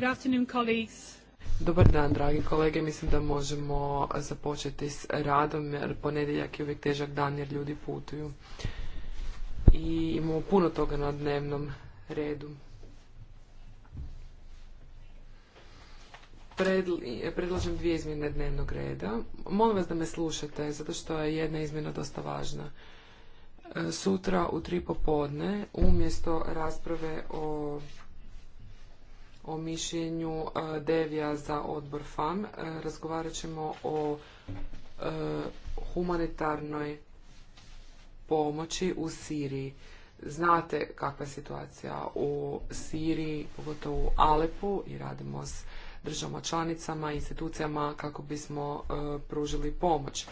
Good Dobar dan, dragi kolege. Mislim da možemo započeti s radom, jer ponedjeljak je uvijek težak dan jer ljudi putuju. I imamo puno toga na dnevnom redu. Predlažem dvije izmjene dnevnog reda. Molim vas da me slušate, zato što je jedna izmjena dosta važna e, sutra u tri popodne umjesto rasprave o o mišljenju e, Devija za odbor FAM. E, razgovarat ćemo o e, humanitarnoj pomoći u Siriji. Znate kakva je situacija u Siriji, pogotovo u Alepu i radimo s državama članicama, institucijama kako bismo pružili pomoć.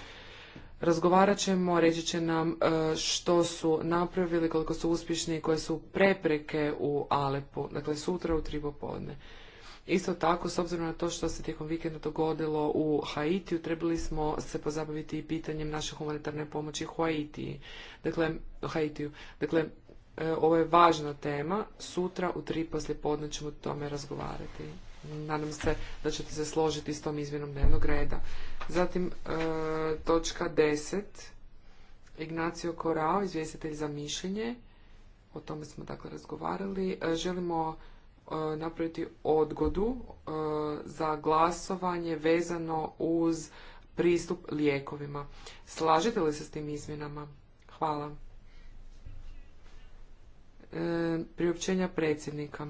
Razgovarat ćemo, reći će nam e, što su napravili, koliko su uspješni i koje su prepreke u Alepu, dakle sutra u tri popodne. Isto tako, s obzirom na to što se tijekom vikenda dogodilo u Haitiju, trebali smo se pozabaviti i pitanjem naše humanitarne pomoći u Haitiji. Dakle, Haitiju. Dakle, e, ovo je važna tema. Sutra u tri poslijepodne ćemo o tome razgovarati nadam se da ćete se složiti s tom izmjenom dnevnog reda. Zatim, e, točka 10. Ignacio Korao, izvjestitelj za mišljenje. O tome smo dakle razgovarali. E, želimo e, napraviti odgodu za glasovanje vezano uz pristup lijekovima. Slažete li se s tim izmjenama? Hvala. Priopćenja predsjednika.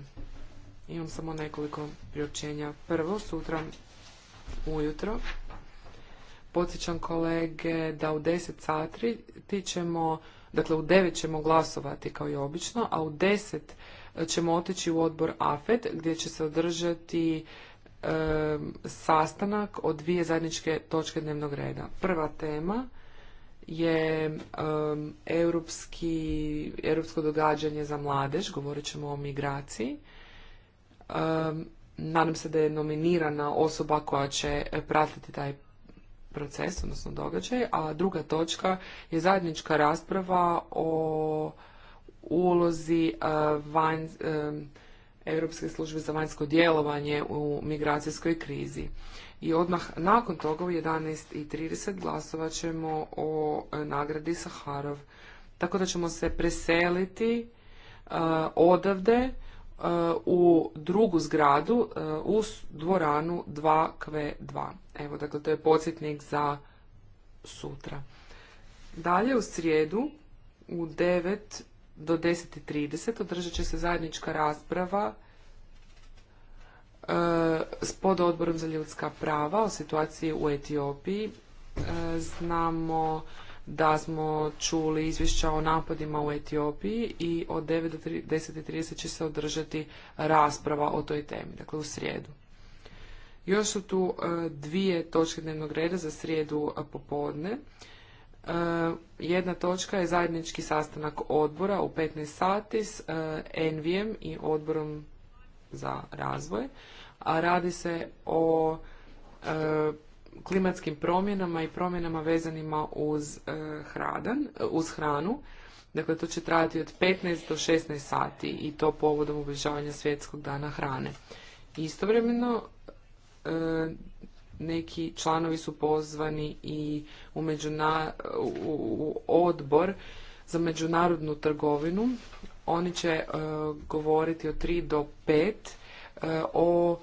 Imam samo nekoliko priopćenja. Prvo, sutra ujutro. Podsjećam kolege da u 10 sati ti ćemo, dakle u 9 ćemo glasovati kao i obično, a u 10 ćemo otići u odbor AFED gdje će se održati sastanak od dvije zajedničke točke dnevnog reda. Prva tema je europski, europsko događanje za mladež, govorit ćemo o migraciji nadam se da je nominirana osoba koja će pratiti taj proces, odnosno događaj, a druga točka je zajednička rasprava o ulozi eh, Europske službe za vanjsko djelovanje u migracijskoj krizi. I odmah nakon toga u 11.30 glasovat ćemo o eh, nagradi Saharov. Tako da ćemo se preseliti eh, odavde Eh, u drugu zgradu eh, u dvoranu 2Q2. Evo, dakle, to je podsjetnik za sutra. Dalje u srijedu u 9 do 10.30 održat će se zajednička rasprava eh, s odborom za ljudska prava o situaciji u Etiopiji. Znamo da smo čuli izvješća o napadima u Etiopiji i od 9 do 10.30 će se održati rasprava o toj temi, dakle u srijedu. Još su tu e, dvije točke dnevnog reda za srijedu e, popodne. E, jedna točka je zajednički sastanak odbora u 15 sati s Envijem i odborom za razvoj, a radi se o klimatskim promjenama i promjenama vezanima uz, e, hradan, uz hranu. Dakle, to će trajati od 15 do 16 sati i to povodom obilježavanja svjetskog dana hrane. Istovremeno, e, neki članovi su pozvani i u, u odbor za međunarodnu trgovinu. Oni će e, govoriti od 3 do 5 o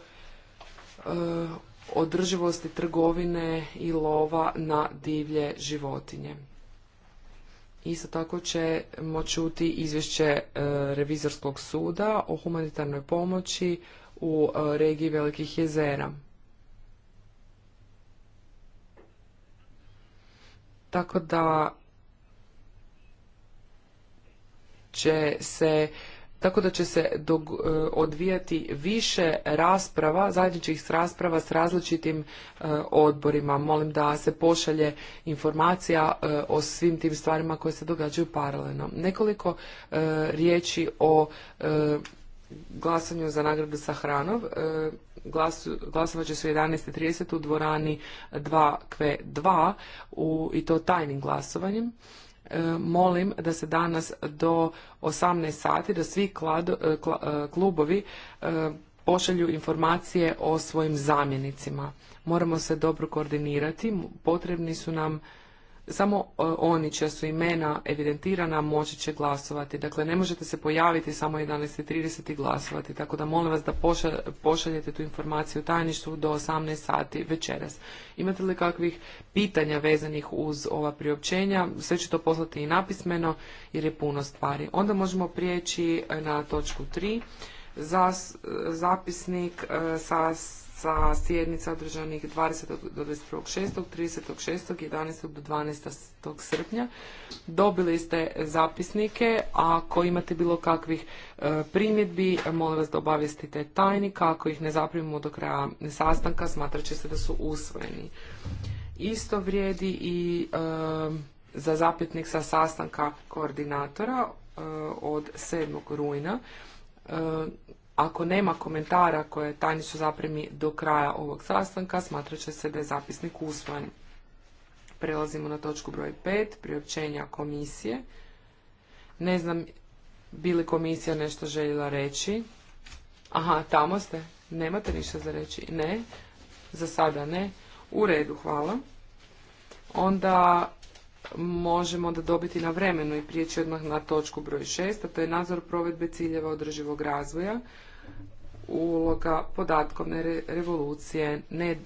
održivosti trgovine i lova na divlje životinje. Isto tako ćemo čuti izvješće e, revizorskog suda o humanitarnoj pomoći u e, regiji Velikih jezera. Tako da će se tako da će se e, odvijati više rasprava, zajedničkih rasprava s različitim e, odborima. Molim da se pošalje informacija e, o svim tim stvarima koje se događaju paralelno. Nekoliko riječi o glasanju za nagradu sa Hranov. glasovat će se u 11.30 u dvorani 2Q2 i to tajnim glasovanjem. E, molim da se danas do 18 sati da svi e, e, klubovi pošalju informacije o svojim zamjenicima. Moramo se dobro koordinirati, potrebni su nam samo e, oni čija su imena evidentirana moći će glasovati. Dakle, ne možete se pojaviti samo 11.30 i glasovati, tako da molim vas da pošaljete tu informaciju tajništvu do 18 sati večeras. Imate li kakvih pitanja vezanih uz ova priopćenja? Sve ću to poslati i napismeno jer je puno stvari. Onda možemo prijeći e, na točku 3. za zapisnik e, sa sa sjednica održanih 20. do 21.6., 30.6., 11. do 12. srpnja. Dobili ste zapisnike, a ako imate bilo kakvih e, primjedbi, molim vas da obavijestite tajni, kako ih ne zaprimimo do kraja sastanka, smatrat će se da su usvojeni. Isto vrijedi i e, za zapisnik sa sastanka koordinatora e, od 7. rujna. Ako nema komentara koje tajni su zapremi do kraja ovog sastanka, smatrat će se da je zapisnik usvojen. Prelazimo na točku broj 5, priopćenja komisije. Ne znam, bi li komisija nešto željela reći? Aha, tamo ste. Nemate ništa za reći? Ne. Za sada ne. U redu, hvala. Onda možemo da dobiti na vremenu i prijeći odmah na točku broj šest, a to je nadzor provedbe ciljeva održivog razvoja, uloga podatkovne revolucije, ne,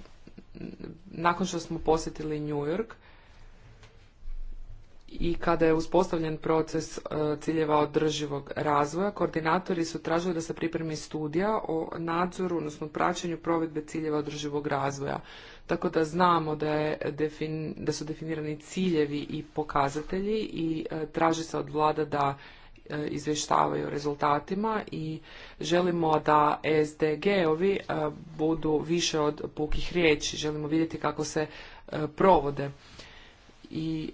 nakon što smo posjetili New York, i kada je uspostavljen proces e, ciljeva održivog razvoja, koordinatori su tražili da se pripremi studija o nadzoru, odnosno praćenju provedbe ciljeva održivog razvoja. Tako da znamo da, je da su definirani ciljevi i pokazatelji i e, traži se od vlada da e, izvještavaju o rezultatima i želimo da SDG-ovi budu više od pukih riječi. Želimo vidjeti kako se provode i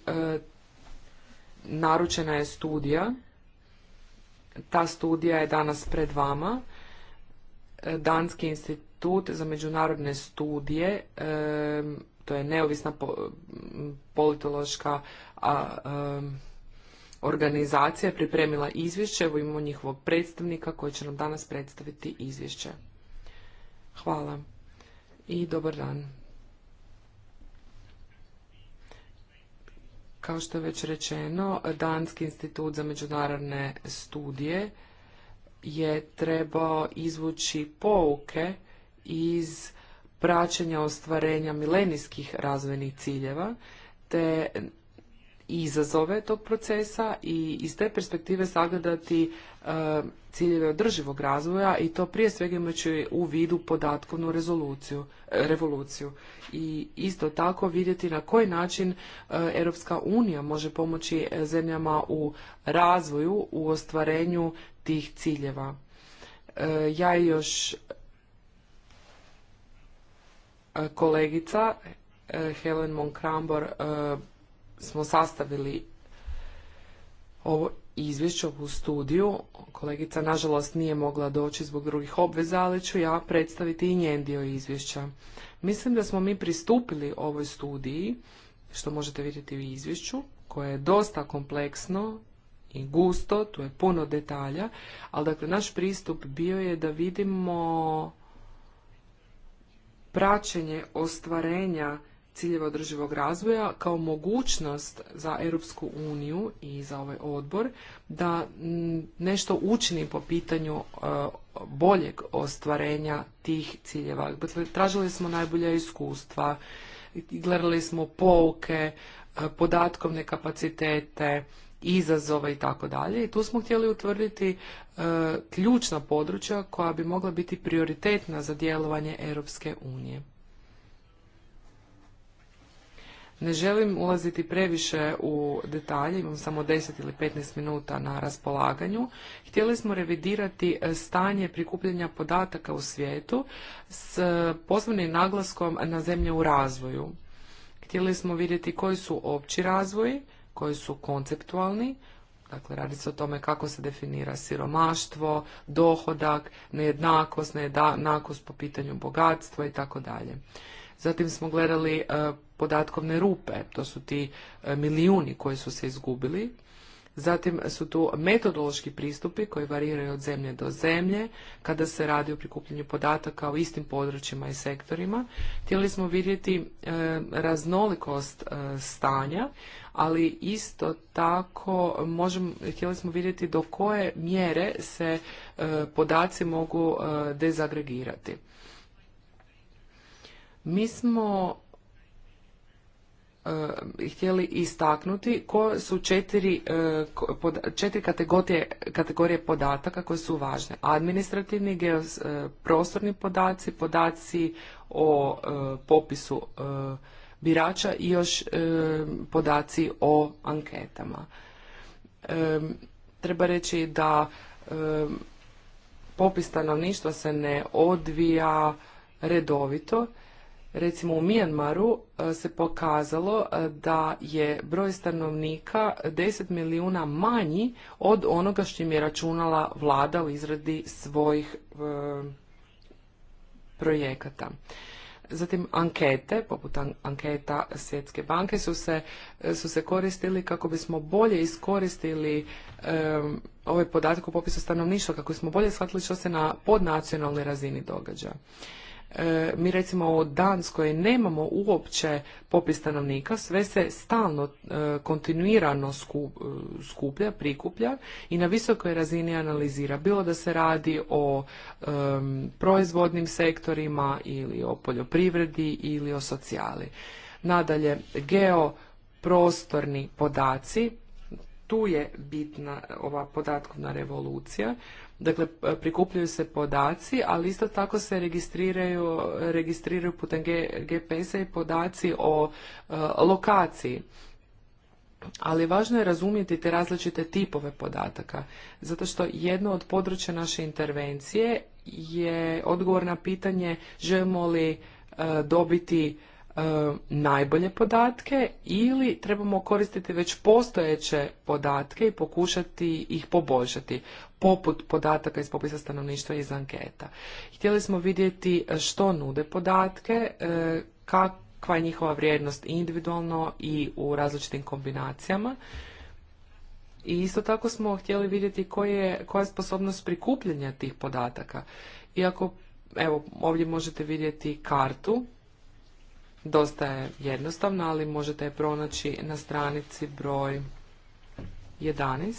naručena je studija. Ta studija je danas pred vama. E, Danski institut za međunarodne studije, e, to je neovisna politološka e, organizacija, je pripremila izvješće. Evo imamo njihovog predstavnika koji će nam danas predstaviti izvješće. Hvala i dobar dan. Kao što je već rečeno, Danski institut za međunarodne studije je trebao izvući pouke iz praćenja ostvarenja milenijskih razvojnih ciljeva te izazove tog procesa i iz te perspektive sagledati e, ciljeve održivog razvoja i to prije svega imajući u vidu podatkovnu rezoluciju, e, revoluciju. I isto tako vidjeti na koji način e, Europska unija može pomoći zemljama u razvoju, u ostvarenju tih ciljeva. Ja i još kolegica Helen Monkrambor smo sastavili ovo izvješće, u studiju. Kolegica, nažalost, nije mogla doći zbog drugih obveza, ali ću ja predstaviti i njen dio izvješća. Mislim da smo mi pristupili ovoj studiji, što možete vidjeti u izvješću, koje je dosta kompleksno i gusto, tu je puno detalja, ali dakle naš pristup bio je da vidimo praćenje ostvarenja ciljeva održivog razvoja kao mogućnost za Europsku uniju i za ovaj odbor da nešto učini po pitanju e, boljeg ostvarenja tih ciljeva. Dakle, tražili smo najbolja iskustva, gledali smo pouke, e, podatkovne kapacitete, izazove i tako dalje. I tu smo htjeli utvrditi e, ključna područja koja bi mogla biti prioritetna za djelovanje Europske unije. Ne želim ulaziti previše u detalje, imam samo 10 ili 15 minuta na raspolaganju. Htjeli smo revidirati e, stanje prikupljanja podataka u svijetu s e, posebnim naglaskom na zemlje u razvoju. Htjeli smo vidjeti koji su opći razvoji, koji su konceptualni, Dakle, radi se o tome kako se definira siromaštvo, dohodak, nejednakost, nejednakost po pitanju bogatstva i tako dalje. Zatim smo gledali e, podatkovne rupe, to su ti e, milijuni koji su se izgubili. Zatim su tu metodološki pristupi koji variraju od zemlje do zemlje kada se radi o prikupljenju podataka u istim područjima i sektorima. Htjeli smo vidjeti e, raznolikost e, stanja, ali isto tako htjeli smo vidjeti do koje mjere se podaci mogu dezagregirati. Mi smo E, htjeli istaknuti koje su e, četiri, kategorije, kategorije podataka koje su važne. Administrativni, geos, e, prostorni podaci, podaci o popisu birača i još podaci o anketama. Treba reći da popis stanovništva se ne odvija redovito Recimo u Mijanmaru e, se pokazalo e, da je broj stanovnika 10 milijuna manji od onoga što im je računala vlada u izradi svojih e, projekata. Zatim ankete, poput anketa Svjetske banke, su se, su se koristili kako bismo bolje iskoristili ove ovaj podatak o popisu stanovništva, kako bismo bolje shvatili što se na podnacionalnoj razini događa. E, mi recimo u Danskoj nemamo uopće popis stanovnika, sve se stalno e, kontinuirano e, skuplja, prikuplja i na visokoj razini analizira. Bilo da se radi o proizvodnim sektorima ili o poljoprivredi ili o socijali. Nadalje, geoprostorni podaci, tu je bitna ova podatkovna revolucija Dakle, prikupljaju se podaci, ali isto tako se registriraju, registriraju putem GPS-a i podaci o e, lokaciji. Ali važno je razumjeti te različite tipove podataka, zato što jedno od područja naše intervencije je odgovor na pitanje želimo li e, dobiti E, najbolje podatke ili trebamo koristiti već postojeće podatke i pokušati ih poboljšati, poput podataka iz popisa stanovništva iz anketa. Htjeli smo vidjeti što nude podatke, e, kakva je njihova vrijednost individualno i u različitim kombinacijama. I isto tako smo htjeli vidjeti koja je, koja je sposobnost prikupljanja tih podataka. Iako, evo, ovdje možete vidjeti kartu Dosta je jednostavna, ali možete je pronaći na stranici broj 11.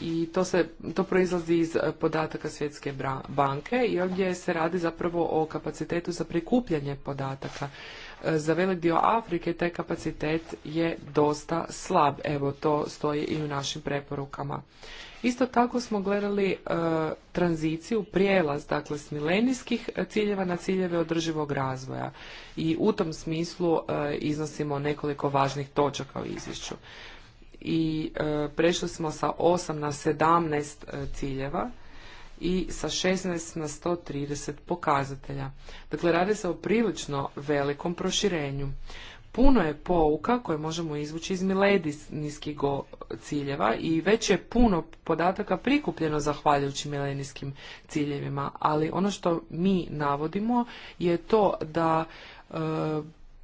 I to, se, to proizlazi iz podataka Svjetske banke i ovdje se radi zapravo o kapacitetu za prikupljanje podataka za velik dio Afrike taj kapacitet je dosta slab. Evo, to stoji i u našim preporukama. Isto tako smo gledali e, tranziciju, prijelaz, dakle, s milenijskih ciljeva na ciljeve održivog razvoja. I u tom smislu e, iznosimo nekoliko važnih točaka u izvješću. I e, prešli smo sa 8 na 17 ciljeva i sa 16 na 130 pokazatelja. Dakle, radi se o prilično velikom proširenju. Puno je pouka koje možemo izvući iz milenijskih ciljeva i već je puno podataka prikupljeno zahvaljujući milenijskim ciljevima, ali ono što mi navodimo je to da e,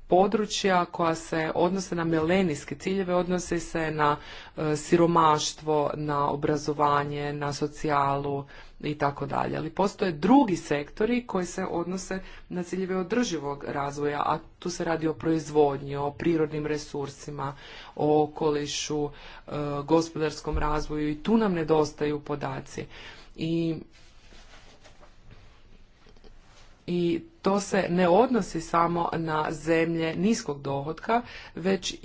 područja koja se odnose na milenijske ciljeve odnose se na e, siromaštvo, na obrazovanje, na socijalu, i tako dalje. Ali postoje drugi sektori koji se odnose na ciljeve održivog razvoja, a tu se radi o proizvodnji, o prirodnim resursima, o okolišu, e, gospodarskom razvoju i tu nam nedostaju podaci. I i to se ne odnosi samo na zemlje niskog dohotka, već e,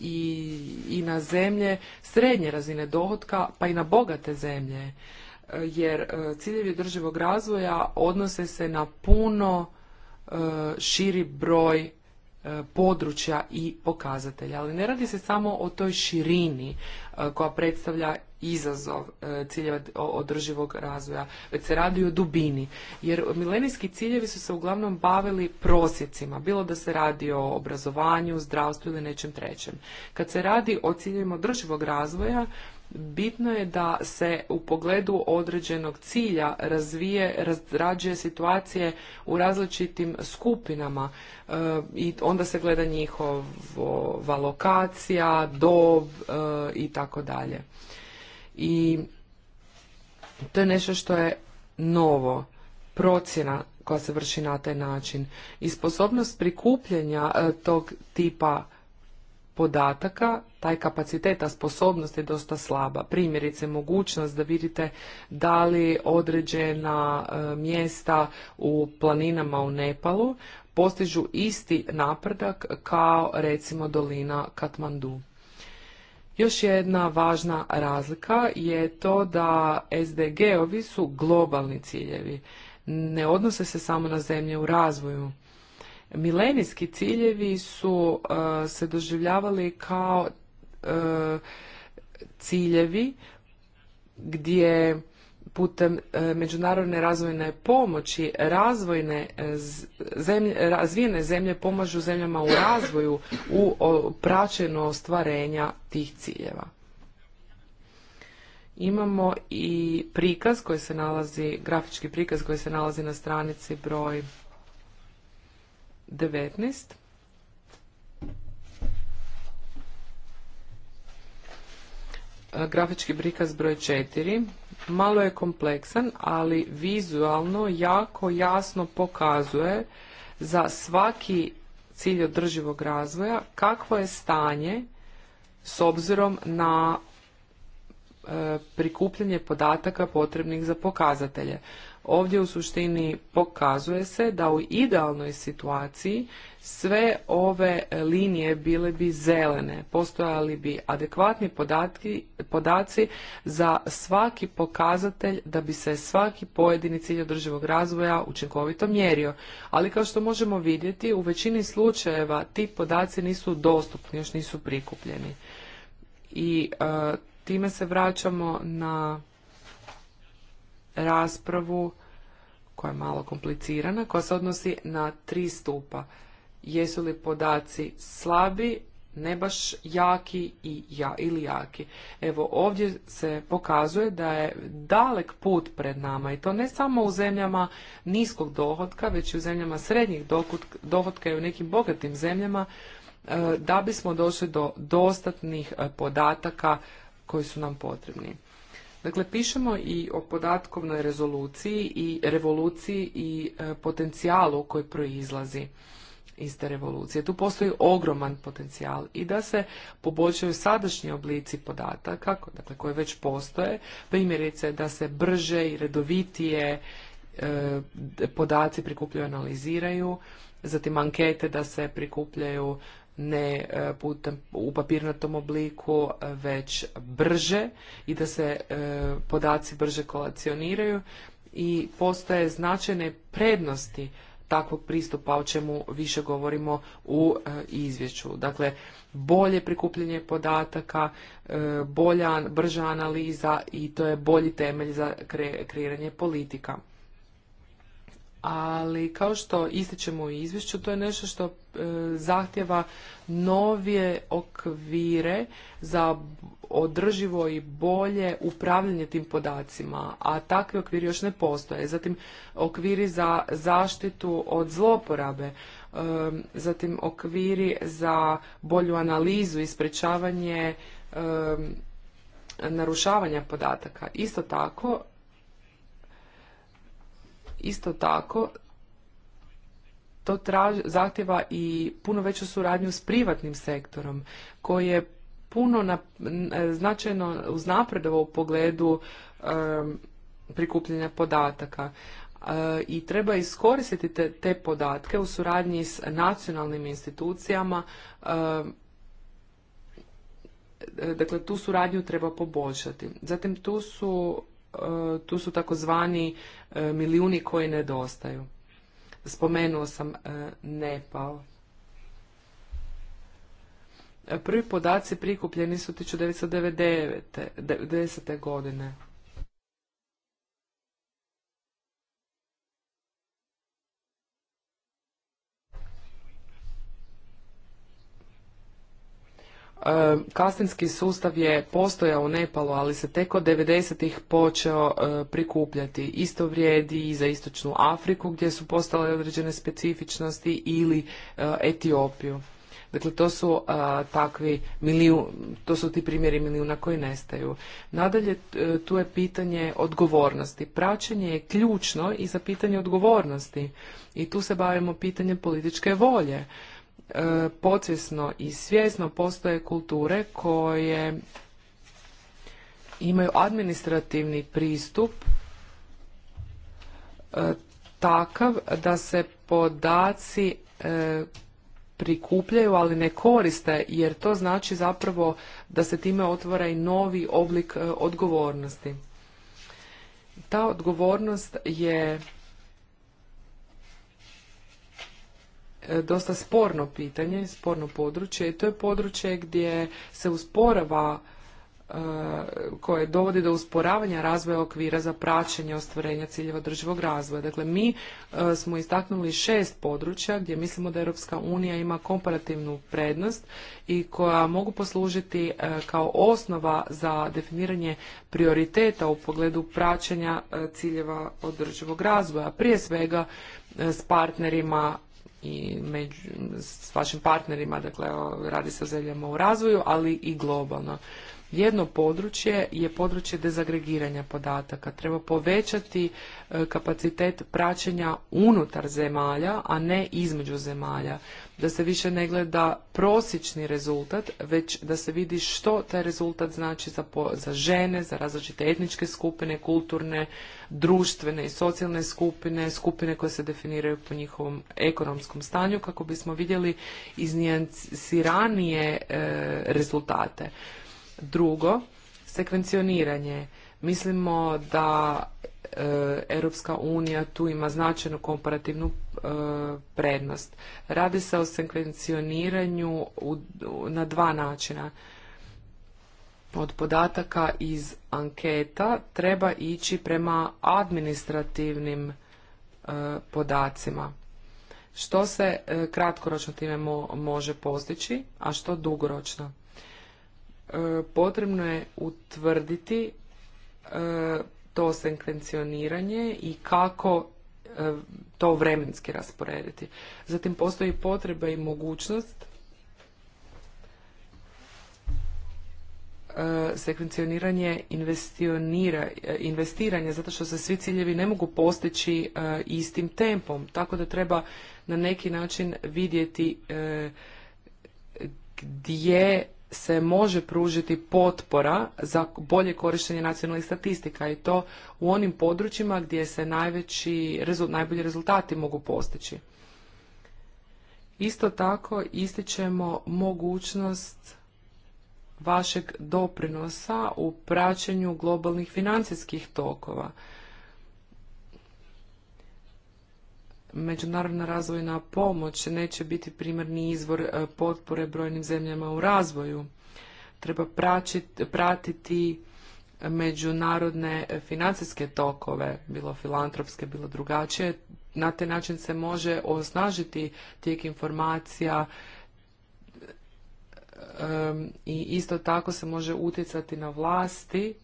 i, i na zemlje srednje razine dohotka, pa i na bogate zemlje jer e, ciljevi održivog razvoja odnose se na puno e, širi broj e, područja i pokazatelja. Ali ne radi se samo o toj širini koja predstavlja izazov ciljeva održivog razvoja, već se radi o dubini. Jer milenijski ciljevi su se uglavnom bavili prosjecima, bilo da se radi o obrazovanju, zdravstvu ili nečem trećem. Kad se radi o ciljevima održivog razvoja, Bitno je da se u pogledu određenog cilja razvije, razrađuje situacije u različitim skupinama e, i onda se gleda njihova lokacija, dob e, i tako dalje. I to je nešto što je novo, procjena koja se vrši na taj način. I sposobnost prikupljanja e, tog tipa podataka, taj kapacitet, a sposobnost je dosta slaba. Primjerice, mogućnost da vidite da li određena e, mjesta u planinama u Nepalu postižu isti napredak kao recimo dolina Katmandu. Još jedna važna razlika je to da SDG-ovi su globalni ciljevi. Ne odnose se samo na zemlje u razvoju milenijski ciljevi su e, se doživljavali kao e, ciljevi gdje putem e, međunarodne razvojne pomoći razvojne zemlje, razvijene zemlje pomažu zemljama u razvoju u praćenju ostvarenja tih ciljeva. Imamo i prikaz koji se nalazi, grafički prikaz koji se nalazi na stranici broj 19. E, grafički prikaz broj 4. Malo je kompleksan, ali vizualno jako jasno pokazuje za svaki cilj održivog razvoja kakvo je stanje s obzirom na e, prikupljanje podataka potrebnih za pokazatelje. Ovdje u suštini pokazuje se da u idealnoj situaciji sve ove linije bile bi zelene, postojali bi adekvatni podaci za svaki pokazatelj da bi se svaki pojedini cilj održivog razvoja učinkovito mjerio. Ali kao što možemo vidjeti, u većini slučajeva ti podaci nisu dostupni, još nisu prikupljeni. I e, time se vraćamo na raspravu koja je malo komplicirana, koja se odnosi na tri stupa. Jesu li podaci slabi, ne baš jaki i ja, ili jaki. Evo ovdje se pokazuje da je dalek put pred nama i to ne samo u zemljama niskog dohotka, već i u zemljama srednjih dohotka i u nekim bogatim zemljama e, da bismo došli do dostatnih e, podataka koji su nam potrebni. Dakle, pišemo i o podatkovnoj rezoluciji i revoluciji i e, potencijalu koji proizlazi iz te revolucije. Tu postoji ogroman potencijal i da se poboljšaju sadašnji oblici podataka, dakle, koje već postoje, primjerice da se brže i redovitije e, podaci prikupljaju i analiziraju, zatim ankete da se prikupljaju ne e, putem u papirnatom obliku, već brže i da se e, podaci brže kolacioniraju i postoje značajne prednosti takvog pristupa o čemu više govorimo u e, izvješću. Dakle, bolje prikupljanje podataka, bolja, brža analiza i to je bolji temelj za kreiranje politika ali kao što ističemo u izvješću, to je nešto što e, zahtjeva novije okvire za održivo i bolje upravljanje tim podacima, a takvi okviri još ne postoje. Zatim okviri za zaštitu od zloporabe, e, zatim okviri za bolju analizu i sprečavanje e, narušavanja podataka. Isto tako, isto tako to zahtjeva i puno veću suradnju s privatnim sektorom koji je puno na, značajno uznapredovao u pogledu prikupljanja podataka e, i treba iskoristiti te, te podatke u suradnji s nacionalnim institucijama e, dakle tu suradnju treba poboljšati zatim tu su E, tu su takozvani e, milijuni koji nedostaju. Spomenuo sam e, Nepal. Prvi podaci prikupljeni su 1990. godine. Kastinski sustav je postojao u Nepalu, ali se tek od 90-ih počeo e, prikupljati. Isto vrijedi i za Istočnu Afriku gdje su postale određene specifičnosti ili e, Etiopiju. Dakle, to su e, takvi miliju, to su ti primjeri milijuna koji nestaju. Nadalje, tu je pitanje odgovornosti. Praćenje je ključno i za pitanje odgovornosti. I tu se bavimo pitanjem političke volje. E, podsvjesno i svjesno postoje kulture koje imaju administrativni pristup e, takav da se podaci e, prikupljaju, ali ne koriste, jer to znači zapravo da se time otvara i novi oblik odgovornosti. Ta odgovornost je dosta sporno pitanje, sporno područje i to je područje gdje se usporava e, koje dovodi do usporavanja razvoja okvira za praćenje ostvarenja ciljeva održivog razvoja. Dakle, mi e, smo istaknuli šest područja gdje mislimo da Europska unija ima komparativnu prednost i koja mogu poslužiti e, kao osnova za definiranje prioriteta u pogledu praćenja ciljeva održivog razvoja. Prije svega s partnerima i među, s vašim partnerima, dakle radi se o zemljama u razvoju, ali i globalno. Jedno područje je područje dezagregiranja podataka. Treba povećati e, kapacitet praćenja unutar zemalja, a ne između zemalja. Da se više ne gleda prosječni rezultat, već da se vidi što taj rezultat znači za, za žene, za različite etničke skupine, kulturne, društvene i socijalne skupine, skupine koje se definiraju po njihovom ekonomskom stanju, kako bismo vidjeli iznijansiranije e, rezultate. Drugo, sekvencioniranje. Mislimo da e, Europska unija tu ima značajnu komparativnu e, prednost. Radi se o sekvencioniranju na dva načina. Od podataka iz anketa treba ići prema administrativnim e, podacima. Što se e, kratkoročno time može postići, a što dugoročno? potrebno je utvrditi e, to sekvencioniranje i kako e, to vremenski rasporediti. Zatim postoji potreba i mogućnost e, sekvencioniranje investiranja zato što se svi ciljevi ne mogu postići istim tempom. Tako da treba na neki način vidjeti gdje se može pružiti potpora za bolje korištenje nacionalnih statistika i to u onim područjima gdje se najveći, najbolji rezultati mogu postići. Isto tako ističemo mogućnost vašeg doprinosa u praćenju globalnih financijskih tokova međunarodna razvojna pomoć neće biti primarni izvor e, potpore brojnim zemljama u razvoju. Treba pratiti međunarodne financijske tokove, bilo filantropske, bilo drugačije. Na taj način se može osnažiti tijek informacija e, i isto tako se može utjecati na vlasti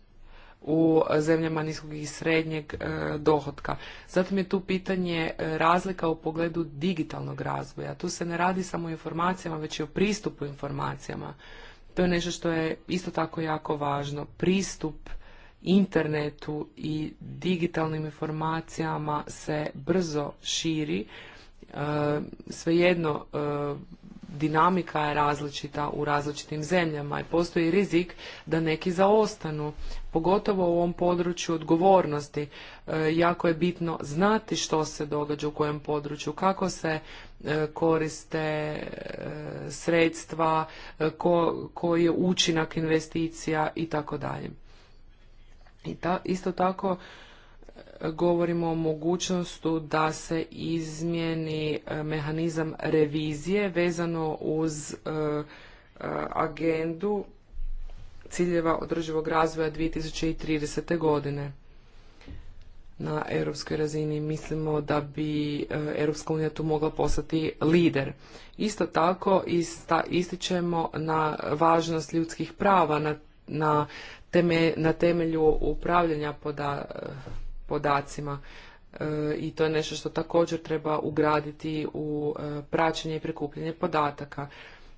u zemljama niskog i srednjeg dohodka. E, dohotka. Zatim je tu pitanje e, razlika u pogledu digitalnog razvoja. Tu se ne radi samo o informacijama, već i o pristupu informacijama. To je nešto što je isto tako jako važno. Pristup internetu i digitalnim informacijama se brzo širi. E, svejedno dinamika je različita u različitim zemljama i postoji rizik da neki zaostanu pogotovo u ovom području odgovornosti. E, jako je bitno znati što se događa u kojem području, kako se e, koriste e, sredstva, ko, koji je učinak investicija i tako dalje. Isto tako govorimo o mogućnosti da se izmijeni mehanizam revizije vezano uz agendu ciljeva održivog razvoja 2030. godine. Na europskoj razini mislimo da bi e, Europska unija tu mogla postati lider. Isto tako ističemo na važnost ljudskih prava na, na, teme, na temelju upravljanja poda, e, podacima e, i to je nešto što također treba ugraditi u praćenje i prikupljanje podataka.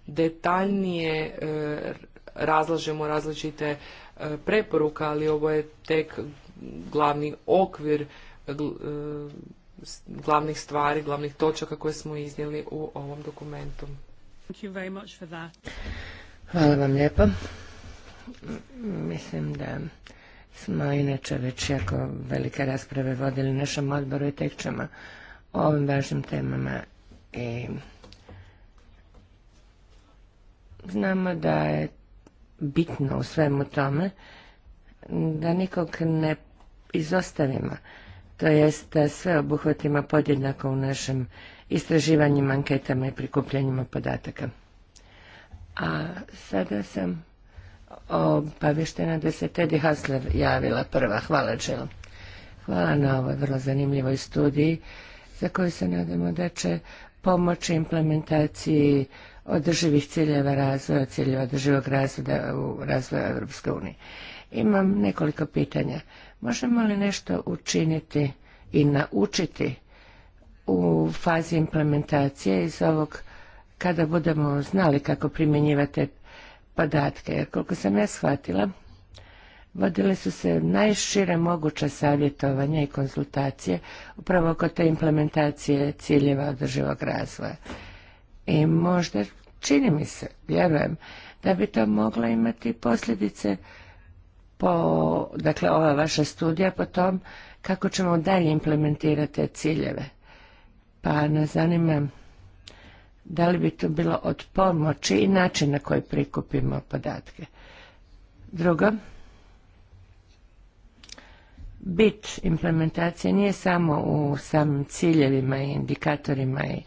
Detaljnije razlažemo različite e, preporuka, ali ovo je tek glavni okvir e, glavnih stvari, glavnih točaka koje smo iznijeli u ovom dokumentu. Hvala vam lijepo. Mislim da smo inače već jako velike rasprave vodili našem odboru i tek ćemo o ovim važnim temama i znamo da je bitno u svemu tome da nikog ne izostavimo, to jest da sve obuhvatimo podjednako u našim istraživanjima, anketama i prikupljanjima podataka. A sada sam obavještena da se Teddy Hasler javila prva. Hvala, Jill. Hvala na ovoj vrlo zanimljivoj studiji za koju se nadamo da će pomoći implementaciji održivih ciljeva razvoja, ciljeva održivog razvoja u razvoju Europske unije. Imam nekoliko pitanja. Možemo li nešto učiniti i naučiti u fazi implementacije iz ovog kada budemo znali kako primjenjivate podatke? Jer koliko sam ja shvatila, vodile su se najšire moguća savjetovanja i konzultacije upravo oko te implementacije ciljeva održivog razvoja. I možda, čini mi se, vjerujem, da bi to mogla imati posljedice po, dakle, ova vaša studija po tom kako ćemo dalje implementirati te ciljeve. Pa nas zanima da li bi to bilo od pomoći i način na koji prikupimo podatke. Drugo, bit implementacije nije samo u samim ciljevima i indikatorima i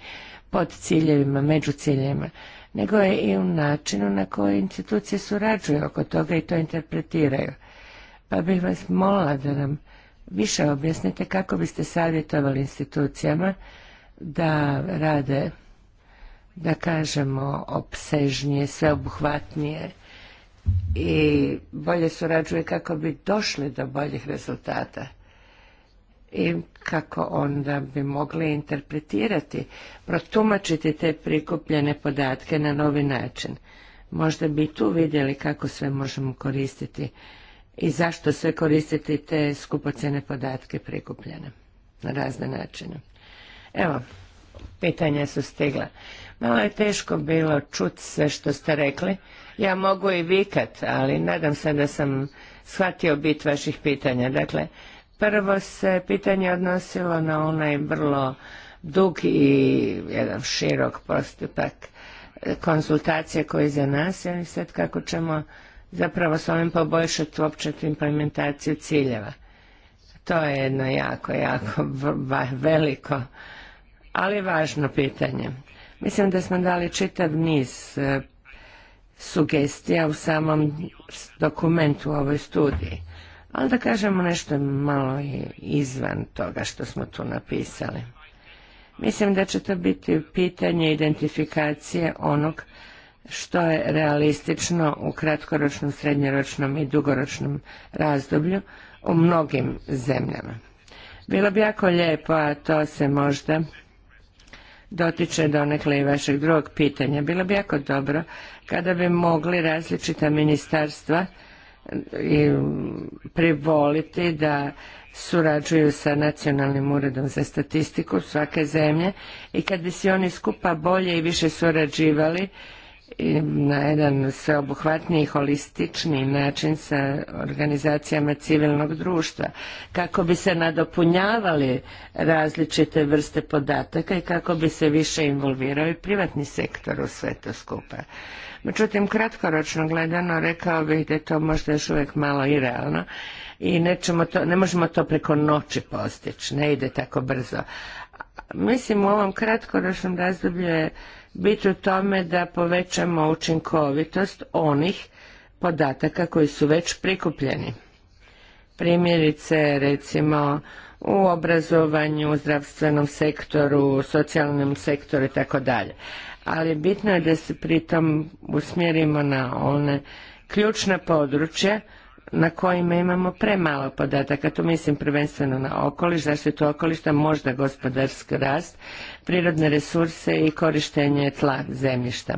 pod ciljevima, među ciljevima, nego je i u načinu na koji institucije surađuju oko toga i to interpretiraju. Pa bih vas molila da nam više objasnite kako biste savjetovali institucijama da rade, da kažemo, opsežnije, sveobuhvatnije i bolje surađuje kako bi došli do boljih rezultata i kako onda bi mogli interpretirati, protumačiti te prikupljene podatke na novi način. Možda bi tu vidjeli kako sve možemo koristiti i zašto sve koristiti te skupocene podatke prikupljene na razne načine. Evo, pitanja su stigla. Malo je teško bilo čut sve što ste rekli. Ja mogu i vikat, ali nadam se da sam shvatio bit vaših pitanja. Dakle, Prvo se pitanje odnosilo na onaj vrlo dug i jedan širok postupak konsultacije koji je za nas, I sad kako ćemo zapravo s ovim poboljšati uopće implementaciju ciljeva. To je jedno jako, jako veliko, ali važno pitanje. Mislim da smo dali čitav niz e, sugestija u samom dokumentu u ovoj studiji ali da kažemo nešto malo izvan toga što smo tu napisali. Mislim da će to biti pitanje identifikacije onog što je realistično u kratkoročnom, srednjoročnom i dugoročnom razdoblju u mnogim zemljama. Bilo bi jako lijepo, a to se možda dotiče donekle i vašeg drugog pitanja. Bilo bi jako dobro kada bi mogli različita ministarstva i privoliti da surađuju sa Nacionalnim uredom za statistiku svake zemlje i kad bi si oni skupa bolje i više surađivali na jedan sveobuhvatniji i holistični način sa organizacijama civilnog društva kako bi se nadopunjavali različite vrste podataka i kako bi se više involvirao i privatni sektor u sve to skupa. Međutim, kratkoročno gledano rekao bih da je to možda još uvijek malo irealno i nećemo to, ne možemo to preko noći postići, ne ide tako brzo. Mislim u ovom kratkoročnom razdoblju je biti u tome da povećamo učinkovitost onih podataka koji su već prikupljeni. Primjerice, recimo, u obrazovanju, u zdravstvenom sektoru, socijalnom sektoru i tako dalje ali bitno je da se pritom usmjerimo na one ključne područje na kojima imamo premalo podataka. Tu mislim prvenstveno na okoliš, zaštitu okolišta, možda gospodarski rast, prirodne resurse i korištenje tla zemljišta.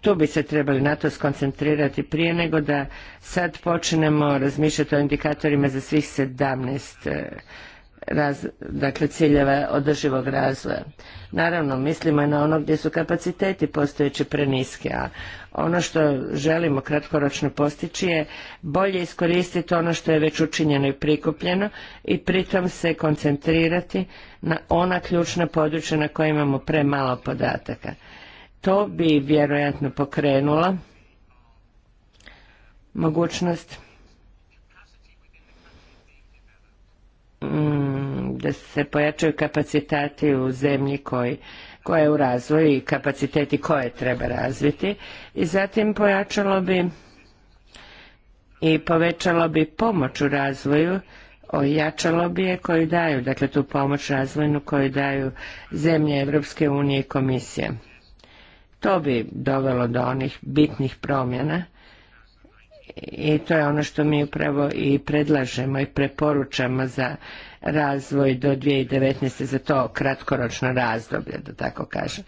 Tu bi se trebali na to skoncentrirati prije nego da sad počnemo razmišljati o indikatorima za svih 17 dakle ciljeva održivog razvoja. Naravno, mislimo na ono gdje su kapaciteti postojeći preniski, a ono što želimo kratkoročno postići je bolje iskoristiti ono što je već učinjeno i prikupljeno i pritom se koncentrirati na ona ključna područja na koja imamo premalo podataka. To bi vjerojatno pokrenula mogućnost da se pojačaju kapacitati u zemlji koji, koja je u razvoju i kapaciteti koje treba razviti i zatim pojačalo bi i povećalo bi pomoć u razvoju ojačalo bi je koju daju, dakle tu pomoć razvojnu koju daju zemlje Evropske unije i komisije. To bi dovelo do onih bitnih promjena i to je ono što mi upravo i predlažemo i preporučamo za razvoj do 2019. za to kratkoročno razdoblje, da tako kažem.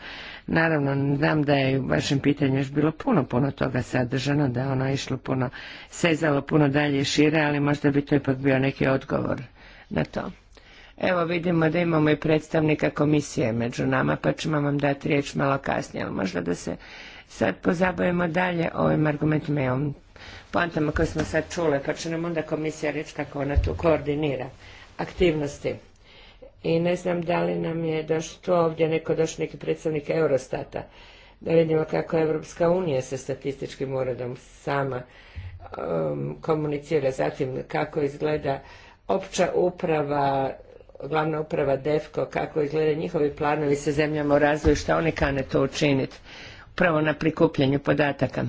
Naravno, znam da je u vašem pitanju još bilo puno, puno toga sadržano, da je ono išlo puno, sezalo puno dalje i šire, ali možda bi to ipak bio neki odgovor na to. Evo vidimo da imamo i predstavnika komisije među nama, pa ćemo vam dati riječ malo kasnije, ali možda da se sad pozabavimo dalje ovim argumentima i poantama koje smo sad čule, pa će nam onda komisija reći kako ona tu koordinira aktivnosti. I ne znam da li nam je došlo ovdje neko došao neki predstavnik Eurostata, da vidimo kako Evropska unija sa statističkim uredom sama um, komunicira, zatim kako izgleda opća uprava, glavna uprava DEFKO, kako izgleda njihovi planovi sa zemljama u razvoju, šta oni kane to učiniti, upravo na prikupljanju podataka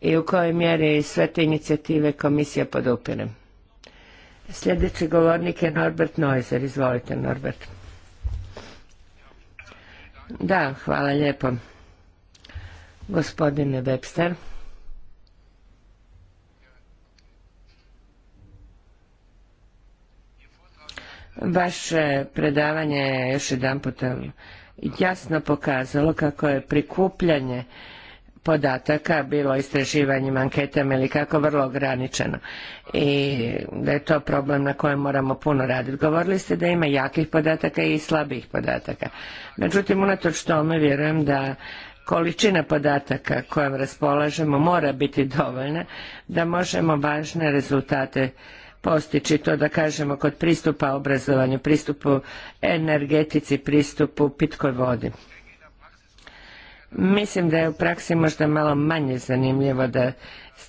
i u kojoj mjeri sve te inicijative komisija podupire. Sljedeći govornik je Norbert Neuser. Izvolite Norbert. Da, hvala lijepo. Gospodine Webster. Vaše predavanje je još jedan put jasno pokazalo kako je prikupljanje podataka, bilo istraživanjem, anketama ili kako, vrlo ograničeno. I da je to problem na kojem moramo puno raditi. Govorili ste da ima jakih podataka i slabih podataka. Međutim, unatoč tome vjerujem da količina podataka kojom raspolažemo mora biti dovoljna da možemo važne rezultate postići to da kažemo kod pristupa obrazovanju, pristupu energetici, pristupu pitkoj vodi. Mislim da je u praksi možda malo manje zanimljivo da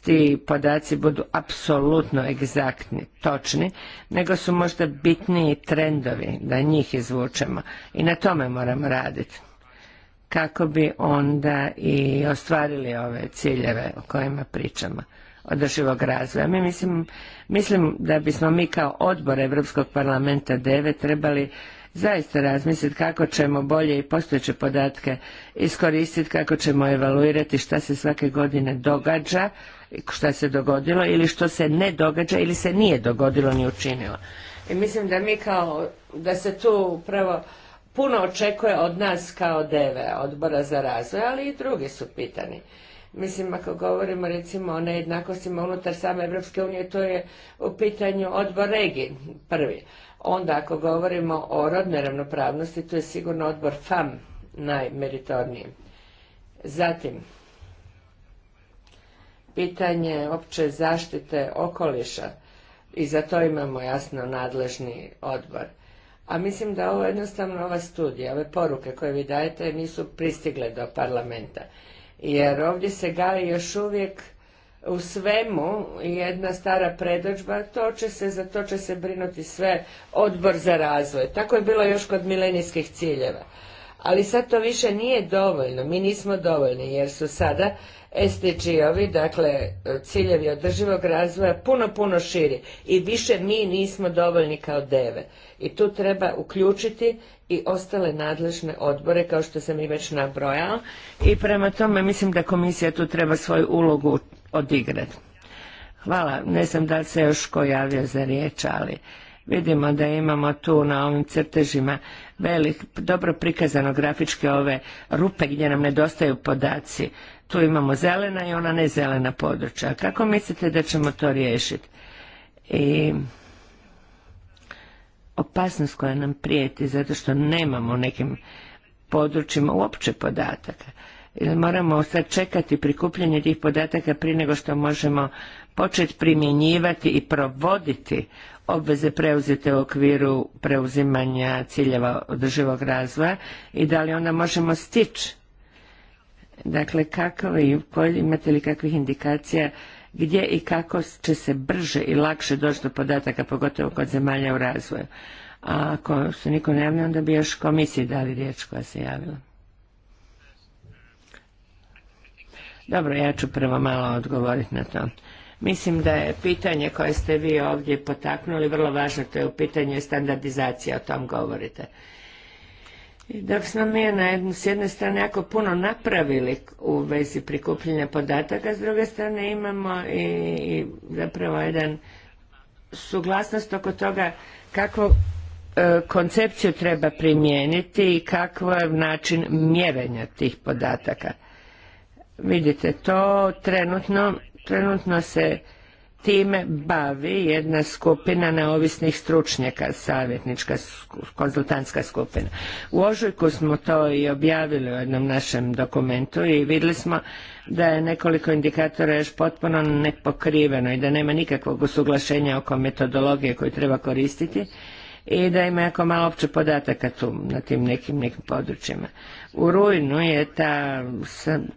ti podaci budu apsolutno egzaktni, točni, nego su možda bitniji trendovi da njih izvučemo i na tome moramo raditi kako bi onda i ostvarili ove ciljeve o kojima pričamo održivog razvoja. Mi mislim, mislim da bismo mi kao odbor Europskog parlamenta 9 trebali zaista razmisliti kako ćemo bolje i postojeće podatke iskoristiti, kako ćemo evaluirati šta se svake godine događa, šta se dogodilo ili što se ne događa ili se nije dogodilo ni učinilo. I mislim da mi kao, da se tu upravo puno očekuje od nas kao DEVE, odbora za razvoj, ali i drugi su pitani. Mislim, ako govorimo recimo o nejednakostima unutar same Evropske unije, to je u pitanju odbor regij prvi. Onda ako govorimo o rodnoj ravnopravnosti, tu je sigurno odbor FAM najmeritorniji. Zatim, pitanje opće zaštite okoliša i za to imamo jasno nadležni odbor. A mislim da ovo jednostavno ova studija, ove poruke koje vi dajete nisu pristigle do parlamenta. Jer ovdje se gaji još uvijek u svemu jedna stara predođba, to će se, za to će se brinuti sve odbor za razvoj. Tako je bilo još kod milenijskih ciljeva. Ali sad to više nije dovoljno, mi nismo dovoljni jer su sada SDG-ovi, dakle ciljevi održivog razvoja, puno, puno širi i više mi nismo dovoljni kao deve. I tu treba uključiti i ostale nadležne odbore, kao što sam i već nabrojao I prema tome mislim da komisija tu treba svoju ulogu odigrati. Hvala, ne znam da li se još ko javio za riječ, ali vidimo da imamo tu na ovim crtežima velik, dobro prikazano grafičke ove rupe gdje nam nedostaju podaci. Tu imamo zelena i ona nezelena područja. Kako mislite da ćemo to riješiti? I opasnost koja nam prijeti zato što nemamo u nekim područjima uopće podataka ili moramo sad čekati prikupljanje tih podataka prije nego što možemo početi primjenjivati i provoditi obveze preuzete u okviru preuzimanja ciljeva održivog razvoja i da li onda možemo stići. Dakle, kojoj imate li kakvih indikacija gdje i kako će se brže i lakše doći do podataka, pogotovo kod zemalja u razvoju. A ako se niko ne javlja, onda bi još komisiji dali riječ koja se javila. Dobro, ja ću prvo malo odgovoriti na to. Mislim da je pitanje koje ste vi ovdje potaknuli vrlo važno, to je u pitanju standardizacija, o tom govorite. Dok smo mi na jednu, s jedne strane jako puno napravili u vezi prikupljanja podataka, s druge strane imamo i, zapravo jedan suglasnost oko toga kako e, koncepciju treba primijeniti i kakav je način mjerenja tih podataka. Vidite, to trenutno, trenutno se time bavi jedna skupina neovisnih stručnjaka, savjetnička konzultantska skupina. U Ožujku smo to i objavili u jednom našem dokumentu i vidjeli smo da je nekoliko indikatora još potpuno nepokriveno i da nema nikakvog usuglašenja oko metodologije koju treba koristiti i da ima jako malo opće podataka tu na tim nekim nekim područjima. U rujnu je ta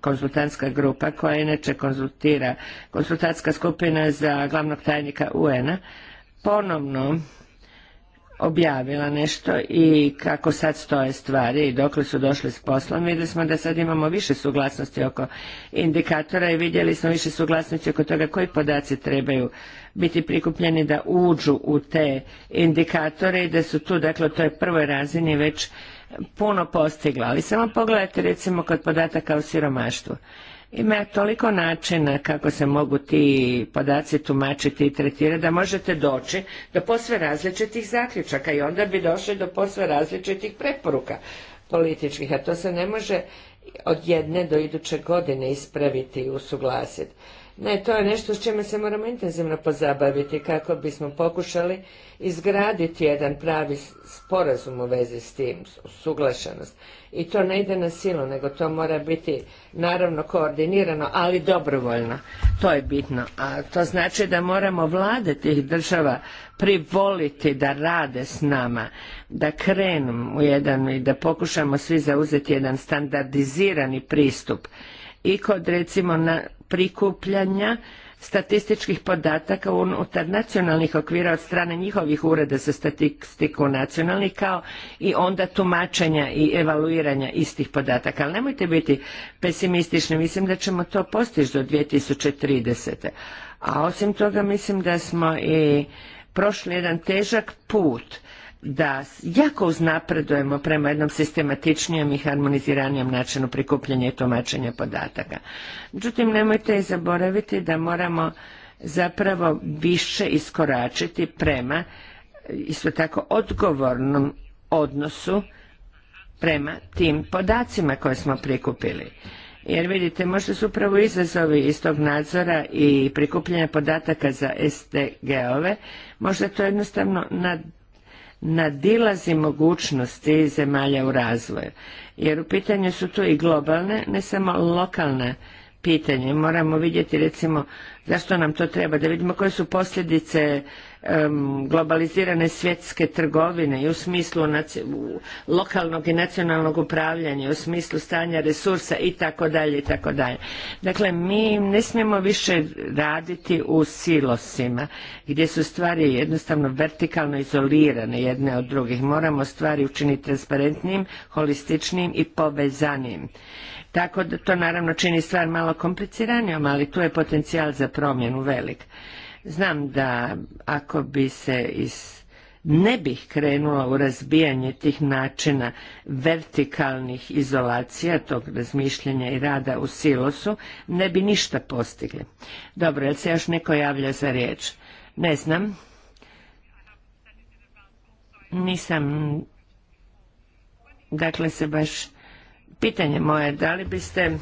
konsultantska grupa koja inače konsultira, konsultantska skupina za glavnog tajnika UN-a, ponovno objavila nešto i kako sad stoje stvari i dokle su došli s poslom. Vidjeli smo da sad imamo više suglasnosti oko indikatora i vidjeli smo više suglasnosti oko toga koji podaci trebaju biti prikupljeni da uđu u te indikatore i da su tu, dakle, u toj prvoj razini već puno postigla, ali samo pogledajte recimo kod podataka o siromaštvu. Ima toliko načina kako se mogu ti podaci tumačiti i tretirati da možete doći do posve različitih zaključaka i onda bi došli do posve različitih preporuka političkih, a to se ne može od jedne do iduće godine ispraviti i usuglasiti. Ne, to je nešto s čime se moramo intenzivno pozabaviti kako bismo pokušali izgraditi jedan pravi sporazum u vezi s tim, usuglašenost. I to ne ide na silu, nego to mora biti naravno koordinirano, ali dobrovoljno. To je bitno. A to znači da moramo vlade tih država privoliti da rade s nama, da krenu u jedan i da pokušamo svi zauzeti jedan standardizirani pristup i kod recimo na prikupljanja statističkih podataka unutar nacionalnih okvira od strane njihovih ureda za statistiku nacionalnih kao i onda tumačenja i evaluiranja istih podataka. Ali nemojte biti pesimistični, mislim da ćemo to postići do 2030. A osim toga mislim da smo i prošli jedan težak put da jako uznapredujemo prema jednom sistematičnijem i harmoniziranijem načinu prikupljanja i tumačenja podataka. Međutim, nemojte zaboraviti da moramo zapravo više iskoračiti prema isto tako odgovornom odnosu prema tim podacima koje smo prikupili. Jer vidite, možda su upravo izazovi iz tog nadzora i prikupljanja podataka za STG-ove, možda to jednostavno na nadilazi mogućnosti zemalja u razvoju. Jer u pitanju su tu i globalne, ne samo lokalne pitanje. Moramo vidjeti recimo zašto nam to treba, da vidimo koje su posljedice globalizirane svjetske trgovine i u smislu lokalnog i nacionalnog upravljanja, u smislu stanja resursa i tako dalje i tako dalje. Dakle, mi ne smijemo više raditi u silosima gdje su stvari jednostavno vertikalno izolirane jedne od drugih. Moramo stvari učiniti transparentnim, holističnim i povezanijim. Tako da to naravno čini stvar malo kompliciranijom, ali tu je potencijal za promjenu velik. Znam da ako bi se iz ne bih krenula u razbijanje tih načina vertikalnih izolacija, tog razmišljanja i rada u silosu, ne bi ništa postigli. Dobro, jel se još neko javlja za riječ? Ne znam. Nisam, dakle se baš, pitanje moje, da li biste,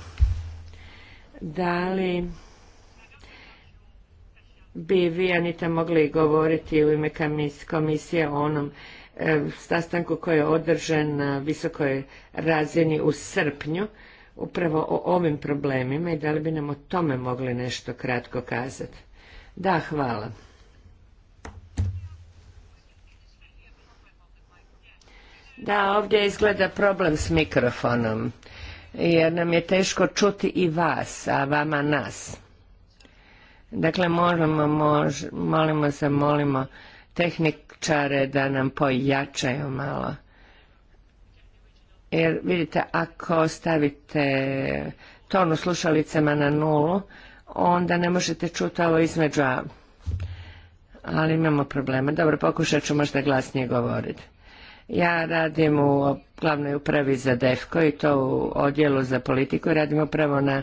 da li bi vi, Anita, mogli govoriti u ime komisije o onom e, sastanku koji je održan na visokoj razini u srpnju, upravo o ovim problemima i da li bi nam o tome mogli nešto kratko kazati. Da, hvala. Da, ovdje izgleda problem s mikrofonom, jer nam je teško čuti i vas, a vama nas. Dakle, molimo, mož, molimo se, molimo tehničare da nam pojačaju malo. Jer vidite, ako stavite tonu slušalicama na nulu, onda ne možete čuti ovo između Ali imamo problema. Dobro, pokušat ću možda glasnije govoriti. Ja radim u glavnoj upravi za DEFKO i to u odjelu za politiku. Radim upravo na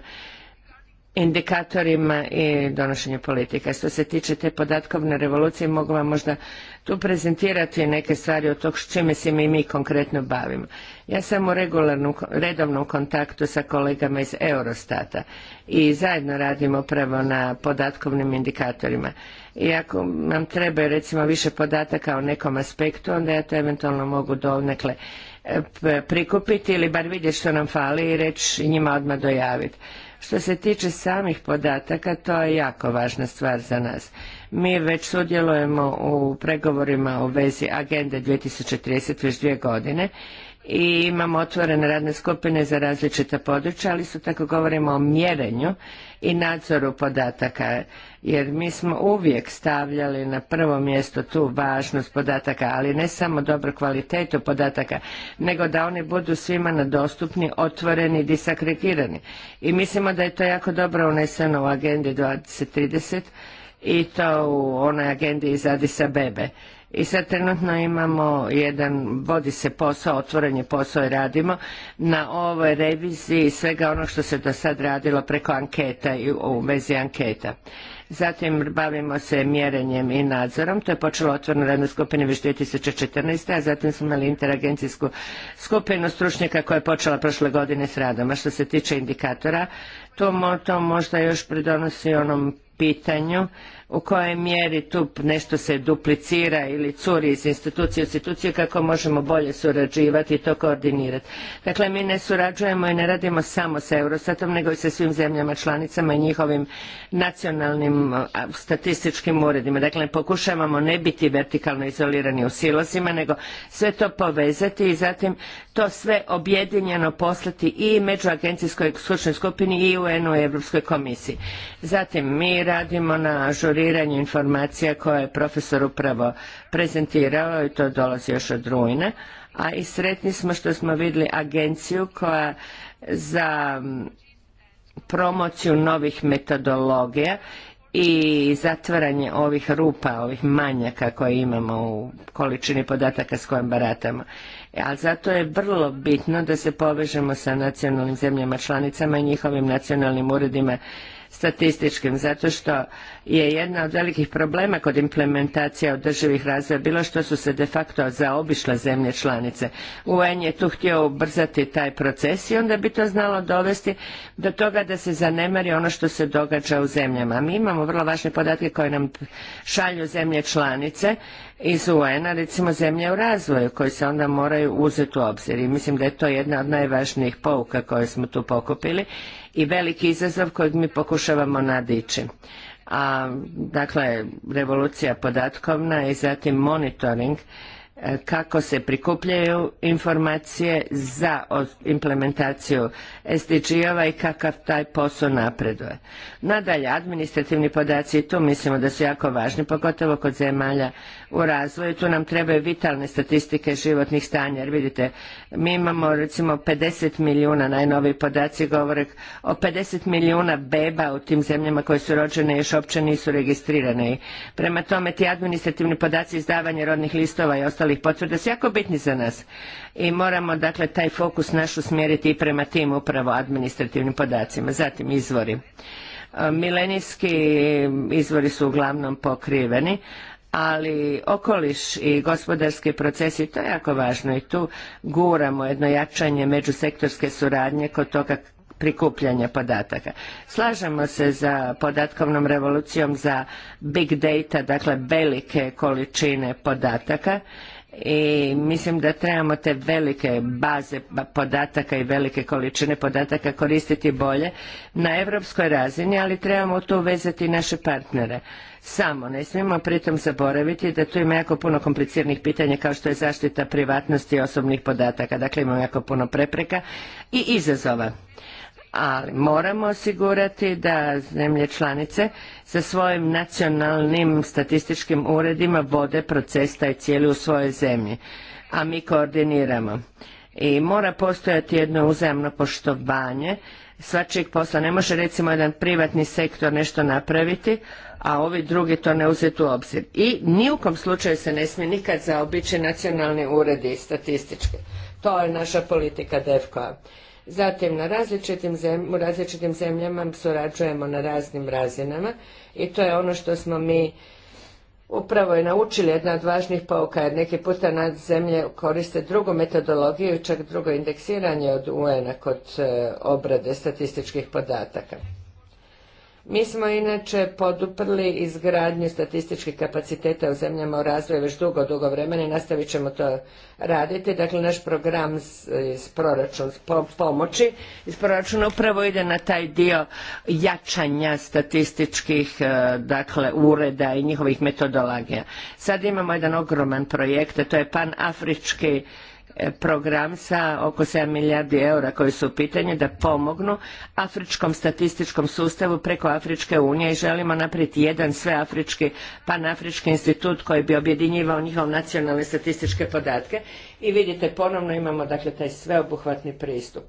indikatorima i donošenju politika. Što se tiče te podatkovne revolucije, mogu vam možda tu prezentirati neke stvari o tog s čime se mi, mi konkretno bavimo. Ja sam u regularnom, redovnom kontaktu sa kolegama iz Eurostata i zajedno radimo pravo na podatkovnim indikatorima. I ako nam treba recimo više podataka o nekom aspektu, onda ja to eventualno mogu donekle e, prikupiti ili bar vidjeti što nam fali i reći njima odmah dojaviti. Što se tiče samih podataka, to je jako važna stvar za nas. Mi već sudjelujemo u pregovorima u vezi agende 2030 već dvije godine i imamo otvorene radne skupine za različita područja, ali su tako govorimo o mjerenju i nadzoru podataka, jer mi smo uvijek stavljali na prvo mjesto tu važnost podataka, ali ne samo dobru kvalitetu podataka, nego da oni budu svima nadostupni, otvoreni, i disakretirani. I mislimo da je to jako dobro uneseno u agendi 2030 i to u onoj agendi iz Adisa Bebe i sad trenutno imamo jedan, vodi se posao, otvoren je posao i radimo na ovoj reviziji svega ono što se do sad radilo preko anketa i u vezi anketa. Zatim bavimo se mjerenjem i nadzorom, to je počelo otvorno radno skupine već 2014. a zatim smo imali interagencijsku skupinu stručnjaka koja je počela prošle godine s radom. A što se tiče indikatora, to, to možda još pridonosi onom pitanju u kojoj mjeri tu nešto se duplicira ili curi iz institucije u instituciju kako možemo bolje surađivati i to koordinirati. Dakle, mi ne surađujemo i ne radimo samo sa Eurostatom nego i sa svim zemljama članicama i njihovim nacionalnim statističkim uredima. Dakle, pokušavamo ne biti vertikalno izolirani u silosima nego sve to povezati i zatim to sve objedinjeno poslati i međuagencijskoj stručnoj skupini i UN-u i Europskoj komisiji. Zatim mi radimo na ažuriranju informacija koje je profesor upravo prezentirao i to dolazi još od rujna, a i sretni smo što smo vidjeli agenciju koja za promociju novih metodologija i zatvaranje ovih rupa, ovih manjaka koje imamo u količini podataka s kojim baratamo ali zato je vrlo bitno da se povežemo sa nacionalnim zemljama članicama i njihovim nacionalnim uredima statističkim, zato što je jedna od velikih problema kod implementacije održivih razvoja bilo što su se de facto zaobišle zemlje članice. UN je tu htio ubrzati taj proces i onda bi to znalo dovesti do toga da se zanemari ono što se događa u zemljama. Mi imamo vrlo važne podatke koje nam šalju zemlje članice iz UN-a, recimo zemlje u razvoju, koje se onda moraju uzeti u obzir. I mislim da je to jedna od najvažnijih pouka koje smo tu pokupili i veliki izazov kojeg mi pokušavamo nadići. A, dakle, revolucija podatkovna i zatim monitoring E, kako se prikupljaju informacije za implementaciju SDG-ova i kakav taj posao napreduje. Nadalje, administrativni podaci i tu mislimo da su jako važni, pogotovo kod zemalja u razvoju. Tu nam trebaju vitalne statistike životnih stanja, jer vidite, mi imamo recimo 50 milijuna, najnoviji podaci govore o 50 milijuna beba u tim zemljama koje su rođene još uopće nisu registrirane. Prema tome ti administrativni podaci izdavanje rodnih listova i ostalih potvrda su jako bitni za nas. I moramo dakle taj fokus naš usmjeriti i prema tim upravo administrativnim podacima. Zatim izvori. Milenijski izvori su uglavnom pokriveni, ali okoliš i gospodarski procesi, to je jako važno i tu guramo jedno jačanje međusektorske suradnje kod toga prikupljanja podataka. Slažemo se za podatkovnom revolucijom za big data, dakle velike količine podataka i mislim da trebamo te velike baze podataka i velike količine podataka koristiti bolje na europskoj razini, ali trebamo tu vezati naše partnere samo. Ne smijemo pritom zaboraviti da tu ima jako puno kompliciranih pitanja kao što je zaštita privatnosti i osobnih podataka. Dakle, ima jako puno prepreka i izazova. Ali moramo osigurati da zemlje članice sa svojim nacionalnim statističkim uredima vode proces taj cijeli u svojoj zemlji, a mi koordiniramo. I mora postojati jedno uzajamno poštovanje svačijeg posla. Ne može recimo jedan privatni sektor nešto napraviti, a ovi drugi to ne uzeti u obzir. I ni u kom slučaju se ne smije nikad zaobići nacionalni uredi statističke. To je naša politika DFK-a. Zatim, na različitim zemljama, u različitim zemljama surađujemo na raznim razinama i to je ono što smo mi upravo i naučili jedna od važnih pouka, jer neki puta nad zemlje koriste drugu metodologiju, čak drugo indeksiranje od UN-a kod e, obrade statističkih podataka. Mi smo inače poduprli izgradnju statističkih kapaciteta u zemljama u razvoju već dugo, dugo vremena i nastavit ćemo to raditi. Dakle, naš program iz proračun pomoći iz proračuna upravo ide na taj dio jačanja statističkih e, dakle, ureda i njihovih metodologija. Sad imamo jedan ogroman projekt, a to je panafrički program sa oko 7 milijardi eura koji su u pitanju da pomognu afričkom statističkom sustavu preko Afričke unije i želimo napraviti jedan sveafrički panafrički institut koji bi objedinjivao njihove nacionalne statističke podatke i vidite ponovno imamo dakle taj sveobuhvatni pristup.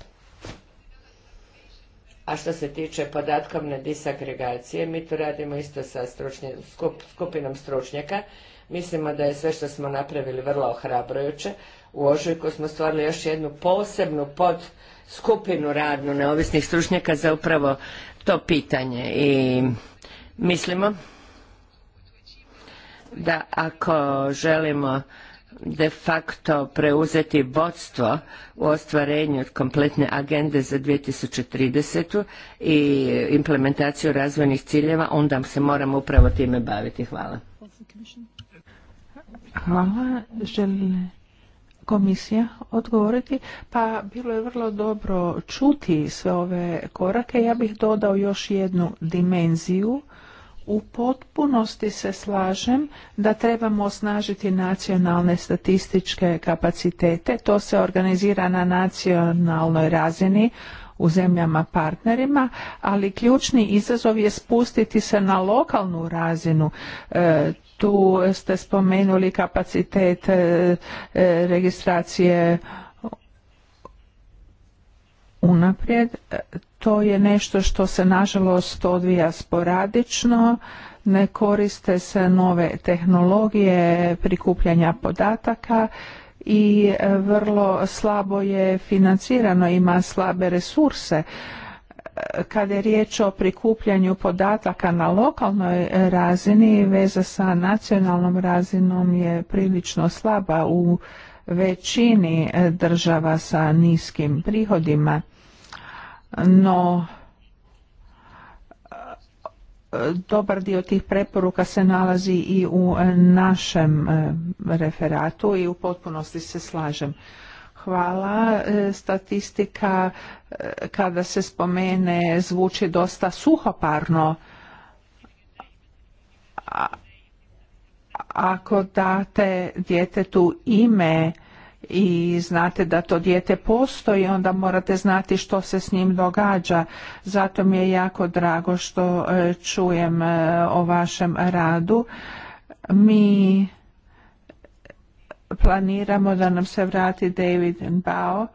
A što se tiče podatkovne disagregacije, mi tu radimo isto sa skupinom stručnjaka. Mislimo da je sve što smo napravili vrlo ohrabrujuće, u ožujku smo stvorili još jednu posebnu pod skupinu radnu neovisnih stručnjaka za upravo to pitanje i mislimo da ako želimo de facto preuzeti vodstvo u ostvarenju kompletne agende za 2030. i implementaciju razvojnih ciljeva, onda se moramo upravo time baviti. Hvala. Hvala. Želim komisija odgovoriti? Pa bilo je vrlo dobro čuti sve ove korake. Ja bih dodao još jednu dimenziju. U potpunosti se slažem da trebamo osnažiti nacionalne statističke kapacitete. To se organizira na nacionalnoj razini u zemljama partnerima, ali ključni izazov je spustiti se na lokalnu razinu. E, tu ste spomenuli kapacitet e, e, registracije unaprijed. To je nešto što se nažalost odvija sporadično, ne koriste se nove tehnologije prikupljanja podataka i vrlo slabo je financirano, ima slabe resurse kada je riječ o prikupljanju podataka na lokalnoj razini, veza sa nacionalnom razinom je prilično slaba u većini država sa niskim prihodima. No, dobar dio tih preporuka se nalazi i u našem referatu i u potpunosti se slažem. Hvala. E, statistika e, kada se spomene zvuči dosta suhoparno. Ako date djetetu ime i znate da to dijete postoji, onda morate znati što se s njim događa. Zato mi je jako drago što e, čujem o vašem radu. Mi planiramo da nam se vrati David Bao,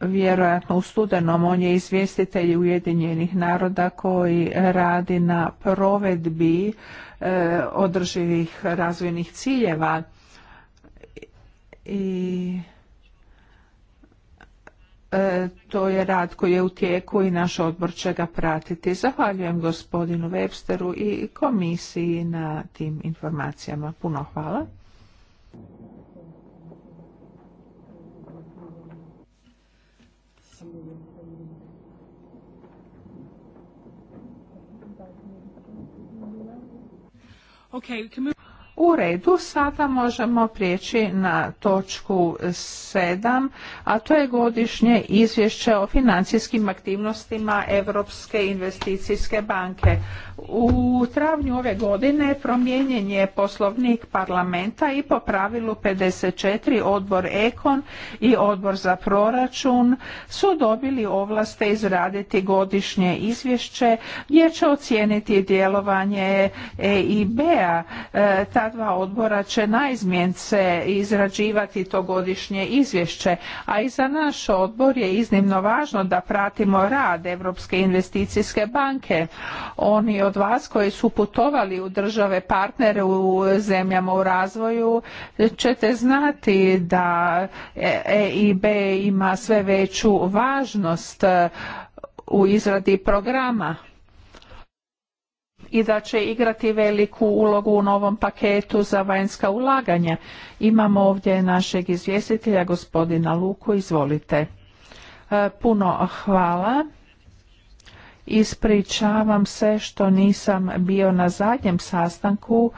vjerojatno u studenom. On je izvjestitelj Ujedinjenih naroda koji radi na provedbi e, održivih razvojnih ciljeva. I e, to je rad koji je u tijeku i naš odbor će ga pratiti. Zahvaljujem gospodinu Websteru i komisiji na tim informacijama. Puno hvala. U redu, sada možemo prijeći na točku 7, a to je godišnje izvješće o financijskim aktivnostima Europske investicijske banke. U travnju ove godine promijenjen je poslovnik parlamenta i po pravilu 54 odbor Ekon i odbor za proračun su dobili ovlaste izraditi godišnje izvješće gdje će ocijeniti djelovanje EIB-a. E, ta dva odbora će naizmjence izrađivati to godišnje izvješće, a i za naš odbor je iznimno važno da pratimo rad Europske investicijske banke. Oni od vas koji su putovali u države partnere u zemljama u razvoju ćete znati da EIB ima sve veću važnost u izradi programa i da će igrati veliku ulogu u novom paketu za vanjska ulaganja. Imamo ovdje našeg izvjestitelja, gospodina Luku, izvolite. E, puno hvala. Ispričavam se što nisam bio na zadnjem sastanku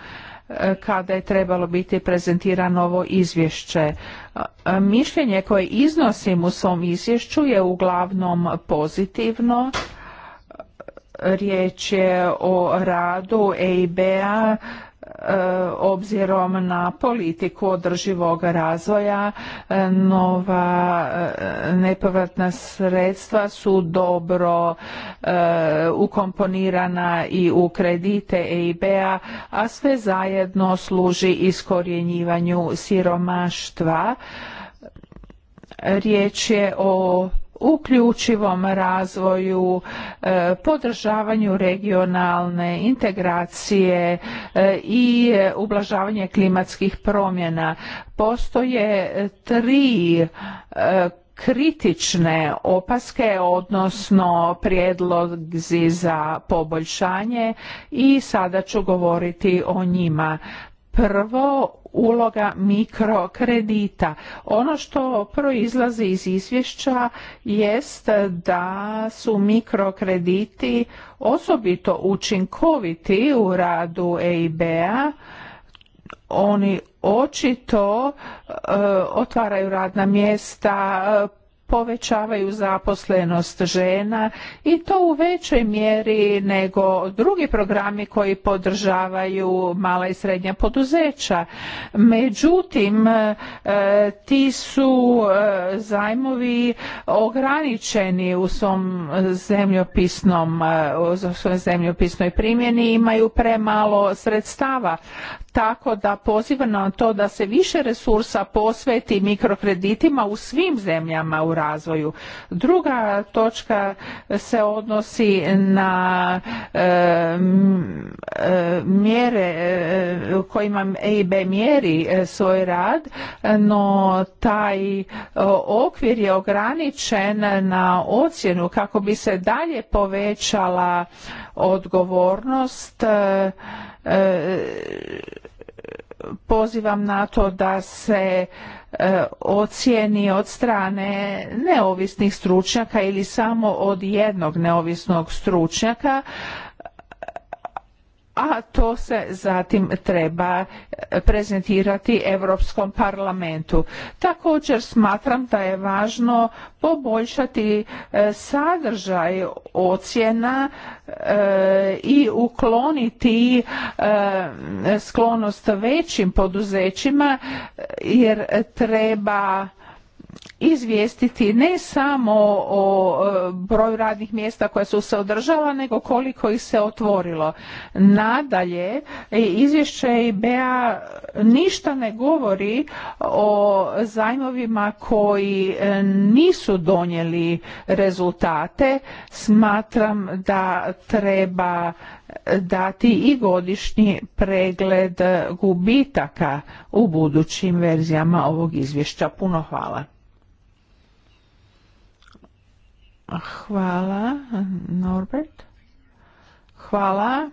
e, kada je trebalo biti prezentirano ovo izvješće. E, mišljenje koje iznosim u svom izvješću je uglavnom pozitivno. E, riječ je o radu EIB-a E, obzirom na politiku održivog razvoja e, nova e, nepovratna sredstva su dobro ukomponirana i u kredite EIB-a a sve zajedno služi iskorjenjivanju siromaštva riječ je o uključivom razvoju, e, podržavanju regionalne integracije e, i ublažavanje klimatskih promjena. Postoje tri e, kritične opaske, odnosno prijedlozi za poboljšanje i sada ću govoriti o njima. Prvo, uloga mikrokredita. Ono što proizlazi iz izvješća jest da su mikrokrediti osobito učinkoviti u radu EIB-a. Oni očito e, otvaraju radna mjesta, povećavaju zaposlenost žena i to u većoj mjeri nego drugi programi koji podržavaju mala i srednja poduzeća. Međutim, e, ti su e, zajmovi ograničeni u svom zemljopisnom, e, u svojoj zemljopisnoj primjeni imaju premalo sredstava. Tako da pozivam na to da se više resursa posveti mikrokreditima u svim zemljama u razvoju. Druga točka se odnosi na mjere kojima EIB mjeri e, svoj rad, no taj e, okvir je ograničen na ocjenu kako bi se dalje povećala odgovornost e, pozivam na to da se E, ocijeni od strane neovisnih stručnjaka ili samo od jednog neovisnog stručnjaka a to se zatim treba eh, prezentirati Europskom parlamentu. Također smatram da je važno poboljšati eh, sadržaj ocjena eh, i ukloniti sklonost većim poduzećima jer treba izvijestiti ne samo o e, broju radnih mjesta koja su se održala, nego koliko ih se otvorilo. Nadalje, izvješće IBA ništa ne govori o zajmovima koji e, nisu donijeli rezultate. Smatram da treba dati i godišnji pregled gubitaka u budućim verzijama ovog izvješća. Puno hvala. Hvala Norbert. Hvala.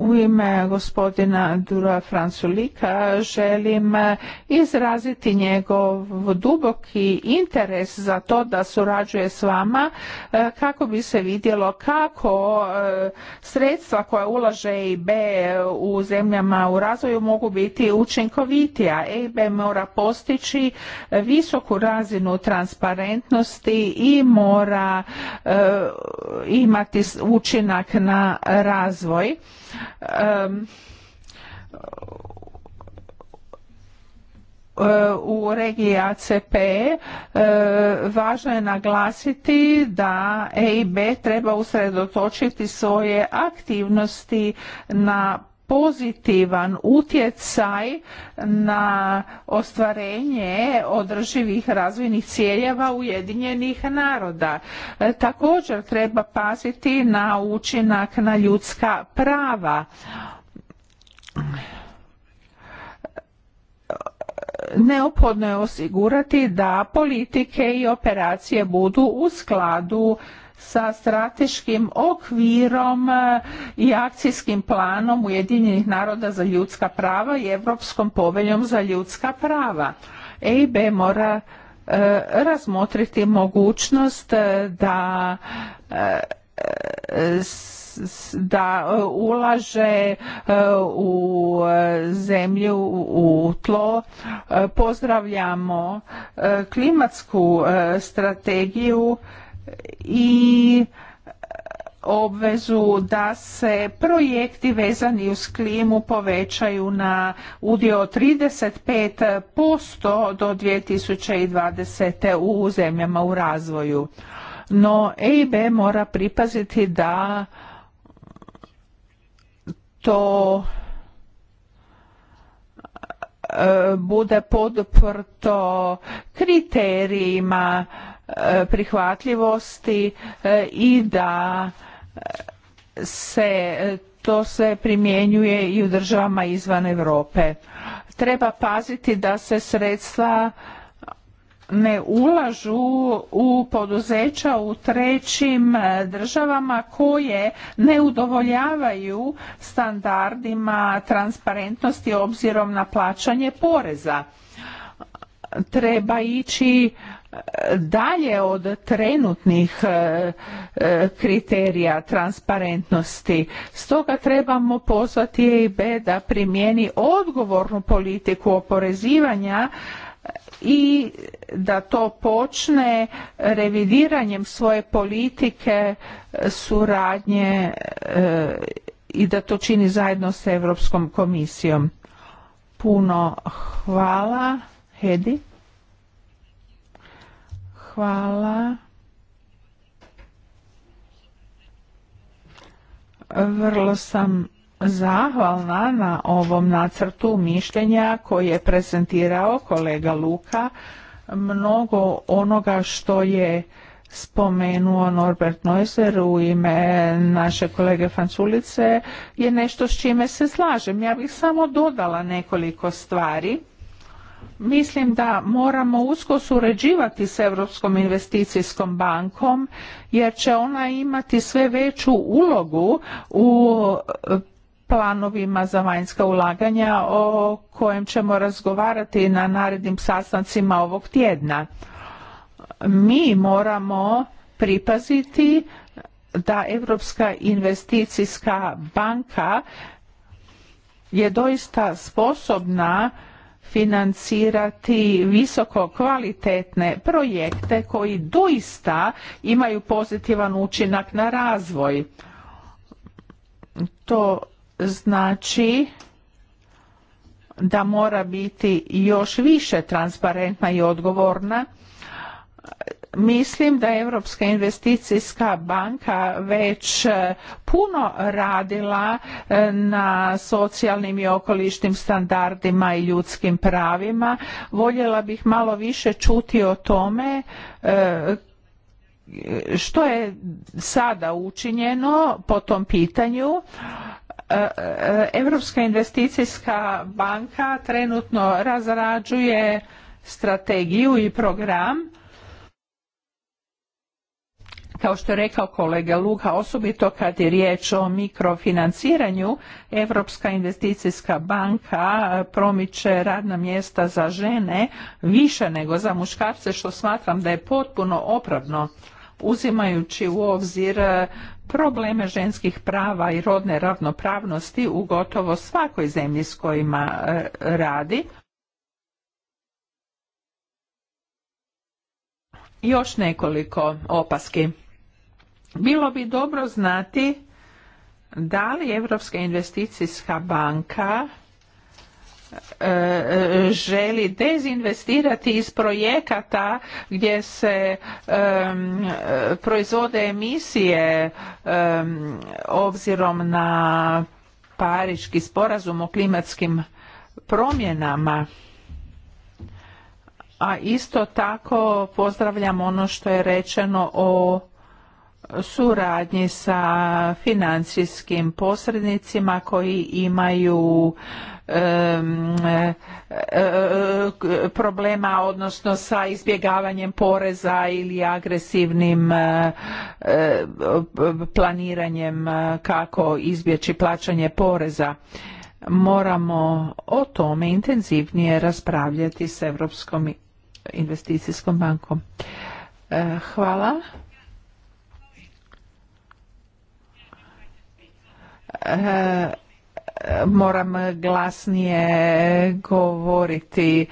U ime gospodina Dura Franculika želim eh, izraziti njegov duboki interes za to da surađuje s vama eh, kako bi se vidjelo kako eh, sredstva koja ulaže EIB u zemljama u razvoju mogu biti učinkovitija. EIB mora postići visoku razinu transparentnosti i mora imati učinak na razvoj u regiji ACP e, važno je naglasiti da EIB treba usredotočiti svoje aktivnosti na pozitivan utjecaj na ostvarenje održivih razvojnih ciljeva Ujedinjenih naroda. E, također treba paziti na učinak na ljudska prava neophodno je osigurati da politike i operacije budu u skladu sa strateškim okvirom e, i akcijskim planom Ujedinjenih naroda za ljudska prava i Europskom poveljom za ljudska prava. EIB mora e, razmotriti mogućnost e, da da ulaže u zemlju, u tlo. Pozdravljamo klimatsku strategiju i e, obvezu da se projekti vezani uz klimu povećaju na udio 35% do 2020. u zemljama u razvoju. No EIB mora pripaziti da to e, bude podprto kriterijima prihvatljivosti e, i da e, se e, to se primjenjuje i u državama izvan Europe. Treba paziti da se sredstva ne ulažu u poduzeća u trećim državama koje ne udovoljavaju standardima transparentnosti obzirom na plaćanje poreza. Treba ići dalje od trenutnih e, e, kriterija transparentnosti. Stoga trebamo pozvati EIB da primijeni odgovornu politiku oporezivanja i da to počne revidiranjem svoje politike e, suradnje i da to čini zajedno s Europskom komisijom. Puno hvala. Hedi. Hvala. Vrlo sam zahvalna na ovom nacrtu mišljenja koji je prezentirao kolega Luka. Mnogo onoga što je spomenuo Norbert Neuser u ime naše kolege Fanculice je nešto s čime se slažem. Ja bih samo dodala nekoliko stvari. Mislim da moramo usko surađivati s Europskom investicijskom bankom jer će ona imati sve veću ulogu u e, planovima za vanjska ulaganja o kojem ćemo razgovarati na narednim sastancima ovog tjedna. Mi moramo pripaziti da Europska investicijska banka je doista sposobna financirati visoko kvalitetne projekte koji doista imaju pozitivan učinak na razvoj. To znači da mora biti još više transparentna i odgovorna Mislim da Europska investicijska banka već e, puno radila e, na socijalnim i okolišnim standardima i ljudskim pravima. Voljela bih malo više čuti o tome e, što je sada učinjeno po tom pitanju. Europska investicijska banka trenutno razrađuje strategiju i program kao što je rekao kolega Luka, osobito kad je riječ o mikrofinanciranju, Europska investicijska banka promiče radna mjesta za žene više nego za muškarce, što smatram da je potpuno opravno uzimajući u obzir e, probleme ženskih prava i rodne ravnopravnosti u gotovo svakoj zemlji s kojima e, radi. Još nekoliko opaski. Bilo bi dobro znati da li Europska investicijska banka e, e, želi dezinvestirati iz projekata gdje se proizvode emisije obzirom na pariški sporazum o klimatskim promjenama a isto tako pozdravljam ono što je rečeno o suradnji sa financijskim posrednicima koji imaju e, e, problema odnosno sa izbjegavanjem poreza ili agresivnim e, planiranjem kako izbjeći plaćanje poreza moramo o tome intenzivnije raspravljati s europskom investicijskom bankom hvala moram glasnije govoriti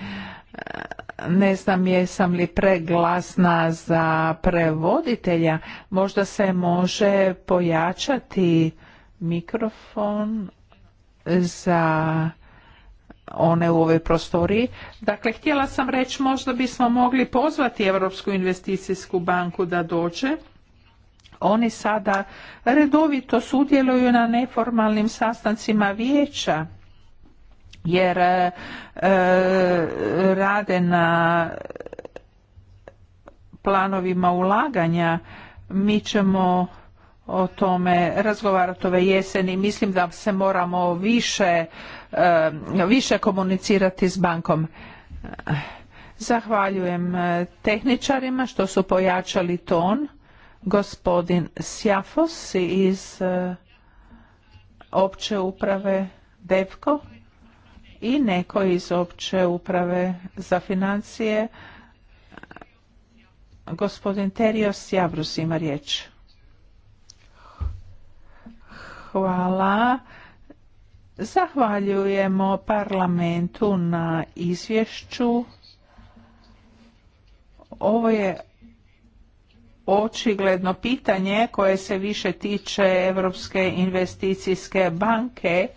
ne znam jesam li preglasna za prevoditelja možda se može pojačati mikrofon za one u ovoj prostoriji. Dakle, htjela sam reći možda bismo mogli pozvati Europsku investicijsku banku da dođe oni sada redovito sudjeluju na neformalnim sastancima vijeća jer e, e, rade na planovima ulaganja. Mi ćemo o tome razgovarati ove jeseni. Mislim da se moramo više, e, više komunicirati s bankom. Zahvaljujem tehničarima što su pojačali ton. Gospodin Sjafos iz e, opće uprave DEVKO i neko iz opće uprave za financije. Gospodin Terio Javrus ima riječ. Hvala. Zahvaljujemo parlamentu na izvješću. Ovo je očigledno pitanje koje se više tiče Europske investicijske banke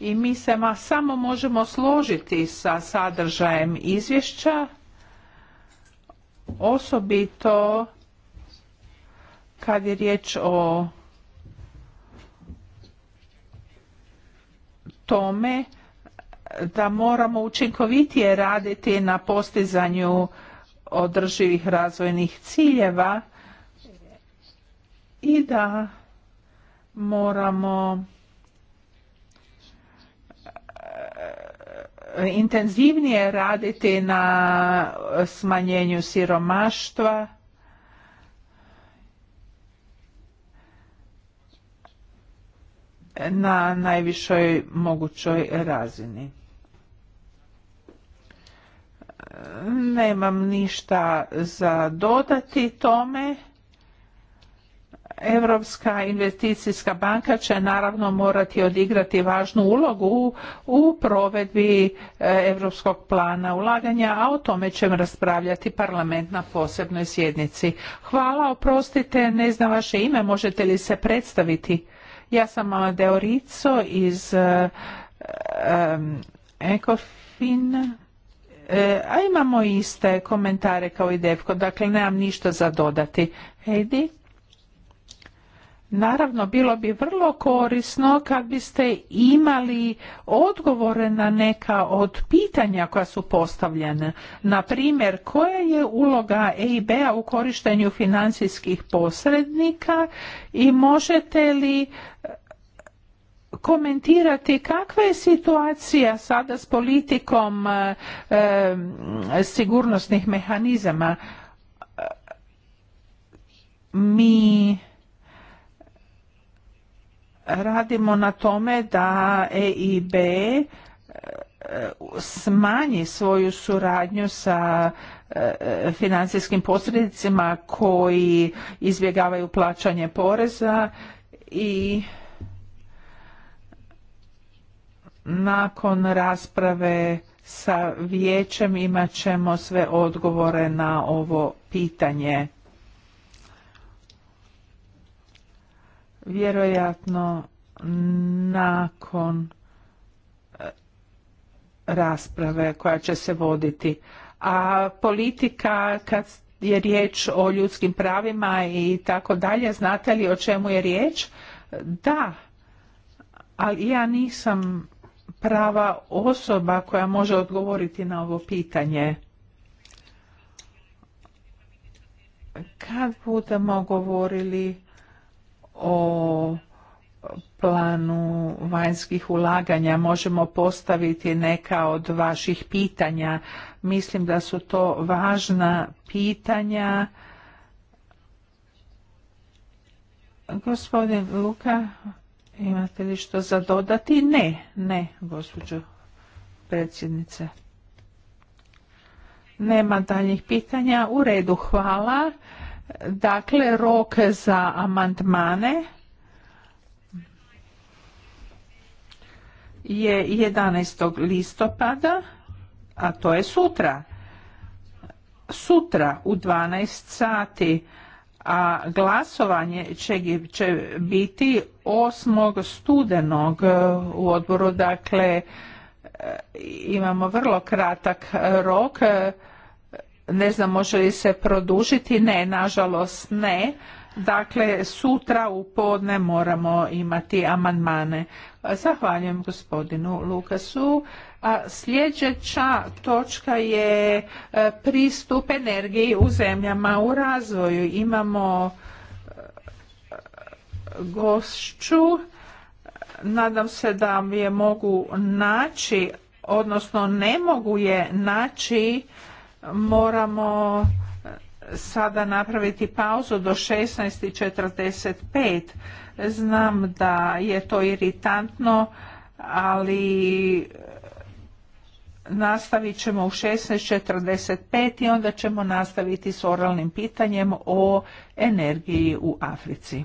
i mi se ma samo možemo složiti sa sadržajem izvješća, osobito kad je riječ o tome da moramo učinkovitije raditi na postizanju održivih razvojnih ciljeva i da moramo e, intenzivnije raditi na smanjenju siromaštva na najvišoj mogućoj razini. E, nemam ništa za dodati tome. Europska investicijska banka će naravno morati odigrati važnu ulogu u provedbi Europskog plana ulaganja, a o tome će raspravljati parlament na posebnoj sjednici. Hvala, oprostite, ne znam vaše ime, možete li se predstaviti? Ja sam Amadeo Rico iz Ekofin. E, e, a imamo iste komentare kao i Devko, dakle nemam ništa za dodati. Heidi? Naravno, bilo bi vrlo korisno kad biste imali odgovore na neka od pitanja koja su postavljene. Na primjer, koja je uloga EIB-a u korištenju financijskih posrednika i možete li e, komentirati kakva je situacija sada s politikom e, e, sigurnosnih mehanizama. Mi radimo na tome da EIB e, smanji svoju suradnju sa e, financijskim posrednicima koji izbjegavaju plaćanje poreza i nakon rasprave sa vijećem imat ćemo sve odgovore na ovo pitanje. vjerojatno nakon e, rasprave koja će se voditi. A politika kad je riječ o ljudskim pravima i tako dalje, znate li o čemu je riječ? Da, ali ja nisam prava osoba koja može odgovoriti na ovo pitanje. Kad budemo govorili o planu vanjskih ulaganja možemo postaviti neka od vaših pitanja. Mislim da su to važna pitanja. Gospodin Luka, imate li što za dodati? Ne, ne, gospođo predsjednice. Nema daljih pitanja. U redu, hvala. Dakle, rok za amandmane je 11. listopada, a to je sutra. Sutra u 12 sati, a glasovanje će, će biti 8. studenog u odboru, dakle imamo vrlo kratak rok. Ne znam može li se produžiti, ne, nažalost ne. Dakle, sutra u podne moramo imati amandmane. Zahvaljujem gospodinu Lukasu. A sljedeća točka je e, pristup energiji u zemljama u razvoju. Imamo e, gošću. Nadam se da je mogu naći, odnosno ne mogu je naći moramo eh, sada napraviti pauzu do 16.45. Znam da je to iritantno, ali eh, nastavit ćemo u 16.45 i onda ćemo nastaviti s oralnim pitanjem o energiji u Africi.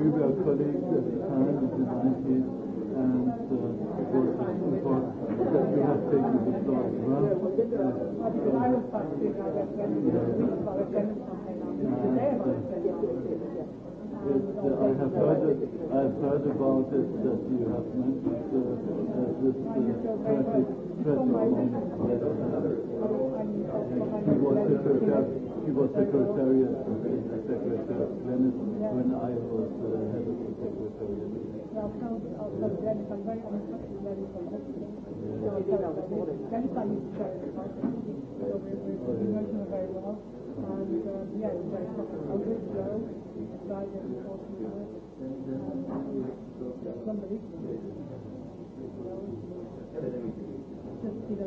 Uber colleagues at the time um, in the 90 and uh, have taken the as well. I have heard it, I have heard about it that you have mentioned uh, this uh, secretary, secretary Glennis when I was uh, head of the of very So, somebody. Just be the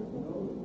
u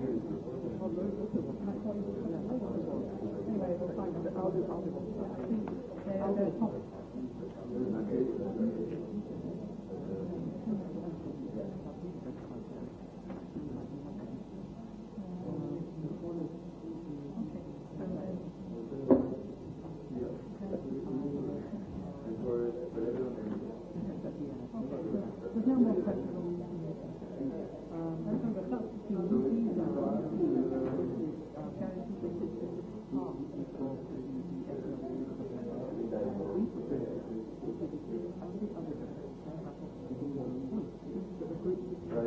Anyway, we'll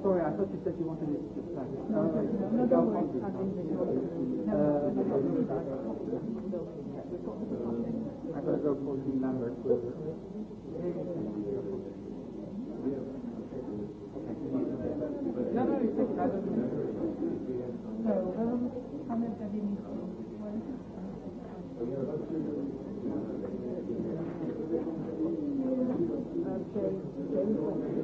Sorry, I thought you said you wanted to No, don't worry. I've got to go call some numbers. you Okay,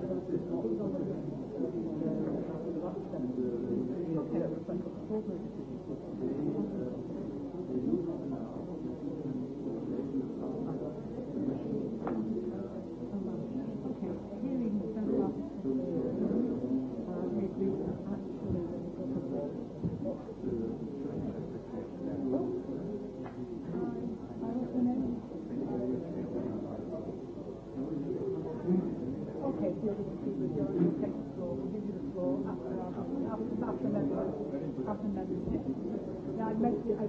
Hvala se after, after Yeah, I I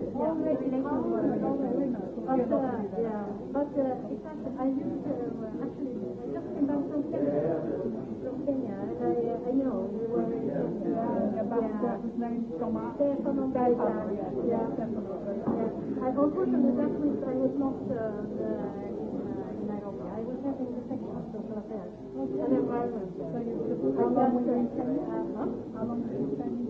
always to But, uh, yeah. but I uh, actually, I just came from you,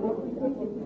lokalnih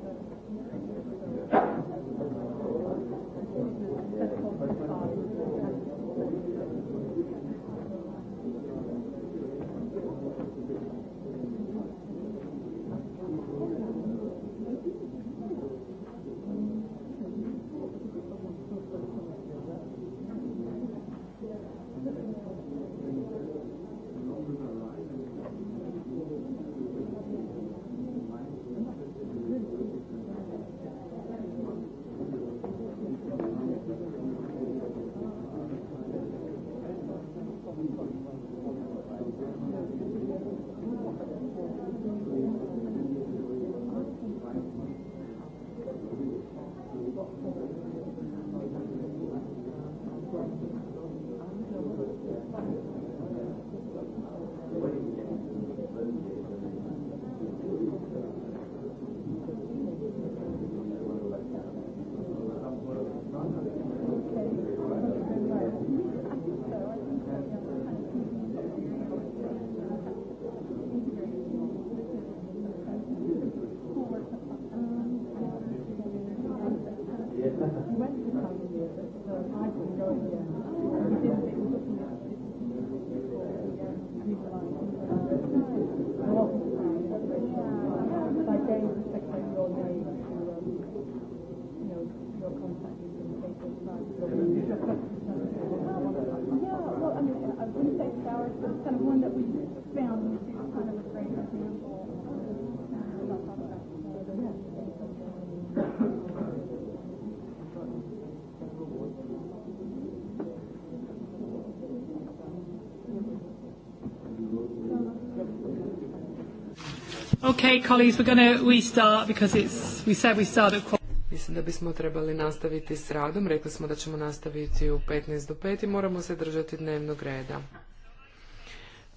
Okay, colleagues, we're going to restart because it's, we said we start at... Mislim da bismo trebali nastaviti s radom. Rekli smo da ćemo nastaviti u 15 do 5 i moramo se držati dnevnog reda.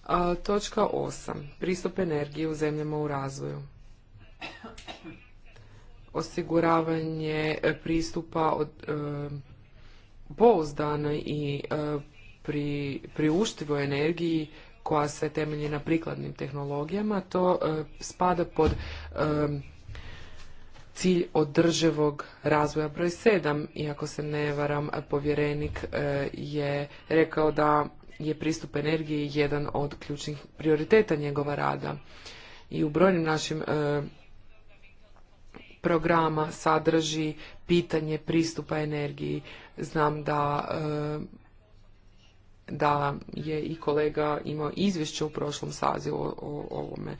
A, točka 8. Pristup energiji u zemljama u razvoju. Osiguravanje e, pristupa od, e, pouzdanoj i e, pri, priuštivoj energiji koja se temelji na prikladnim tehnologijama, to e, spada pod e, cilj održivog razvoja broj 7. Iako se ne varam, povjerenik e, je rekao da je pristup energiji jedan od ključnih prioriteta njegova rada. I u brojnim našim programa sadrži pitanje pristupa energiji. Znam da da je i kolega imao izvješće u prošlom sazivu o, ovome.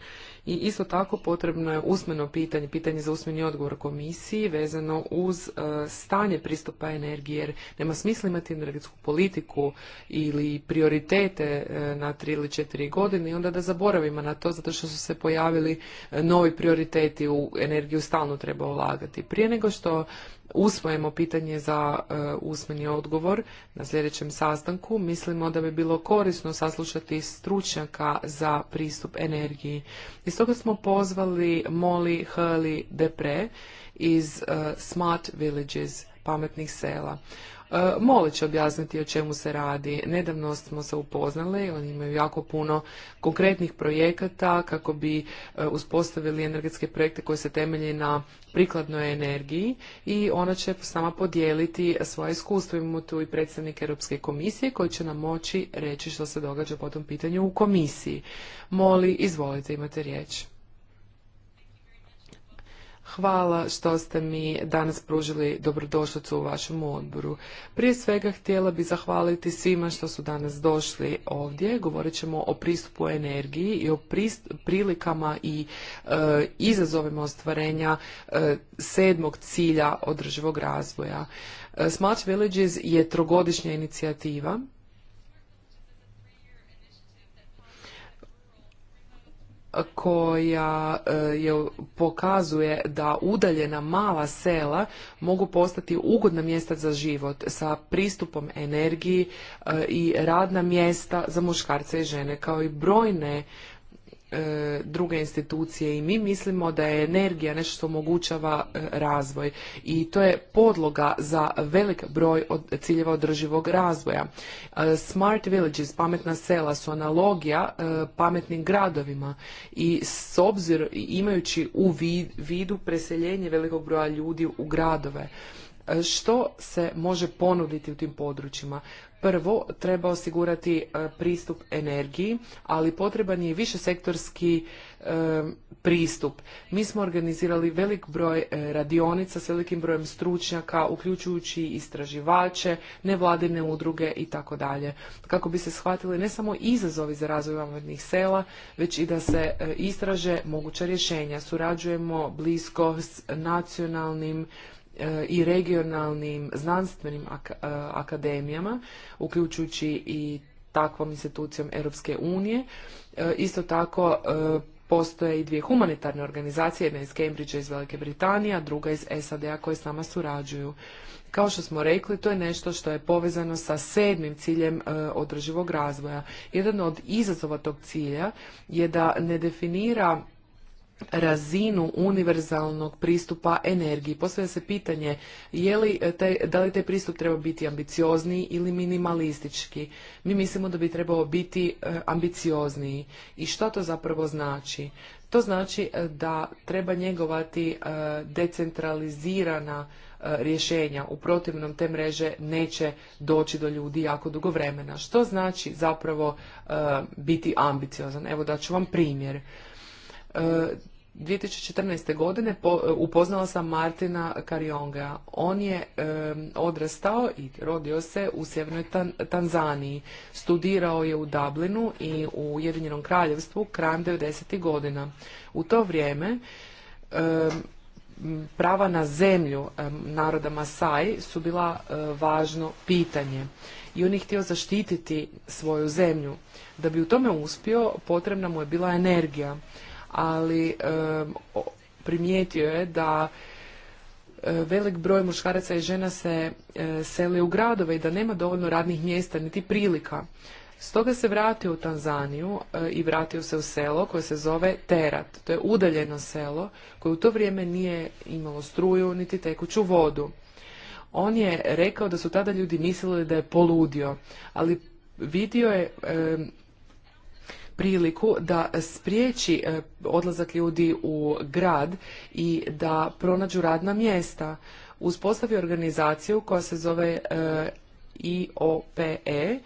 I isto tako potrebno je usmeno pitanje, pitanje za usmeni odgovor komisiji vezano uz e, stanje pristupa energije jer nema smisla imati energetsku politiku ili prioritete e, na tri ili četiri godine i onda da zaboravimo na to zato što su se pojavili e, novi prioriteti u energiju stalno treba ulagati. Prije nego što usvojimo pitanje za e, usmeni odgovor na sljedećem sastanku. Mislimo da bi bilo korisno saslušati stručnjaka za pristup energiji. Iz toga smo pozvali Molly Hurley Depre iz e, Smart Villages, pametnih sela. E, mole će objasniti o čemu se radi. Nedavno smo se upoznali, oni imaju jako puno konkretnih projekata kako bi e, uspostavili energetske projekte koji se temelje na prikladnoj energiji i ona će sama podijeliti svoje iskustvo. Imamo tu i predstavnik Europske komisije koji će nam moći reći što se događa po tom pitanju u komisiji. Moli, izvolite, imate riječ. Hvala što ste mi danas pružili dobrodošlicu u vašem odboru. Prije svega htjela bi zahvaliti svima što su danas došli ovdje. Govorit ćemo o pristupu energiji i o prilikama i e, izazovima ostvarenja e, sedmog cilja održivog razvoja. E, Smart Villages je trogodišnja inicijativa koja e, je, pokazuje da udaljena mala sela mogu postati ugodna mjesta za život sa pristupom energiji e, i radna mjesta za muškarce i žene kao i brojne E, druge institucije i mi mislimo da je energija nešto što omogućava e, razvoj i to je podloga za velik broj od ciljeva održivog razvoja. E, smart villages, pametna sela su analogija pametnim gradovima i s obzir imajući u vidu preseljenje velikog broja ljudi u gradove što se može ponuditi u tim područjima Prvo, treba osigurati e, pristup energiji, ali potreban je više sektorski e, pristup. Mi smo organizirali velik broj e, radionica s velikim brojem stručnjaka, uključujući istraživače, nevladine udruge i tako dalje, kako bi se shvatili ne samo izazovi za razvoj vanvodnih sela, već i da se istraže moguća rješenja. Surađujemo blisko s nacionalnim E, i regionalnim znanstvenim e, akademijama, uključujući i takvom institucijom Europske unije. E, isto tako postoje i dvije humanitarne organizacije, jedna iz Cambridgea iz Velike Britanije, a druga iz SAD-a koje s nama surađuju. Kao što smo rekli, to je nešto što je povezano sa sedmim ciljem održivog razvoja. Jedan od izazova tog cilja je da ne definira razinu univerzalnog pristupa energiji. Postavlja se pitanje je li eh, da li taj pristup treba biti ambiciozniji ili minimalistički. Mi mislimo da bi trebao biti eh, ambiciozniji. I što to zapravo znači? To znači eh, da treba njegovati decentralizirana rješenja. U protivnom te mreže neće doći do ljudi jako dugo vremena. Što znači zapravo biti ambiciozan? Evo da ću vam primjer. 2014. godine upoznala sam Martina Karionga. On je odrastao i rodio se u sjevernoj Tanzaniji. Studirao je u Dublinu i u Jedinjenom kraljevstvu krajem 90. godina. U to vrijeme prava na zemlju naroda Masai su bila e, važno pitanje i on je htio zaštititi svoju zemlju. Da bi u tome uspio, potrebna mu je bila energija ali primijetio je da e, velik broj muškaraca i žena se e, seli u gradove i da nema dovoljno radnih mjesta niti prilika. Stoga se vratio u Tanzaniju e, i vratio se u selo koje se zove Terat. To je udaljeno selo koje u to vrijeme nije imalo struju niti tekuću vodu. On je rekao da su tada ljudi mislili da je poludio, ali vidio je priliku da spriječi e, odlazak ljudi u grad i da pronađu radna mjesta. Uspostavi organizaciju koja se zove IOPE e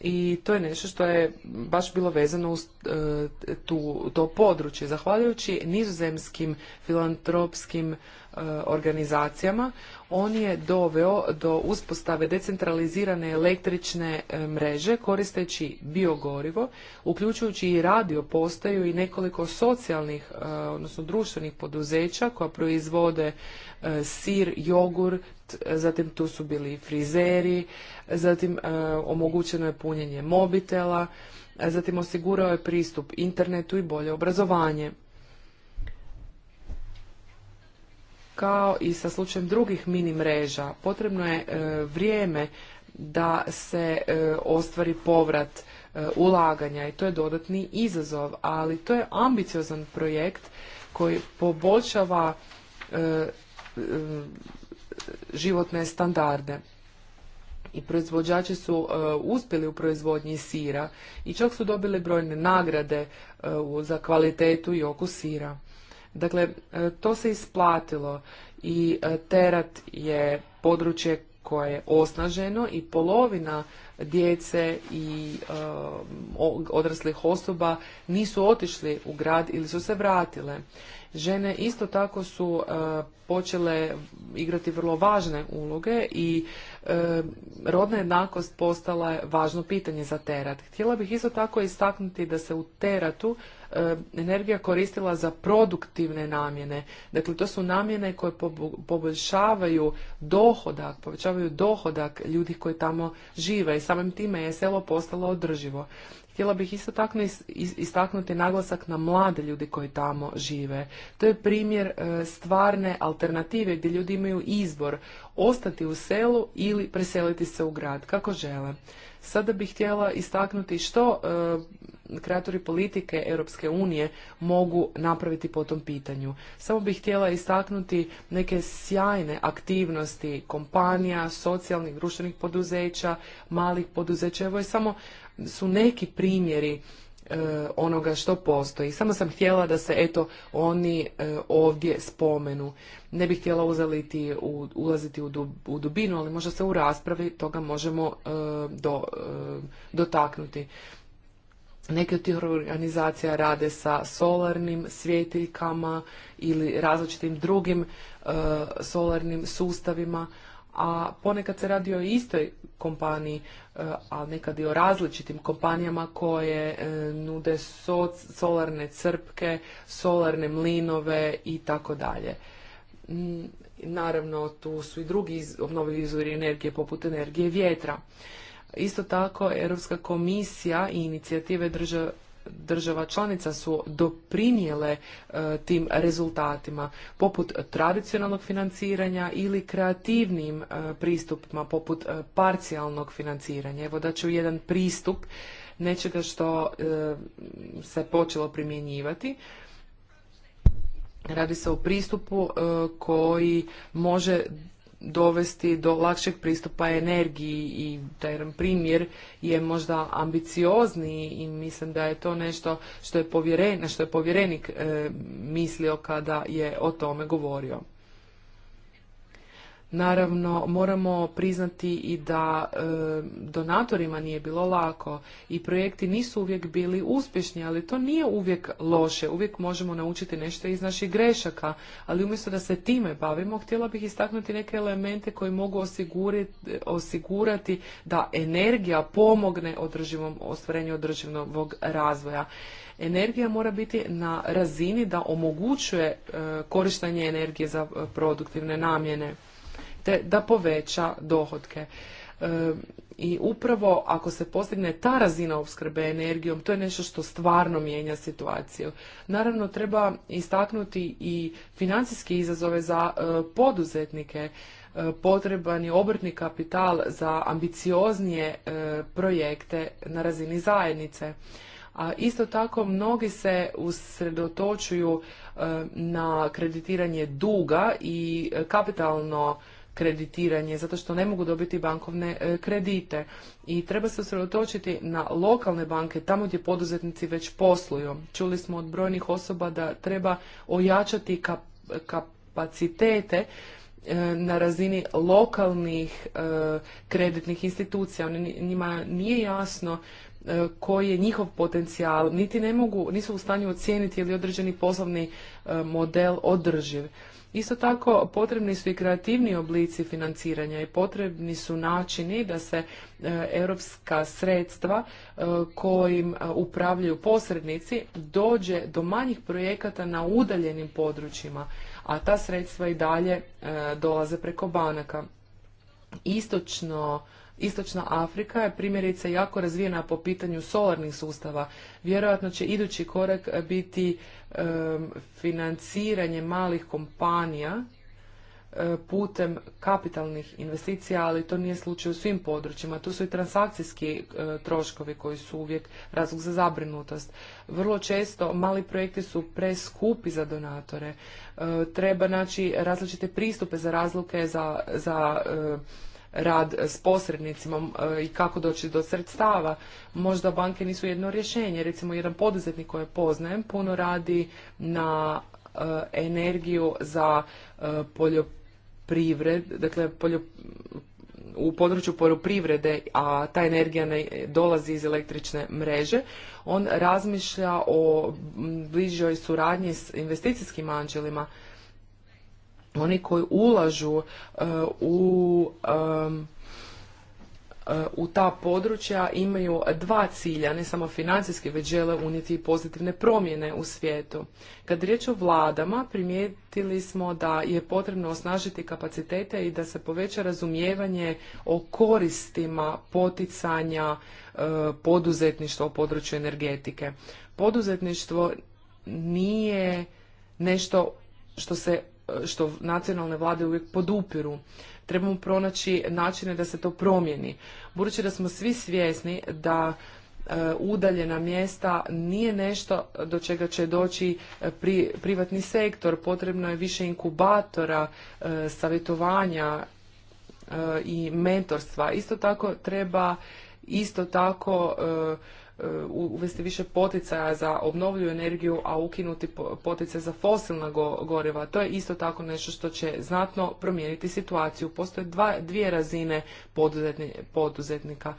i to je nešto što je baš bilo vezano uz e, tu, to područje. Zahvaljujući nizozemskim filantropskim E, organizacijama, on je doveo do uspostave decentralizirane električne e, mreže koristeći biogorivo, uključujući i radio postaju i nekoliko socijalnih, e, odnosno društvenih poduzeća koja proizvode sir, jogurt, zatim tu su bili frizeri, zatim omogućeno je punjenje mobitela, zatim osigurao je pristup internetu i bolje obrazovanje. kao i sa slučajem drugih mini mreža potrebno je e, vrijeme da se e, ostvari povrat e, ulaganja i to je dodatni izazov, ali to je ambiciozan projekt koji poboljšava životne standarde. I proizvođači su uspjeli u proizvodnji sira i čak su dobili brojne nagrade za kvalitetu i okus sira. Dakle, e, to se isplatilo i e, terat je područje koje je osnaženo i polovina djece i e, odraslih osoba nisu otišli u grad ili su se vratile. Žene isto tako su počele igrati vrlo važne uloge i rodna jednakost postala je važno pitanje za terat. Htjela bih isto tako istaknuti da se u teratu E, energija koristila za produktivne namjene. Dakle, to su namjene koje poboljšavaju dohodak, povećavaju dohodak ljudi koji tamo žive i samim time je selo postalo održivo. Htjela bih isto tako istaknuti naglasak na mlade ljudi koji tamo žive. To je primjer e, stvarne alternative gdje ljudi imaju izbor ostati u selu ili preseliti se u grad kako žele. Sada bih htjela istaknuti što e, kreatori politike Europske unije mogu napraviti po tom pitanju. Samo bih htjela istaknuti neke sjajne aktivnosti kompanija, socijalnih, društvenih poduzeća, malih poduzeća. Evo je samo su neki primjeri E, onoga što postoji. Samo sam htjela da se eto oni e, ovdje spomenu. Ne bih htjela uzaliti, ulaziti u dubinu, ali možda se u raspravi toga možemo e, dotaknuti. Neke od tih organizacija rade sa solarnim svjetiljkama ili različitim drugim solarnim sustavima, a ponekad se radi o istoj kompaniji E, a nekad i o različitim kompanijama koje e, nude solarne crpke, solarne mlinove i tako dalje. Mm, naravno, tu su i drugi obnovljivi izvori energije, poput energije vjetra. Isto tako, Europska komisija i inicijative država država članica su doprinijele e, tim rezultatima, poput tradicionalnog financiranja ili kreativnim e, pristupima, poput e, parcijalnog financiranja. Evo da ću jedan pristup nečega što se počelo primjenjivati. Radi se o pristupu koji može dovesti do lakšeg pristupa energiji i taj jedan primjer je možda ambiciozniji i mislim da je to nešto što je povjerenik, što je povjerenik e, mislio kada je o tome govorio. Naravno, moramo priznati i da e, donatorima nije bilo lako i projekti nisu uvijek bili uspješni, ali to nije uvijek loše. Uvijek možemo naučiti nešto iz naših grešaka, ali umjesto da se time bavimo, htjela bih istaknuti neke elemente koji mogu osigurati da energija pomogne održivom ostvarenju održivog razvoja. Energija mora biti na razini da omogućuje e, korištenje energije za e, produktivne namjene te da poveća dohodke. E, I upravo ako se postigne ta razina opskrbe energijom, to je nešto što stvarno mijenja situaciju. Naravno, treba istaknuti i financijske izazove za e, poduzetnike. E, potreban je obrtni kapital za ambicioznije projekte na razini zajednice. A isto tako mnogi se usredotočuju na kreditiranje duga i kapitalno kreditiranje zato što ne mogu dobiti bankovne e, kredite i treba se usredotočiti na lokalne banke tamo gdje poduzetnici već posluju. Čuli smo od brojnih osoba da treba ojačati kapacitete e, na razini lokalnih e, kreditnih institucija. Njima nije jasno koji je njihov potencijal, niti ne mogu, nisu u stanju ocijeniti je li određeni poslovni model održiv. Isto tako potrebni su i kreativni oblici financiranja i potrebni su načini da se e, europska sredstva e, kojim e, upravljaju posrednici dođe do manjih projekata na udaljenim područjima, a ta sredstva i dalje dolaze preko banaka. Istočno Istočna Afrika je primjerice jako razvijena po pitanju solarnih sustava. Vjerojatno će idući korak biti financiranje malih kompanija e, putem kapitalnih investicija, ali to nije slučaj u svim područjima. Tu su i transakcijski e, troškovi koji su uvijek razlog za zabrinutost. Vrlo često mali projekti su preskupi za donatore. E, treba naći različite pristupe za razluke za, za rad s posrednicima e, i kako doći do sredstava. Možda banke nisu jedno rješenje. Recimo, jedan poduzetnik koje poznajem puno radi na e, energiju za e, poljoprivred, dakle u području poljoprivrede, a ta energija ne dolazi iz električne mreže, on razmišlja o bližoj suradnji s investicijskim anđelima oni koji ulažu e, u e, u ta područja imaju dva cilja, ne samo financijski, već žele unijeti i pozitivne promjene u svijetu. Kad riječ o vladama, primijetili smo da je potrebno osnažiti kapacitete i da se poveća razumijevanje o koristima poticanja e, poduzetništva u području energetike. Poduzetništvo nije nešto što se što nacionalne vlade uvijek podupiru. Trebamo pronaći načine da se to promijeni. Budući da smo svi svjesni da e, udaljena mjesta nije nešto do čega će doći e, privatni sektor. Potrebno je više inkubatora, e, savjetovanja i mentorstva. Isto tako treba isto tako uvesti više poticaja za obnovljivu energiju, a ukinuti poticaj za fosilna goriva. To je isto tako nešto što će znatno promijeniti situaciju. Postoje dvije razine poduzetnika.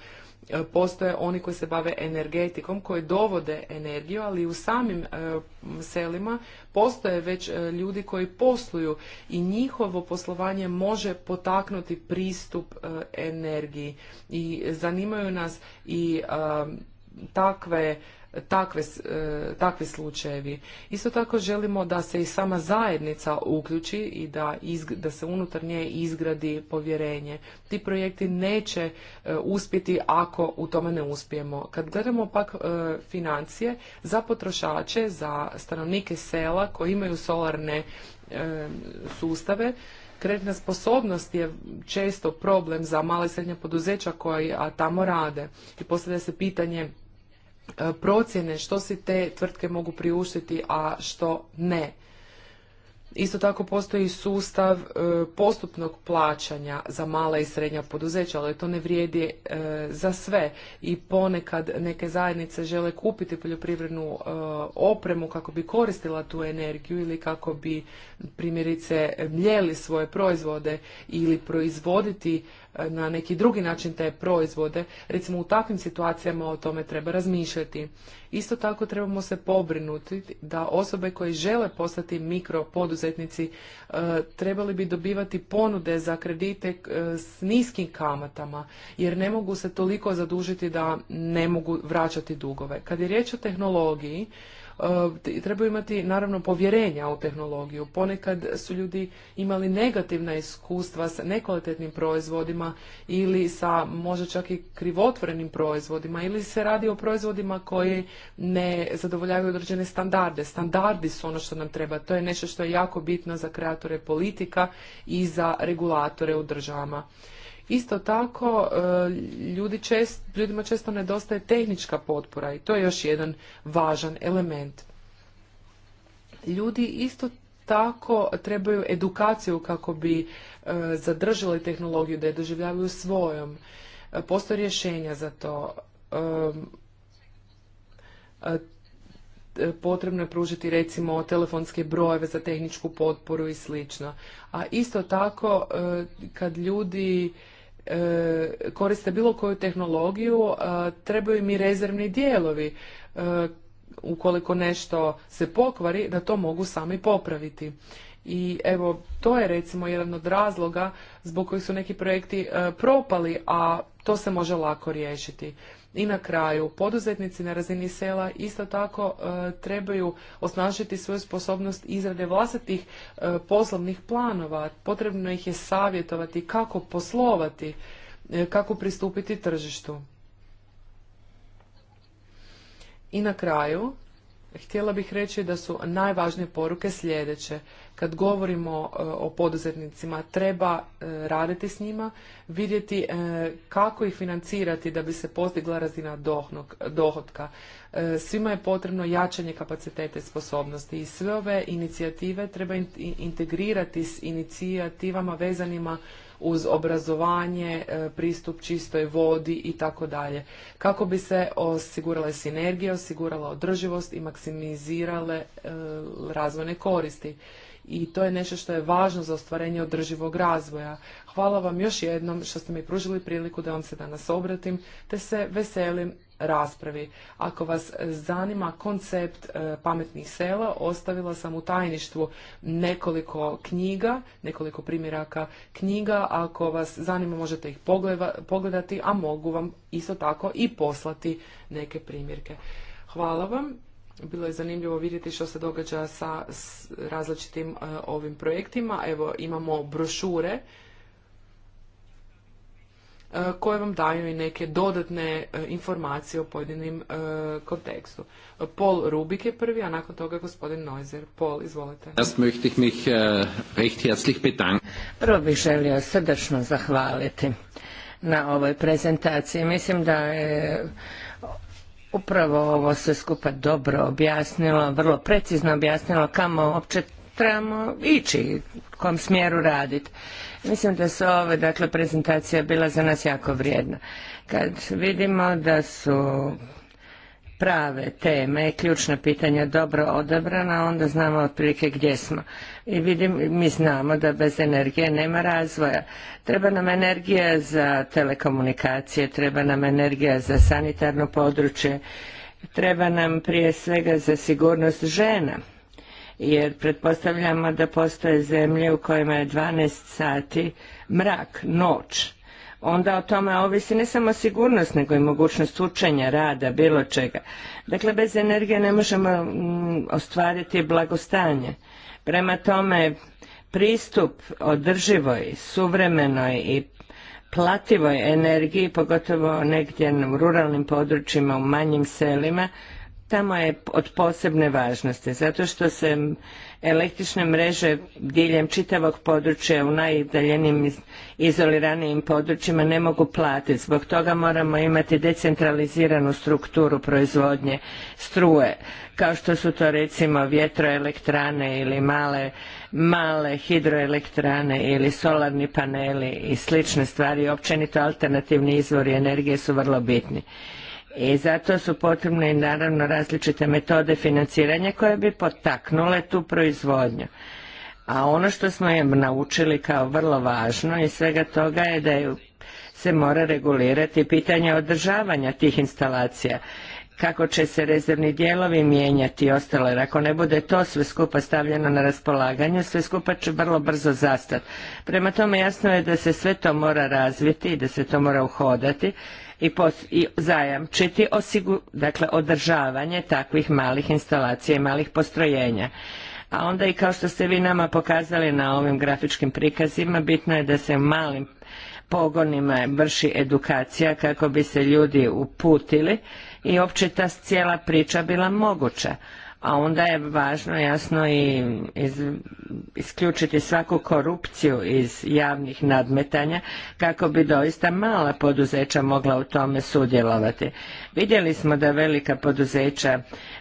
E, postoje oni koji se bave energetikom, koji dovode energiju, ali u samim e, selima postoje već e, ljudi koji posluju i njihovo poslovanje može potaknuti pristup energiji. I zanimaju nas i takve Takve, e, takvi slučajevi. Isto tako želimo da se i sama zajednica uključi i da, da se unutar nje izgradi povjerenje. Ti projekti neće e, uspjeti ako u tome ne uspijemo. Kad gledamo pak e, financije za potrošače, za stanovnike sela koji imaju solarne sustave, kreditna sposobnost je često problem za male i srednje poduzeća koja tamo rade. I postavlja se pitanje E, procjene što si te tvrtke mogu priuštiti, a što ne. Isto tako postoji sustav e, postupnog plaćanja za mala i srednja poduzeća, ali to ne vrijedi e, za sve i ponekad neke zajednice žele kupiti poljoprivrednu opremu kako bi koristila tu energiju ili kako bi primjerice mljeli svoje proizvode ili proizvoditi na neki drugi način te proizvode, recimo u takvim situacijama o tome treba razmišljati. Isto tako trebamo se pobrinuti da osobe koje žele postati mikropoduzetnici e, trebali bi dobivati ponude za kredite e, s niskim kamatama, jer ne mogu se toliko zadužiti da ne mogu vraćati dugove. Kad je riječ o tehnologiji, trebaju imati naravno povjerenja u tehnologiju. Ponekad su ljudi imali negativna iskustva sa nekvalitetnim proizvodima ili sa možda čak i krivotvorenim proizvodima ili se radi o proizvodima koji ne zadovoljavaju određene standarde. Standardi su ono što nam treba. To je nešto što je jako bitno za kreatore politika i za regulatore u državama. Isto tako, e, ljudi ljudima često nedostaje tehnička potpora i to je još jedan važan element. Ljudi isto tako trebaju edukaciju kako bi e, zadržali tehnologiju, da je doživljavaju svojom. E, postoje rješenja za to. Potrebno je pružiti recimo telefonske brojeve za tehničku potporu i slično. A isto tako kad ljudi E, koriste bilo koju tehnologiju, e, trebaju im rezervni dijelovi e, ukoliko nešto se pokvari, da to mogu sami popraviti. I evo, to je recimo jedan od razloga zbog kojih su neki projekti propali, a to se može lako riješiti. I na kraju, poduzetnici na razini sela isto tako e, trebaju osnažiti svoju sposobnost izrade vlastitih e, poslovnih planova. Potrebno ih je savjetovati kako poslovati, e, kako pristupiti tržištu. I na kraju, htjela bih reći da su najvažnije poruke sljedeće. Kad govorimo e, o poduzetnicima, treba e, raditi s njima, vidjeti e, kako ih financirati da bi se postigla razina dohotka. Svima je potrebno jačanje kapaciteta i sposobnosti i sve ove inicijative treba integrirati s inicijativama vezanima uz obrazovanje, e, pristup čistoj vodi i tako dalje. Kako bi se osigurale sinergije, osigurala održivost i maksimizirale e, razvojne koristi i to je nešto što je važno za ostvarenje održivog razvoja. Hvala vam još jednom što ste mi pružili priliku da vam se danas obratim, te se veselim raspravi. Ako vas zanima koncept e, pametnih sela, ostavila sam u tajništvu nekoliko knjiga, nekoliko primjeraka knjiga. Ako vas zanima, možete ih pogledati, a mogu vam isto tako i poslati neke primjerke. Hvala vam. Bilo je zanimljivo vidjeti što se događa sa različitim e, ovim projektima. Evo, imamo brošure Eh, koje vam daju i neke dodatne eh, informacije o pojedinim eh, kontekstu. Paul Rubik je prvi, a nakon toga gospodin Neuser. Paul, izvolite. Prvo bih želio srdačno zahvaliti na ovoj prezentaciji. Mislim da je upravo ovo sve skupa dobro objasnilo, vrlo precizno objasnilo kamo uopće trebamo ići, u kom smjeru raditi. Mislim da su ove, dakle, prezentacija bila za nas jako vrijedna. Kad vidimo da su prave teme, ključna pitanja dobro odabrana, onda znamo otprilike gdje smo. I vidim, mi znamo da bez energije nema razvoja. Treba nam energija za telekomunikacije, treba nam energija za sanitarno područje, treba nam prije svega za sigurnost žena jer pretpostavljamo da postoje zemlje u kojima je 12 sati mrak, noć. Onda o tome ovisi ne samo sigurnost, nego i mogućnost učenja, rada, bilo čega. Dakle, bez energije ne možemo mm, ostvariti blagostanje. Prema tome, pristup održivoj, suvremenoj i plativoj energiji, pogotovo negdje u ruralnim područjima, u manjim selima, tamo je od posebne važnosti zato što se električne mreže diljem čitavog područja u najudaljenijim izoliranijim područjima ne mogu platiti. Zbog toga moramo imati decentraliziranu strukturu proizvodnje struje, kao što su to recimo vjetroelektrane ili male, male hidroelektrane ili solarni paneli i slične stvari. Općenito alternativni izvori energije su vrlo bitni. I zato su potrebne naravno različite metode financiranja koje bi potaknule tu proizvodnju. A ono što smo je naučili kao vrlo važno i svega toga je da se mora regulirati pitanje održavanja tih instalacija kako će se rezervni dijelovi mijenjati i ostalo, jer ako ne bude to sve skupa stavljeno na raspolaganje, sve skupa će vrlo brzo zastati. Prema tome jasno je da se sve to mora razviti i da se to mora uhodati i, zajamčiti dakle, održavanje takvih malih instalacija i malih postrojenja. A onda i kao što ste vi nama pokazali na ovim grafičkim prikazima, bitno je da se malim pogonima vrši edukacija kako bi se ljudi uputili i opće ta cijela priča bila moguća a onda je važno jasno i isključiti svaku korupciju iz javnih nadmetanja kako bi doista mala poduzeća mogla u tome sudjelovati. Vidjeli smo da velika poduzeća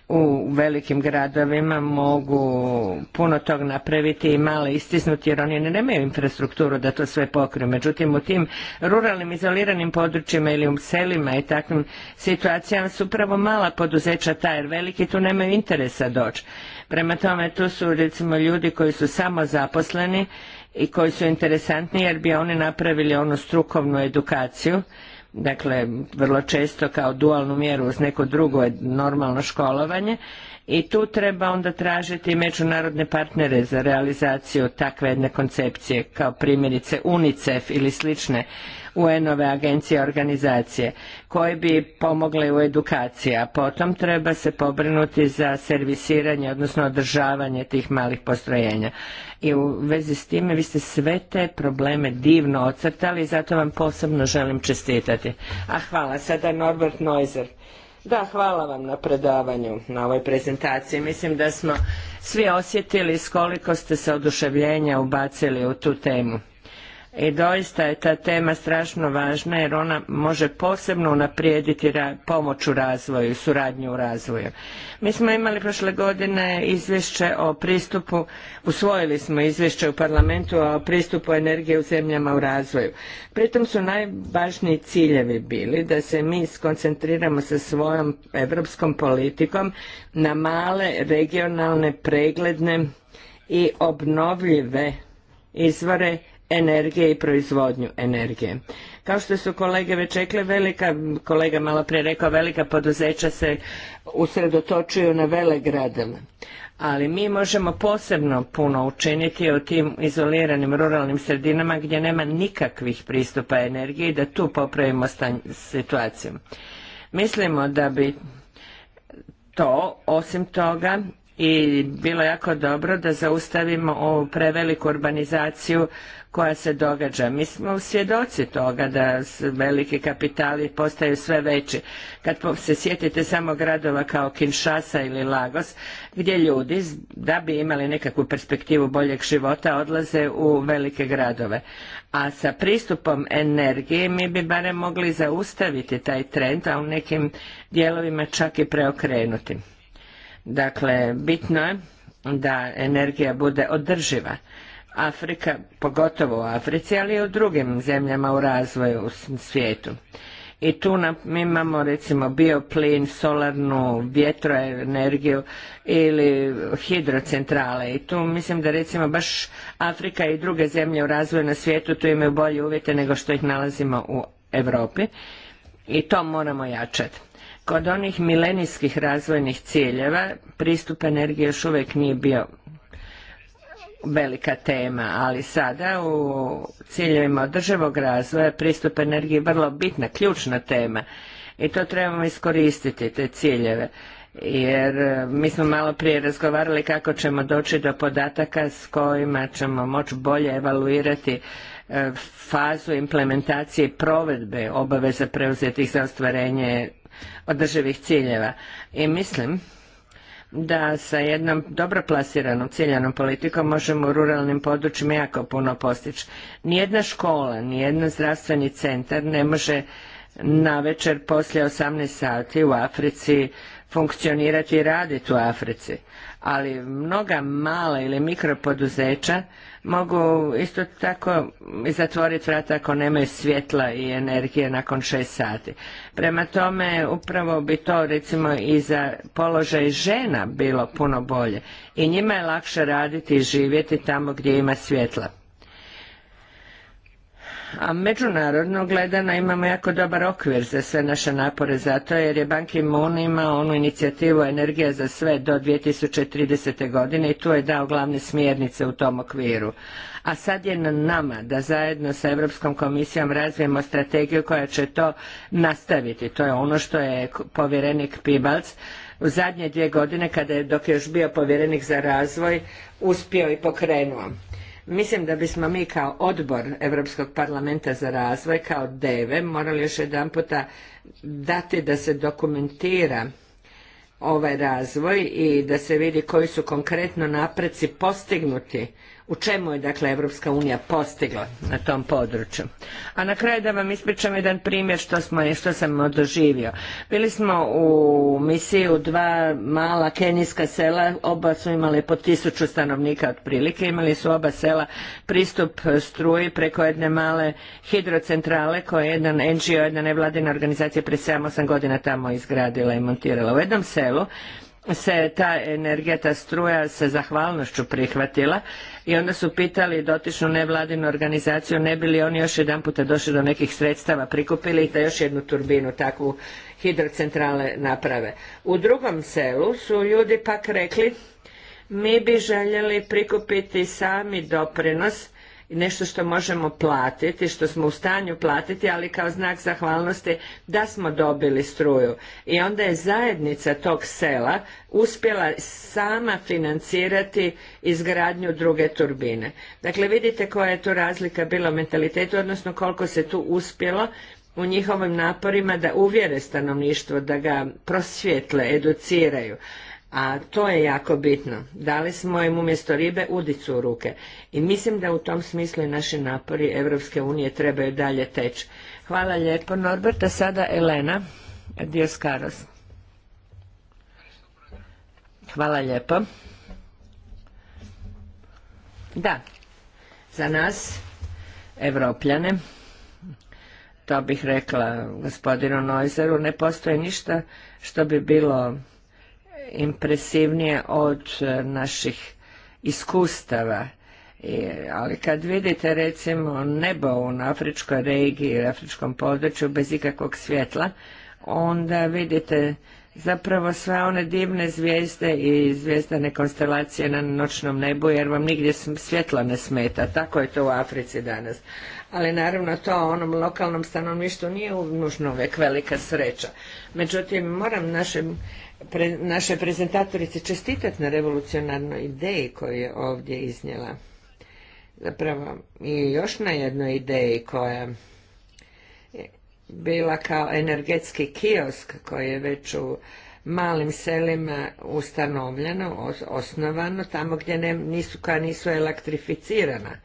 u velikim gradovima mogu puno tog napraviti i male istisnuti jer oni ne nemaju infrastrukturu da to sve pokriju. Međutim, u tim ruralnim izoliranim područjima ili u selima i takvim situacijama su upravo mala poduzeća ta jer veliki tu nemaju interesa doći. Prema tome, tu su recimo ljudi koji su samo zaposleni i koji su interesantni jer bi oni napravili onu strukovnu edukaciju dakle vrlo često kao dualnu mjeru uz neko drugo normalno školovanje i tu treba onda tražiti međunarodne partnere za realizaciju takve jedne koncepcije kao primjerice UNICEF ili slične UN-ove agencije organizacije koje bi pomogle u edukaciji, a potom treba se pobrinuti za servisiranje, odnosno održavanje tih malih postrojenja. I u vezi s time vi ste sve te probleme divno ocrtali i zato vam posebno želim čestitati. A hvala, sada Norbert Neuser. Da, hvala vam na predavanju, na ovoj prezentaciji. Mislim da smo svi osjetili s koliko ste se oduševljenja ubacili u tu temu. I e, doista je ta tema strašno važna jer ona može posebno unaprijediti pomoć u razvoju, suradnju u razvoju. Mi smo imali prošle godine izvješće o pristupu, usvojili smo izvješće u parlamentu o pristupu energije u zemljama u razvoju. Pritom su najvažniji ciljevi bili da se mi skoncentriramo sa svojom europskom politikom na male regionalne pregledne i obnovljive izvore energije i proizvodnju energije. Kao što su kolege već rekle, velika, kolega malo prije rekao, velika poduzeća se usredotočuju na velegradama. Ali mi možemo posebno puno učiniti o tim izoliranim ruralnim sredinama gdje nema nikakvih pristupa energiji da tu popravimo situaciju. Mislimo da bi to, osim toga, i bilo jako dobro da zaustavimo ovu preveliku urbanizaciju koja se događa. Mi smo svjedoci toga da veliki kapitali postaju sve veći. Kad se sjetite samo gradova kao Kinshasa ili Lagos, gdje ljudi, da bi imali nekakvu perspektivu boljeg života, odlaze u velike gradove. A sa pristupom energije mi bi barem mogli zaustaviti taj trend, a u nekim dijelovima čak i preokrenuti. Dakle, bitno je da energija bude održiva Afrika, pogotovo u Africi, ali i u drugim zemljama u razvoju u svijetu. I tu nam, mi imamo recimo bioplin, solarnu, vjetroenergiju ili hidrocentrale. I tu mislim da recimo baš Afrika i druge zemlje u razvoju na svijetu tu imaju bolje uvjete nego što ih nalazimo u Europi. I to moramo jačati. Kod onih milenijskih razvojnih ciljeva pristup energije još uvijek nije bio velika tema, ali sada u ciljevima održivog razvoja pristup energiji je vrlo bitna, ključna tema i to trebamo iskoristiti, te ciljeve. Jer e, mi smo malo prije razgovarali kako ćemo doći do podataka s kojima ćemo moći bolje evaluirati e, fazu implementacije i provedbe obaveza preuzetih za ostvarenje održivih ciljeva. I mislim da sa jednom dobro plasiranom ciljanom politikom možemo u ruralnim područjima jako puno postići. Nijedna škola, nijedan zdravstveni centar ne može na večer poslije 18 sati u Africi funkcionirati i raditi u Africi. Ali mnoga mala ili mikropoduzeća mogu isto tako i zatvoriti vrata ako nemaju svjetla i energije nakon šest sati. Prema tome upravo bi to recimo i za položaj žena bilo puno bolje i njima je lakše raditi i živjeti tamo gdje ima svjetla. A međunarodno gledano imamo jako dobar okvir za sve naše napore za to jer je Ban Ki-moon imao onu inicijativu Energija za sve do 2030. godine i tu je dao glavne smjernice u tom okviru. A sad je na nama da zajedno sa Europskom komisijom razvijemo strategiju koja će to nastaviti. To je ono što je povjerenik Pibalc u zadnje dvije godine kada je dok je još bio povjerenik za razvoj uspio i pokrenuo. Mislim da bismo mi kao odbor Europskog parlamenta za razvoj, kao DEVE, morali još jedan dati da se dokumentira ovaj razvoj i da se vidi koji su konkretno napreci postignuti u čemu je dakle Europska unija postigla na tom području. A na kraju da vam ispričam jedan primjer što, smo, što sam doživio. Bili smo u misiji u dva mala kenijska sela, oba su imali po tisuću stanovnika otprilike, imali su oba sela pristup struji preko jedne male hidrocentrale koje je jedan NGO, jedna nevladina organizacija prije 7-8 godina tamo izgradila i montirala. U jednom selu se ta energija, ta struja se zahvalnošću prihvatila i onda su pitali dotičnu nevladinu organizaciju ne bi li oni još jedan puta došli do nekih sredstava prikupili ih da još jednu turbinu takvu hidrocentrale naprave. U drugom selu su ljudi pak rekli mi bi željeli prikupiti sami doprinos nešto što možemo platiti, što smo u stanju platiti, ali kao znak zahvalnosti da smo dobili struju. I onda je zajednica tog sela uspjela sama financirati izgradnju druge turbine. Dakle, vidite koja je tu razlika bila u mentalitetu, odnosno koliko se tu uspjelo u njihovim naporima da uvjere stanovništvo, da ga prosvjetle, educiraju a to je jako bitno. Dali smo im umjesto ribe udicu u ruke i mislim da u tom smislu i naši napori Evropske unije trebaju dalje teći. Hvala lijepo Norbert, a sada Elena Dioskaros. Hvala lijepo. Da, za nas, Evropljane, to bih rekla gospodinu Noizeru, ne postoji ništa što bi bilo impresivnije od naših iskustava. ali kad vidite recimo nebo u afričkoj regiji ili afričkom području bez ikakvog svjetla, onda vidite zapravo sve one divne zvijezde i zvijezdane konstelacije na noćnom nebu jer vam nigdje svjetla ne smeta. Tako je to u Africi danas. Ali naravno to onom lokalnom stanovništvu nije nužno uvijek velika sreća. Međutim, moram našim pre, naše prezentatorice čestitati na revolucionarnoj ideji koju je ovdje iznijela. Zapravo i još na jednoj ideji koja je bila kao energetski kiosk koji je već u malim selima ustanovljeno, osnovano, tamo gdje nisu, koja nisu elektrificirana.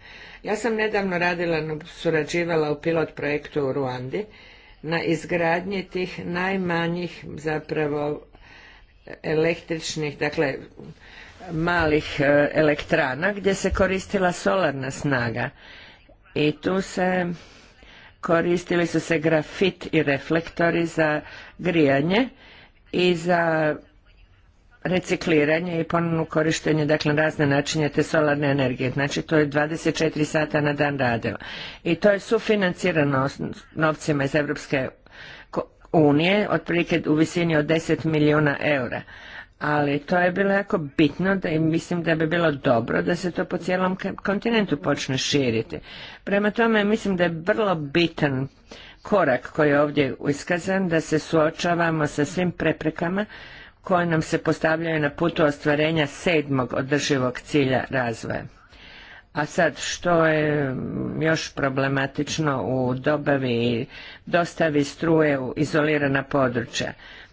Ja sam nedavno radila, surađivala u pilot projektu u Ruandi na izgradnji tih najmanjih zapravo električnih, dakle malih e, elektrana gdje se koristila solarna snaga i tu se koristili su se grafit i reflektori za grijanje i za recikliranje i ponovno korištenje, dakle razne načine te solarne energije. Znači to je 24 sata na dan radeva. I to je sufinancirano novcima iz Europske unije, otprilike u visini od 10 milijuna eura. Ali to je bilo jako bitno da i mislim da bi bilo dobro da se to po cijelom kontinentu počne širiti. Prema tome mislim da je vrlo bitan korak koji je ovdje iskazan da se suočavamo sa svim preprekama koje nam se postavljaju na putu ostvarenja sedmog održivog cilja razvoja. A sad, što je još problematično u dobavi i dostavi struje u izolirana područja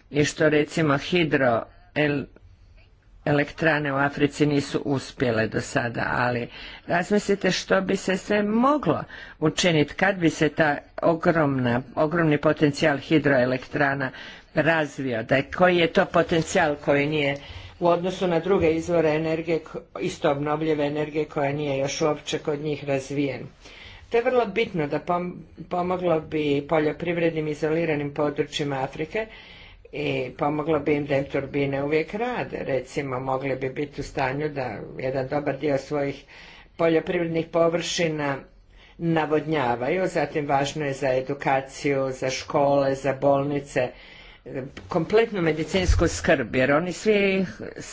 i što recimo hidroelektrane elektrane u Africi nisu uspjele do sada, ali razmislite što bi se sve moglo učiniti kad bi se ta ogromna, ogromni potencijal hidroelektrana razvio, da je, koji je to potencijal koji nije u odnosu na druge izvore energije, isto obnovljive energije koja nije još uopće kod njih razvijen. To je vrlo bitno da pomoglo bi poljoprivrednim izoliranim područjima Afrike i pomoglo bi im da im turbine uvijek rade. Recimo, mogli bi biti u stanju da jedan dobar dio svojih poljoprivrednih površina navodnjavaju, zatim važno je za edukaciju, za škole, za bolnice, kompletnu medicinsku skrb, jer oni svi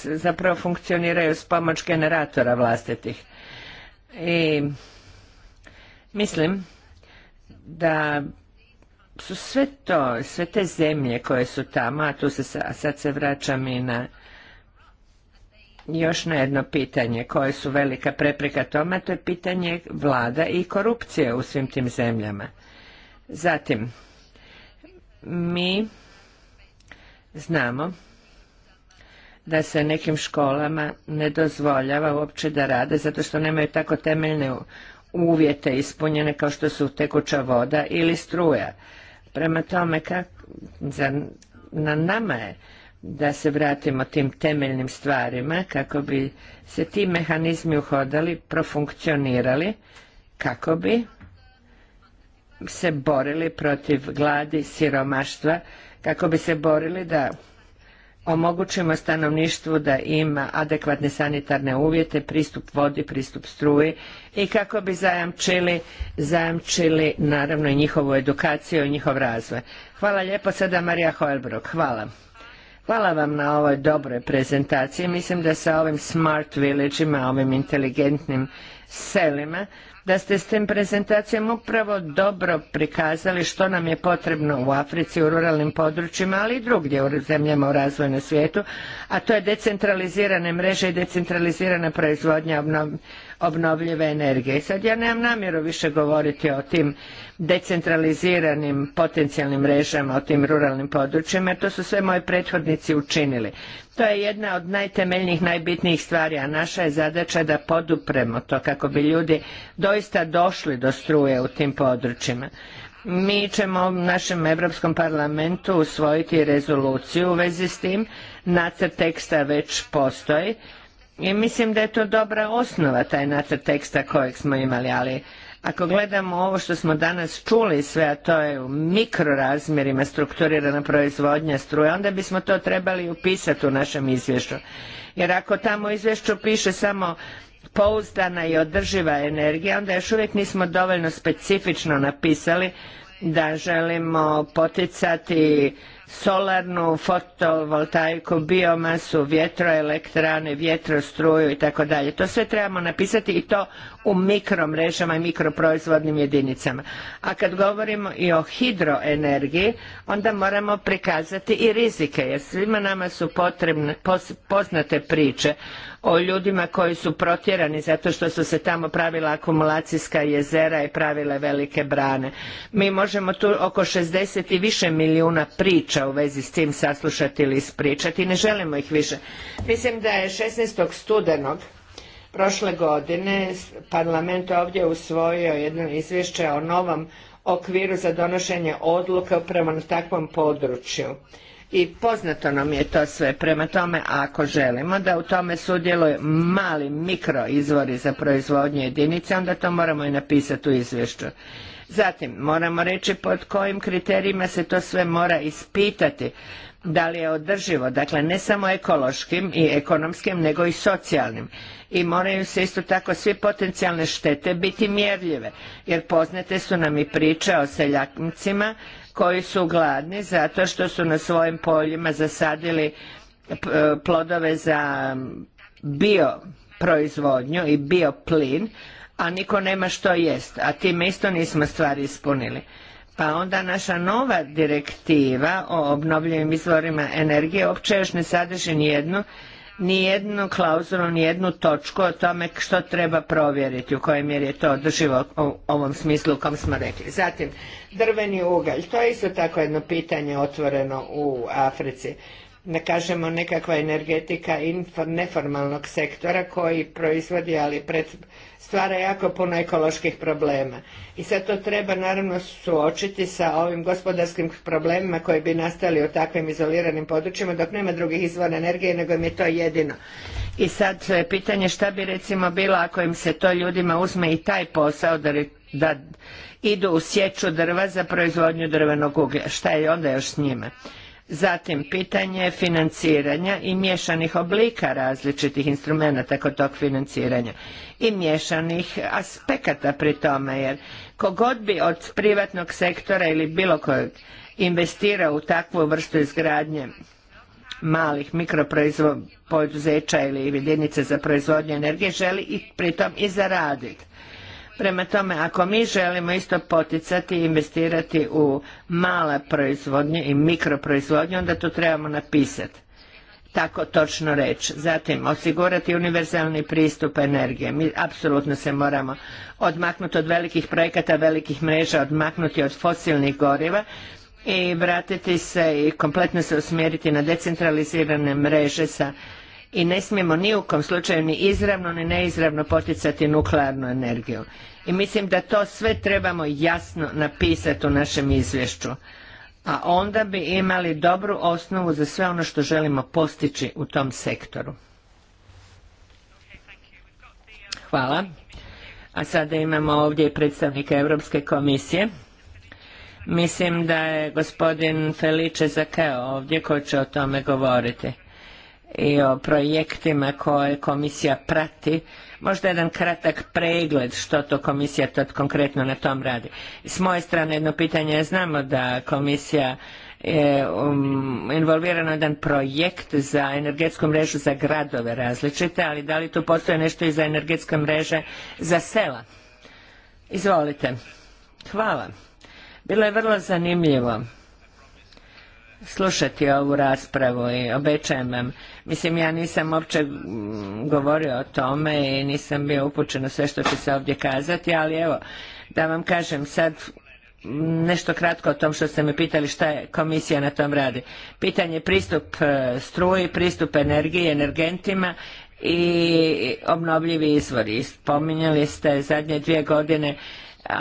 zapravo funkcioniraju s pomoć generatora vlastitih. I mislim da su sve to, sve te zemlje koje su tamo, a tu se sad se vraćam i na još na jedno pitanje koje su velika prepreka tome, to je pitanje vlada i korupcije u svim tim zemljama. Zatim, mi znamo da se nekim školama ne dozvoljava uopće da rade zato što nemaju tako temeljne uvjete ispunjene kao što su tekuća voda ili struja. Prema tome, za, na nama je da se vratimo tim temeljnim stvarima kako bi se ti mehanizmi uhodali, profunkcionirali, kako bi se borili protiv gladi, siromaštva kako bi se borili da omogućimo stanovništvu da ima adekvatne sanitarne uvjete, pristup vodi, pristup struji i kako bi zajamčili, zajamčili naravno i njihovu edukaciju i njihov razvoj. Hvala lijepo sada Marija Hojlbrok. Hvala. Hvala vam na ovoj dobroj prezentaciji. Mislim da sa ovim smart villageima, ovim inteligentnim selima, da ste s tim prezentacijom upravo dobro prikazali što nam je potrebno u Africi, u ruralnim područjima, ali i drugdje u zemljama u razvoju na svijetu, a to je decentralizirane mreže i decentralizirana proizvodnja obnovljivih obnovljive energije. Sad ja nemam namjeru više govoriti o tim decentraliziranim potencijalnim mrežama, o tim ruralnim područjima, jer to su sve moji prethodnici učinili. To je jedna od najtemeljnijih, najbitnijih stvari, a naša je zadaća da podupremo to kako bi ljudi doista došli do struje u tim područjima. Mi ćemo u našem Europskom parlamentu usvojiti rezoluciju u vezi s tim, nacrt teksta već postoji i mislim da je to dobra osnova taj nacrt teksta kojeg smo imali, ali ako gledamo ovo što smo danas čuli sve, a to je u mikrorazmjerima strukturirana proizvodnja struje, onda bismo to trebali upisati u našem izvješću. Jer ako tamo u izvješću piše samo pouzdana i održiva energija, onda još uvijek nismo dovoljno specifično napisali da želimo poticati solarnu fotovoltaiku, biomasu, vjetroelektrane, vjetrostruju i tako dalje. To sve trebamo napisati i to u mikromrežama i mikroproizvodnim jedinicama. A kad govorimo i o hidroenergiji, onda moramo prikazati i rizike, jer svima nama su potrebne, poznate priče o ljudima koji su protjerani zato što su se tamo pravila akumulacijska jezera i pravile velike brane. Mi možemo tu oko 60 i više milijuna priča u vezi s tim saslušati ili ispričati. Ne želimo ih više. Mislim da je 16. studenog prošle godine parlament ovdje usvojio jedno izvješće o novom okviru za donošenje odluka upravo na takvom području i poznato nam je to sve. Prema tome, ako želimo da u tome sudjeluju mali mikro izvori za proizvodnje jedinice, onda to moramo i napisati u izvješću. Zatim, moramo reći pod kojim kriterijima se to sve mora ispitati. Da li je održivo, dakle ne samo ekološkim i ekonomskim, nego i socijalnim. I moraju se isto tako svi potencijalne štete biti mjerljive, jer poznate su nam i priče o seljacima koji su gladni zato što su na svojim poljima zasadili e, plodove za bio proizvodnju i bioplin, a niko nema što jest, a time isto nismo stvari ispunili. Pa onda naša nova direktiva o obnovljivim izvorima energije uopće još ne sadrži nijednu nijednu klauzulu, jednu točku o tome što treba provjeriti, u kojem mjeri je to održivo u ovom smislu u kojem smo rekli. Zatim, drveni ugalj, to je isto tako jedno pitanje otvoreno u Africi. Ne kažemo nekakva energetika neformalnog sektora koji proizvodi, ali pred, stvara jako puno ekoloških problema. I sad to treba naravno suočiti sa ovim gospodarskim problemima koji bi nastali u takvim izoliranim područjima dok nema drugih izvora energije nego im je to jedino. I sad e, pitanje šta bi recimo bilo ako im se to ljudima uzme i taj posao da, idu u sjeću drva za proizvodnju drvenog uglja. Šta je onda još s njima? Zatim, pitanje financiranja i miješanih oblika različitih instrumenta kod tog financiranja i miješanih aspekata pri tome, jer kogod bi od privatnog sektora ili bilo kojeg investirao u takvu vrstu izgradnje malih poduzeća ili jedinice za proizvodnju energije želi i pritom i zaraditi. Prema tome, ako mi želimo isto poticati i investirati u male proizvodnje i mikroproizvodnje, onda to trebamo napisati. Tako točno reći. Zatim, osigurati univerzalni pristup energije. Mi apsolutno se moramo odmaknuti od velikih projekata, velikih mreža, odmaknuti od fosilnih goriva i vratiti se i kompletno se usmjeriti na decentralizirane mreže sa i ne smijemo ni u kom slučaju ni izravno ni neizravno poticati nuklearnu energiju. I mislim da to sve trebamo jasno napisati u našem izvješću. A onda bi imali dobru osnovu za sve ono što želimo postići u tom sektoru. Hvala. A sada imamo ovdje predstavnika Europske komisije. Mislim da je gospodin Felice Zakeo ovdje koji će o tome govoriti i o projektima koje komisija prati. Možda jedan kratak pregled što to komisija tad konkretno na tom radi. S moje strane jedno pitanje, znamo da komisija je involvirana um, involvirano jedan projekt za energetsku mrežu za gradove različite, ali da li tu postoje nešto i za energetske mreže za sela? Izvolite. Hvala. Bilo je vrlo zanimljivo slušati ovu raspravu i obećajem vam. Mislim, ja nisam uopće mm, govorio o tome i nisam bio upućen u sve što će se ovdje kazati, ali evo, da vam kažem sad nešto kratko o tom što ste me pitali šta je komisija na tom radi. Pitanje pristup e, struji, pristup energiji, energentima i obnovljivi izvori. Spominjali ste zadnje dvije godine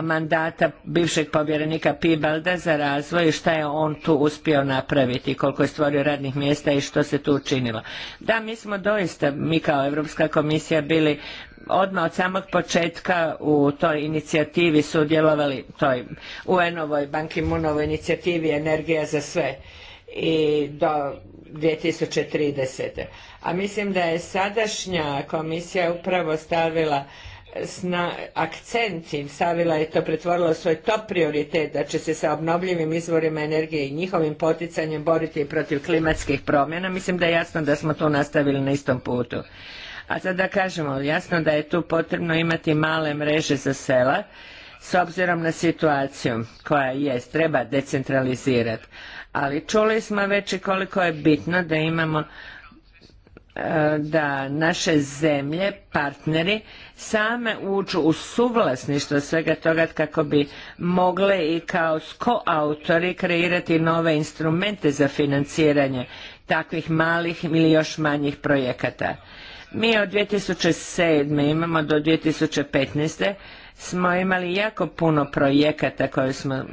mandata bivšeg povjerenika Pibalda za razvoj i šta je on tu uspio napraviti, koliko je stvorio radnih mjesta i što se tu učinilo. Da, mi smo doista, mi kao Europska komisija bili odmah od samog početka u toj inicijativi sudjelovali, toj UN-ovoj, Banki Munovoj inicijativi Energija za sve i do 2030. A mislim da je sadašnja komisija upravo stavila sna, akcent i stavila je to, pretvorila svoj top prioritet da će se sa obnovljivim izvorima energije i njihovim poticanjem boriti protiv klimatskih promjena, mislim da je jasno da smo tu nastavili na istom putu. A sad da kažemo, jasno da je tu potrebno imati male mreže za sela, s obzirom na situaciju koja jest, treba decentralizirati. Ali čuli smo već i koliko je bitno da imamo e, da naše zemlje, partneri, same uđu u suvlasništvo svega toga kako bi mogle i kao koautori kreirati nove instrumente za financiranje takvih malih ili još manjih projekata. Mi od 2007. imamo do 2015 smo imali jako puno projekata koje smo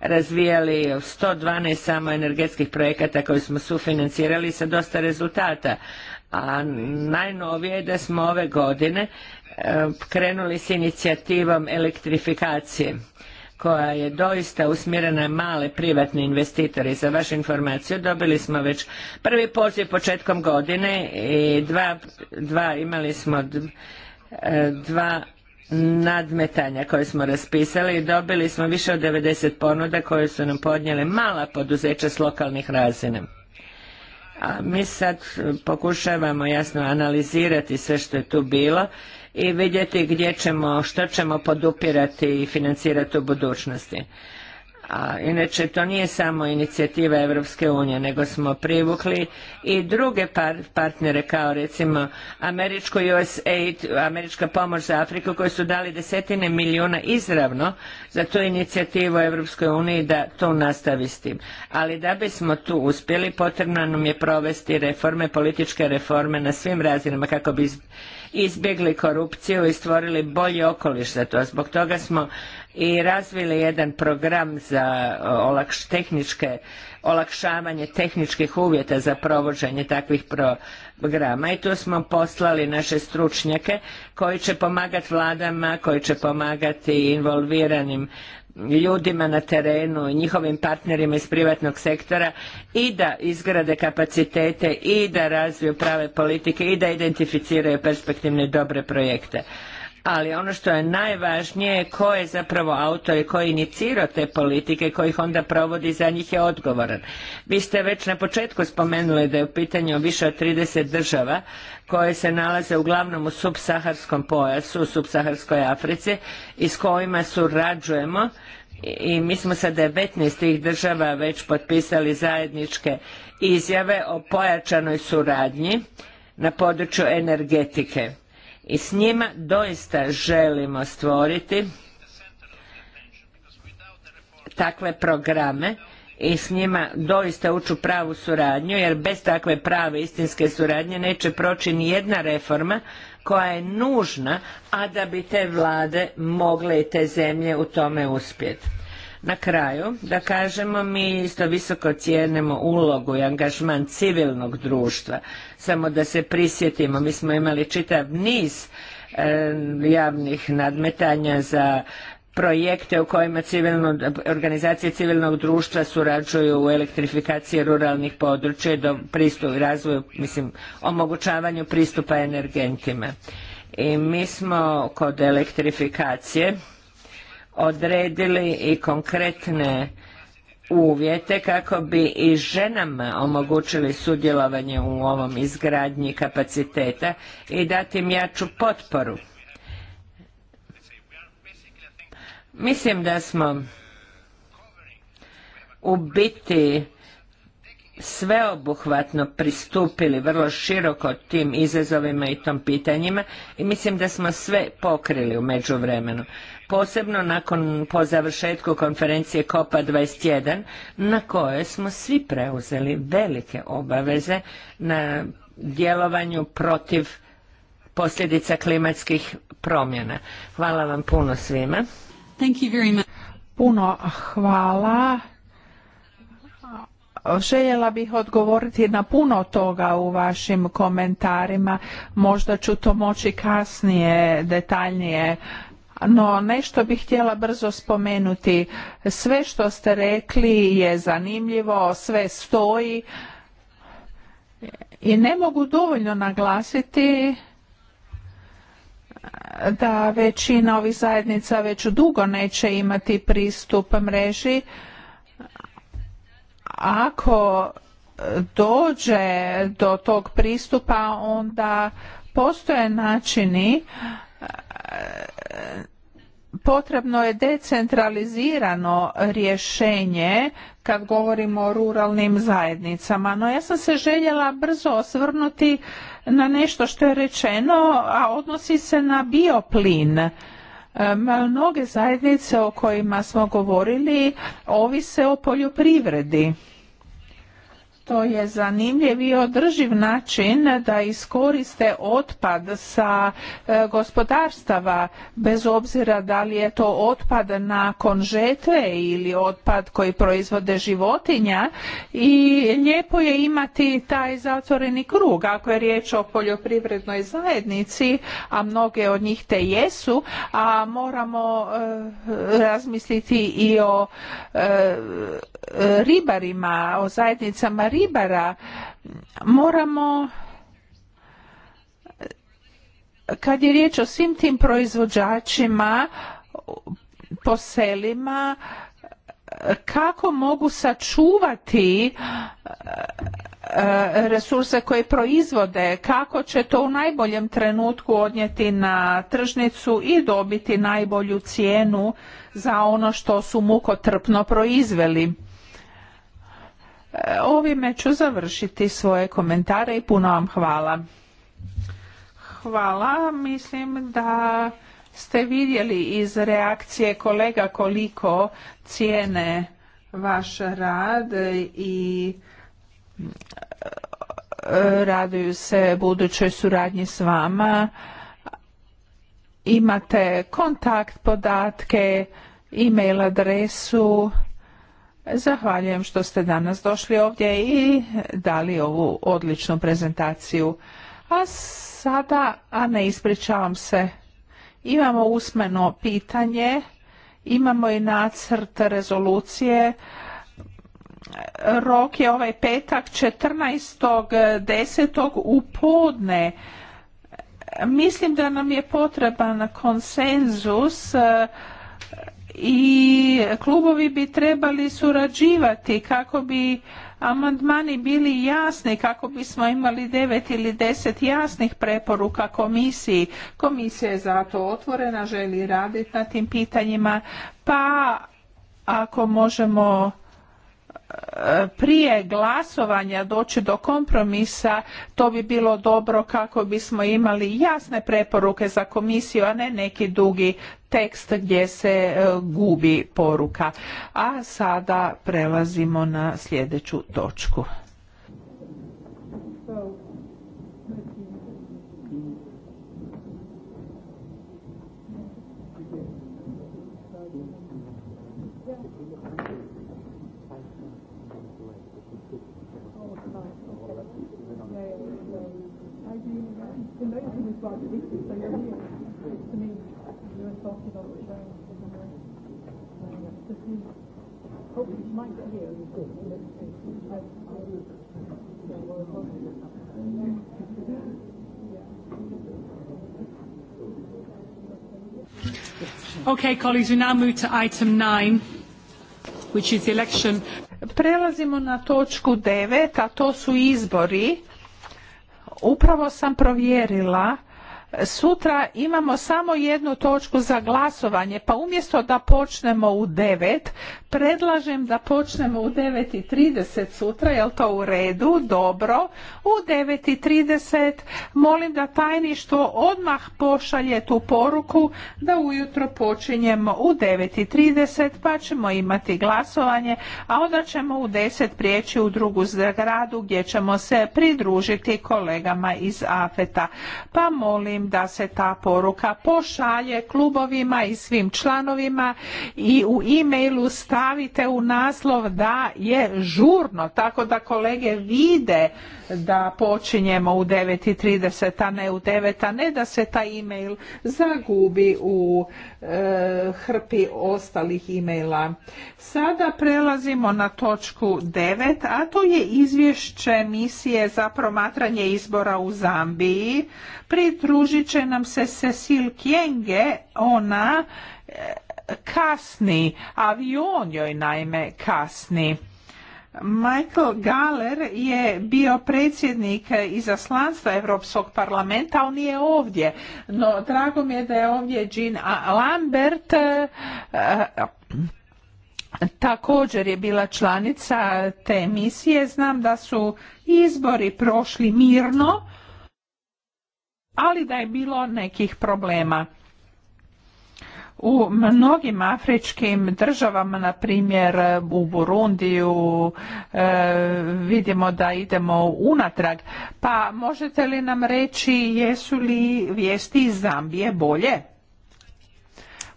razvijali, 112 samo energetskih projekata koje smo sufinancirali sa dosta rezultata, a najnovije je da smo ove godine e, krenuli s inicijativom elektrifikacije koja je doista usmjerena na male privatne investitore. Za vašu informaciju dobili smo već prvi poziv početkom godine i dva, dva imali smo e, dva nadmetanja koje smo raspisali i dobili smo više od 90 ponuda koje su nam podnijele mala poduzeća s lokalnih razina. A mi sad pokušavamo jasno analizirati sve što je tu bilo i vidjeti gdje ćemo, što ćemo podupirati i financirati u budućnosti. A inače to nije samo inicijativa Europske unije, nego smo privukli i druge partnere kao recimo američko USAID, američka pomoć za Afriku koji su dali desetine milijuna izravno za tu inicijativu Europskoj uniji da to nastavi s tim. Ali da bismo tu uspjeli potrebno nam je provesti reforme, političke reforme na svim razinama kako bi izbjegli korupciju i stvorili bolji okoliš za to. Zbog toga smo i razvili jedan program za tehničke, olakšavanje tehničkih uvjeta za provođenje takvih programa i tu smo poslali naše stručnjake koji će pomagati vladama, koji će pomagati involviranim ljudima na terenu i njihovim partnerima iz privatnog sektora i da izgrade kapacitete i da razviju prave politike i da identificiraju perspektivne dobre projekte ali ono što je najvažnije je ko je zapravo autor i ko je inicirao te politike kojih ih onda provodi za njih je odgovoran. Vi ste već na početku spomenuli da je u pitanju više od 30 država koje se nalaze uglavnom u subsaharskom pojasu, u subsaharskoj Africi i s kojima surađujemo i mi smo sa 19 tih država već potpisali zajedničke izjave o pojačanoj suradnji na području energetike i s njima doista želimo stvoriti takve programe i s njima doista uču pravu suradnju jer bez takve prave istinske suradnje neće proći ni jedna reforma koja je nužna, a da bi te vlade mogle i te zemlje u tome uspjeti. Na kraju, da kažemo, mi isto visoko cijenimo ulogu i angažman civilnog društva. Samo da se prisjetimo, mi smo imali čitav niz e, javnih nadmetanja za projekte u kojima organizacije civilnog društva surađuju u elektrifikaciji ruralnih područja do pristup, razvoju, mislim, omogućavanju pristupa energentima. I mi smo kod elektrifikacije odredili i konkretne uvjete kako bi i ženama omogućili sudjelovanje u ovom izgradnji kapaciteta i dati im jaču potporu. Mislim da smo u biti sveobuhvatno pristupili vrlo široko tim izazovima i tom pitanjima i mislim da smo sve pokrili u međuvremenu. Posebno nakon, po završetku konferencije COPA 21 na kojoj smo svi preuzeli velike obaveze na djelovanju protiv posljedica klimatskih promjena. Hvala vam puno svima. Puno hvala Željela bih odgovoriti na puno toga u vašim komentarima, možda ću to moći kasnije detaljnije no nešto bih htjela brzo spomenuti. Sve što ste rekli je zanimljivo, sve stoji i ne mogu dovoljno naglasiti da većina ovih zajednica već dugo neće imati pristup mreži ako e, dođe do tog pristupa onda postoje načini e, potrebno je decentralizirano rješenje kad govorimo o ruralnim zajednicama no ja sam se željela brzo osvrnuti na nešto što je rečeno a odnosi se na bioplin e, mnoge zajednice o kojima smo govorili ovise o poljoprivredi to je zanimljiv i održiv način da iskoriste otpad sa e, gospodarstava bez obzira da li je to otpad nakon žetve ili otpad koji proizvode životinja i lijepo je imati taj zatvoreni krug ako je riječ o poljoprivrednoj zajednici a mnoge od njih te jesu a moramo e, razmisliti i o e, ribarima o zajednicama ribara moramo kad je riječ o svim tim proizvođačima po selima kako mogu sačuvati e, resurse koje proizvode, kako će to u najboljem trenutku odnijeti na tržnicu i dobiti najbolju cijenu za ono što su mukotrpno proizveli. Ovime ću završiti svoje komentare i puno vam hvala. Hvala, mislim da ste vidjeli iz reakcije kolega koliko cijene vaš rad i e, raduju se budućoj suradnji s vama. Imate kontakt podatke, e-mail adresu Zahvaljujem što ste danas došli ovdje i dali ovu odličnu prezentaciju. A sada, a ne ispričavam se, imamo usmeno pitanje, imamo i nacrt rezolucije. Rok je ovaj petak 14.10. u podne. Mislim da nam je potreban konsenzus i klubovi bi trebali surađivati kako bi amandmani bili jasni, kako bismo imali devet ili deset jasnih preporuka komisiji. Komisija je zato otvorena, želi raditi na tim pitanjima, pa ako možemo prije glasovanja doći do kompromisa to bi bilo dobro kako bismo imali jasne preporuke za komisiju a ne neki dugi tekst gdje se e, gubi poruka a sada prelazimo na sljedeću točku Okay, colleagues, we now move to item nine, which is the election. Prelazimo na točku devet, a to su izbori upravo sam provjerila sutra imamo samo jednu točku za glasovanje, pa umjesto da počnemo u 9, predlažem da počnemo u 9.30 sutra, Jel to u redu? Dobro. U 9.30 molim da tajništvo odmah pošalje tu poruku da ujutro počinjemo u 9.30 pa ćemo imati glasovanje, a onda ćemo u deset prijeći u drugu zgradu gdje ćemo se pridružiti kolegama iz AFETA. Pa molim da se ta poruka pošalje klubovima i svim članovima i u e-mailu stavite u naslov da je žurno, tako da kolege vide da počinjemo u 9.30, a ne u 9, a ne da se taj e-mail zagubi u E, hrpi ostalih e-maila. Sada prelazimo na točku 9, a to je izvješće misije za promatranje izbora u Zambiji. Pridružit će nam se Cecil Kjenge, ona e, kasni, avion joj naime kasni. Michael Galler je bio predsjednik izaslanstva Europskog parlamenta, on nije ovdje. No, drago mi je da je ovdje Jean Lambert, e, također je bila članica te misije. Znam da su izbori prošli mirno, ali da je bilo nekih problema. U mnogim afričkim državama, na primjer u Burundiju, e, vidimo da idemo unatrag. Pa možete li nam reći jesu li vijesti iz Zambije bolje?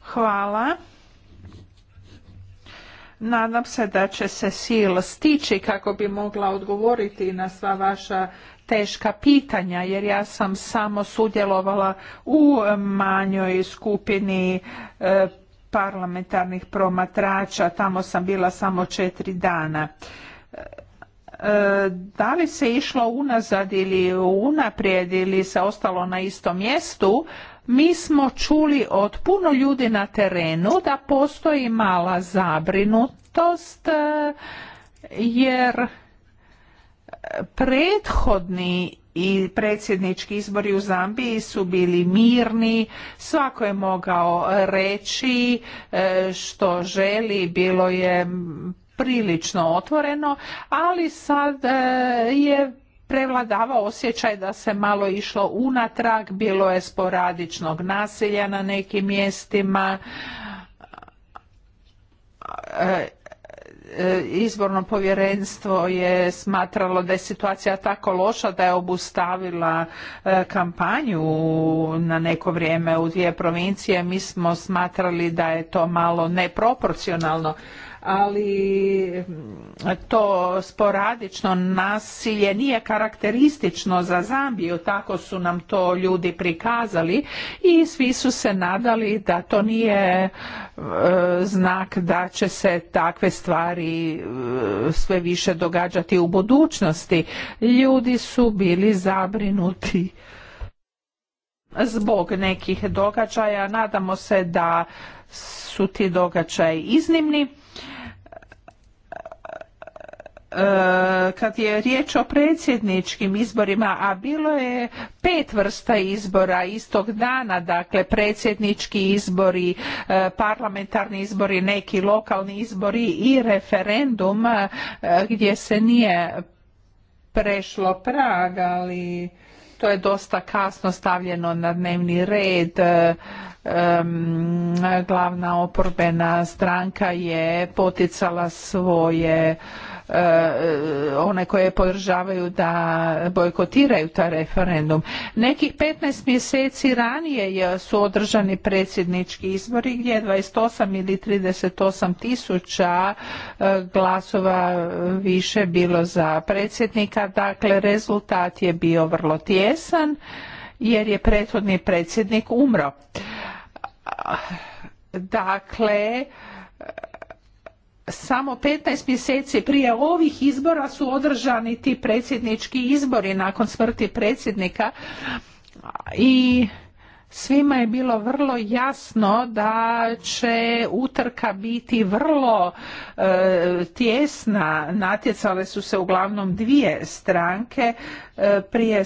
Hvala. Nadam se da će se sil stići kako bi mogla odgovoriti na sva vaša teška pitanja jer ja sam samo sudjelovala u manjoj skupini e, parlamentarnih promatrača, tamo sam bila samo četiri dana. E, da li se išlo unazad ili unaprijed ili se ostalo na istom mjestu, mi smo čuli od puno ljudi na terenu da postoji mala zabrinutost e, jer prethodni i predsjednički izbori u Zambiji su bili mirni, svako je mogao reći e, što želi, bilo je prilično otvoreno, ali sad e, je prevladavao osjećaj da se malo išlo unatrag, bilo je sporadičnog nasilja na nekim mjestima e, E, izborno povjerenstvo je smatralo da je situacija tako loša da je obustavila e, kampanju na neko vrijeme u dvije provincije. Mi smo smatrali da je to malo neproporcionalno ali mm, to sporadično nasilje nije karakteristično za Zambiju, tako su nam to ljudi prikazali i svi su se nadali da to nije e, znak da će se takve stvari e, sve više događati u budućnosti. Ljudi su bili zabrinuti zbog nekih događaja. Nadamo se da su ti događaji iznimni E, kad je riječ o predsjedničkim izborima, a bilo je pet vrsta izbora istog dana, dakle predsjednički izbori, e, parlamentarni izbori, neki lokalni izbori i referendum e, gdje se nije prešlo prag, ali to je dosta kasno stavljeno na dnevni red. glavna oporbena stranka je poticala svoje E, e, one koje podržavaju da bojkotiraju taj referendum. Nekih 15 mjeseci ranije su održani predsjednički izbori gdje je 28 ili 38 tisuća e, glasova više bilo za predsjednika. Dakle, rezultat je bio vrlo tjesan jer je prethodni predsjednik umro. Dakle, samo 15 mjeseci prije ovih izbora su održani ti predsjednički izbori nakon smrti predsjednika i svima je bilo vrlo jasno da će utrka biti vrlo e, tjesna natjecale su se uglavnom dvije stranke e, prije e,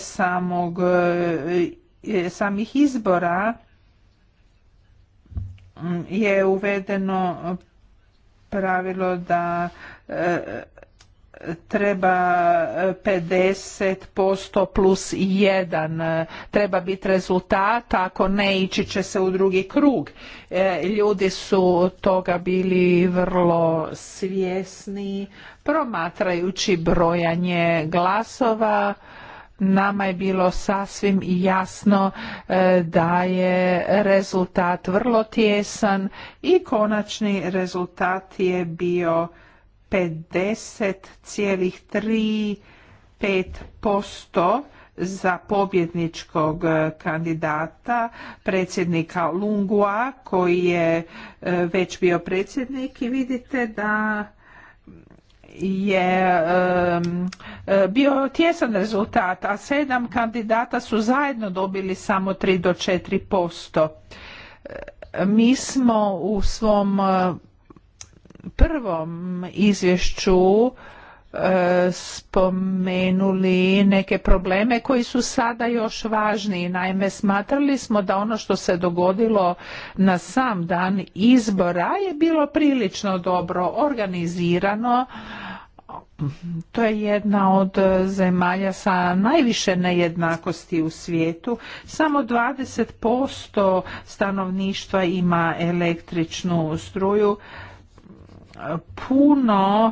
samih izbora je uvedeno pravilo da e, treba 50% plus 1. E, treba biti rezultat, ako ne ići će se u drugi krug. E, ljudi su toga bili vrlo svjesni, promatrajući brojanje glasova nama je bilo sasvim jasno e, da je rezultat vrlo tjesan i konačni rezultat je bio 50,35% za pobjedničkog e, kandidata predsjednika Lungua koji je e, već bio predsjednik i vidite da je bio tjesan rezultat, a sedam kandidata su zajedno dobili samo 3 do 4 posto. Mi smo u svom prvom izvješću spomenuli neke probleme koji su sada još važniji. Naime, smatrali smo da ono što se dogodilo na sam dan izbora je bilo prilično dobro organizirano. To je jedna od zemalja sa najviše nejednakosti u svijetu. Samo 20% stanovništva ima električnu struju. Puno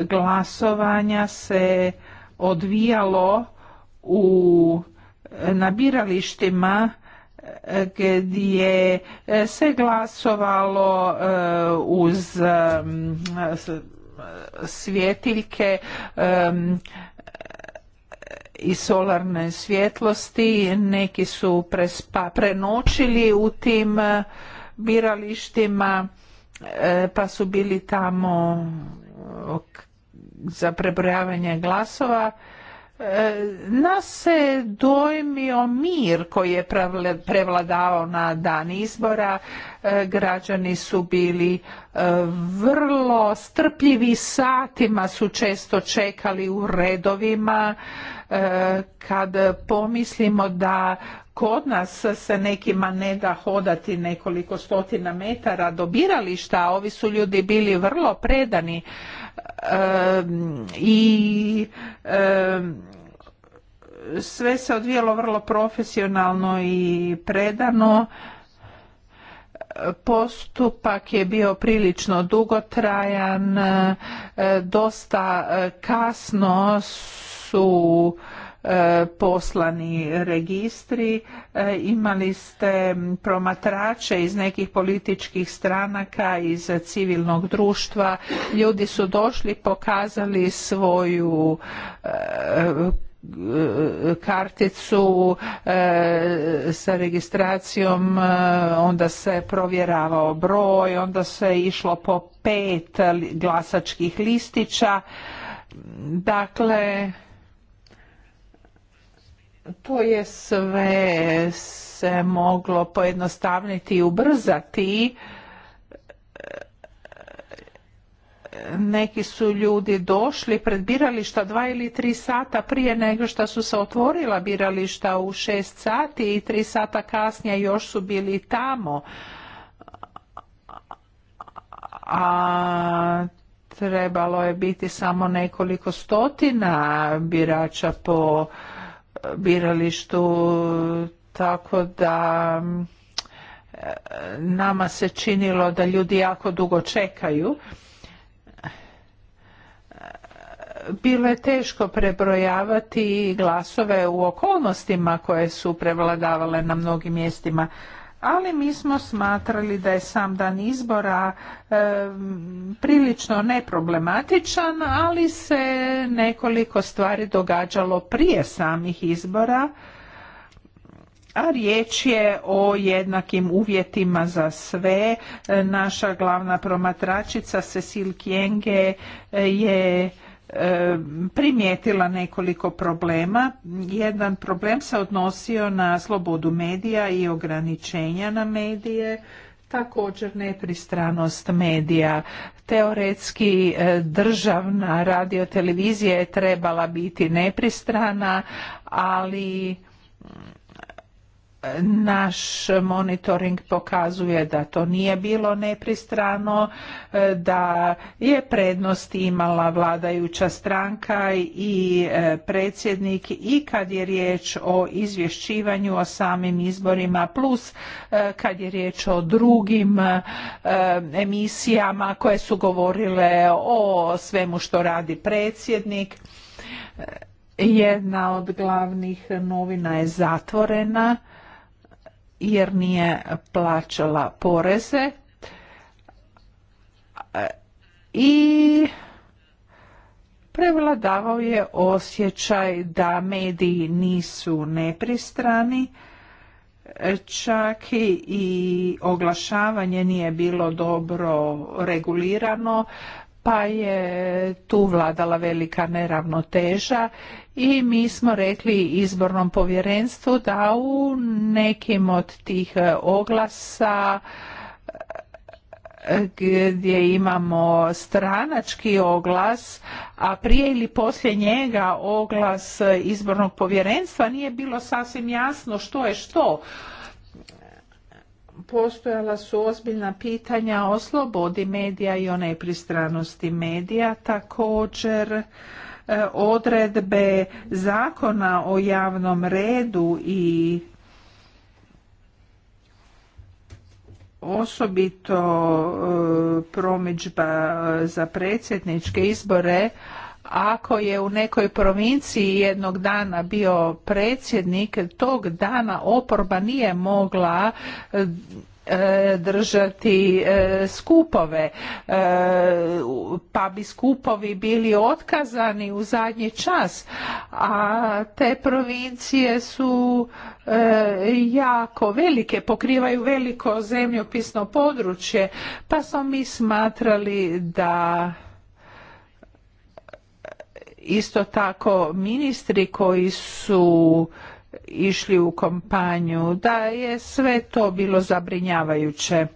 glasovanja se odvijalo u nabiralištima e, gdje e, se glasovalo e, uz svjetiljke i solarne svjetlosti. Neki su prenoćili u tim biralištima pa su bili tamo za prebrojavanje glasova e, nas se dojmio mir koji je prevladavao na dan izbora. E, građani su bili e, vrlo strpljivi, satima su često čekali u redovima. Kad pomislimo da Kod nas se nekima ne da hodati nekoliko stotina metara do birališta, a ovi su ljudi bili vrlo predani i sve se odvijelo vrlo profesionalno i predano. Postupak je bio prilično dugotrajan, dosta kasno su E, poslani registri, e, imali ste promatrače iz nekih političkih stranaka, iz civilnog društva, ljudi su došli, pokazali svoju e, karticu sa registracijom onda se provjeravao broj onda se išlo po pet glasačkih listića dakle to je sve se moglo pojednostavniti i ubrzati. Neki su ljudi došli pred birališta dva ili tri sata prije nego što su se otvorila birališta u šest sati i tri sata kasnije još su bili tamo. A trebalo je biti samo nekoliko stotina birača po biralištu tako da mm, nama se činilo da ljudi jako dugo čekaju bilo je teško prebrojavati glasove u okolnostima koje su prevladavale na mnogim mjestima ali mi smo smatrali da je sam dan izbora prilično neproblematičan, ali se nekoliko stvari događalo prije samih izbora, a riječ je o jednakim uvjetima za sve. Naša glavna promatračica Cecil Kjenge je E, primijetila nekoliko problema. Jedan problem se odnosio na slobodu medija i ograničenja na medije, također nepristranost medija. Teoretski e, državna radiotelevizija je trebala biti nepristrana, ali naš monitoring pokazuje da to nije bilo nepristrano, e, da je prednost imala vladajuća stranka i e, predsjednik i kad je riječ o izvješćivanju o samim izborima plus e, kad je riječ o drugim emisijama koje su govorile o svemu što radi predsjednik. Jedna od glavnih novina je zatvorena jer nije plaćala poreze i prevladavao je osjećaj da mediji nisu nepristrani, čak i oglašavanje nije bilo dobro regulirano, pa je tu vladala velika neravnoteža i mi smo rekli izbornom povjerenstvu da u nekim od tih e, oglasa e, gdje imamo stranački oglas, a prije ili poslije njega oglas izbornog povjerenstva nije bilo sasvim jasno što je što postojala su ozbiljna pitanja o slobodi medija i o nepristranosti medija, također e, odredbe zakona o javnom redu i osobito e, promidžba e, za predsjedničke izbore ako je u nekoj provinciji jednog dana bio predsjednik, tog dana oporba nije mogla e, e, držati e, skupove pa bi skupovi bili otkazani u zadnji čas a te provincije su jako velike pokrivaju veliko zemljopisno područje pa smo mi smatrali da Isto tako ministri koji su išli u kompanju, da je sve to bilo zabrinjavajuće.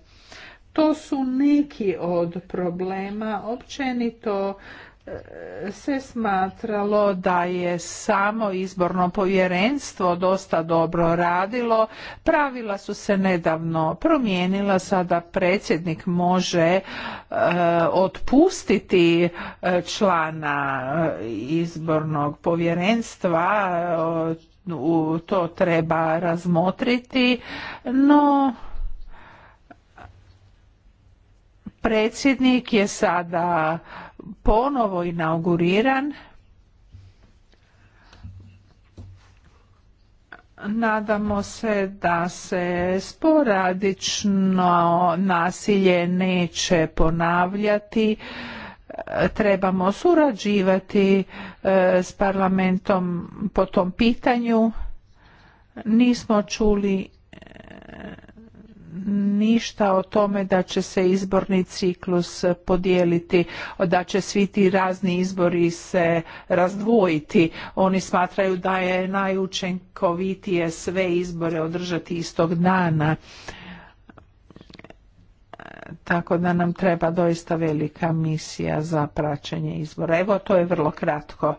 To su neki od problema općenito se smatralo da je samo izborno povjerenstvo dosta dobro radilo. Pravila su se nedavno promijenila, sada predsjednik može e, otpustiti e, člana e, izbornog povjerenstva, to treba razmotriti, no predsjednik je sada ponovo inauguriran. Nadamo se da se sporadično nasilje neće ponavljati. Trebamo surađivati e, s parlamentom po tom pitanju. Nismo čuli e, ništa o tome da će se izborni ciklus podijeliti, da će svi ti razni izbori se razdvojiti. Oni smatraju da je najučinkovitije sve izbore održati istog dana. Tako da nam treba doista velika misija za praćenje izbora. Evo, to je vrlo kratko.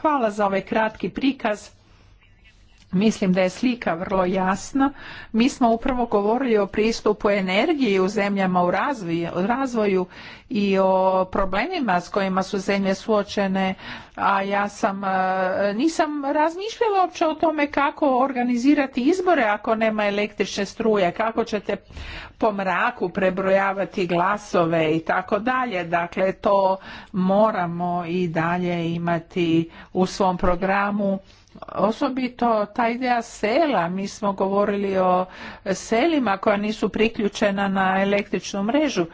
Hvala za ovaj kratki prikaz. Mislim da je slika vrlo jasna. Mi smo upravo govorili o pristupu energiji u zemljama u razvoju i o problemima s kojima su zemlje suočene, a ja sam e, nisam razmišljala uopće o tome kako organizirati izbore ako nema električne struje, kako ćete po mraku prebrojavati glasove i tako dalje. Dakle, to moramo i dalje imati u svom programu osobito ta ideja sela mi smo govorili o selima koja nisu priključena na električnu mrežu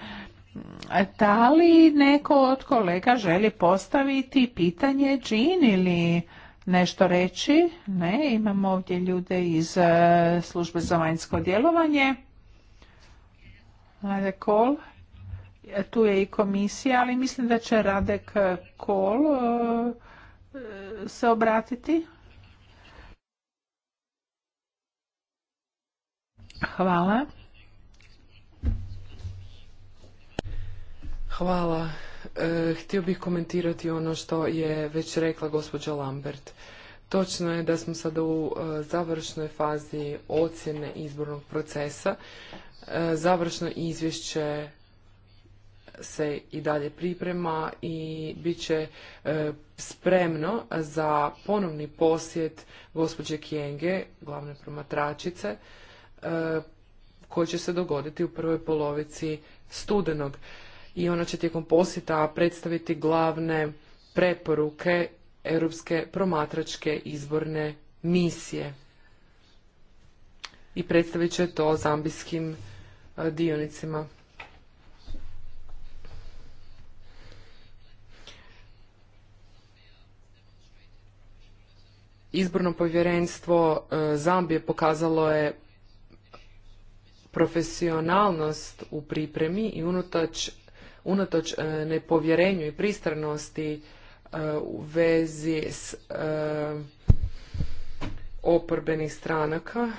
da li neko od kolega želi postaviti pitanje džin ili nešto reći ne imamo ovdje ljude iz e, službe za vanjsko djelovanje Rade Kol e, tu je i komisija ali mislim da će Radek Kol e, se obratiti Hvala. Hvala. E, htio bih komentirati ono što je već rekla gospođa Lambert. Točno je da smo sada u e, završnoj fazi ocjene izbornog procesa. E, završno izvješće se i dalje priprema i bit će spremno za ponovni posjet gospođe Kjenge, glavne promatračice, E, koji će se dogoditi u prvoj polovici studenog. I ona će tijekom posjeta predstaviti glavne preporuke Europske promatračke izborne misije. I predstavit će to zambijskim e, dionicima. Izborno povjerenstvo e, Zambije pokazalo je profesionalnost u pripremi i unatoč, e, nepovjerenju i pristranosti e, u vezi s e, oporbenih stranaka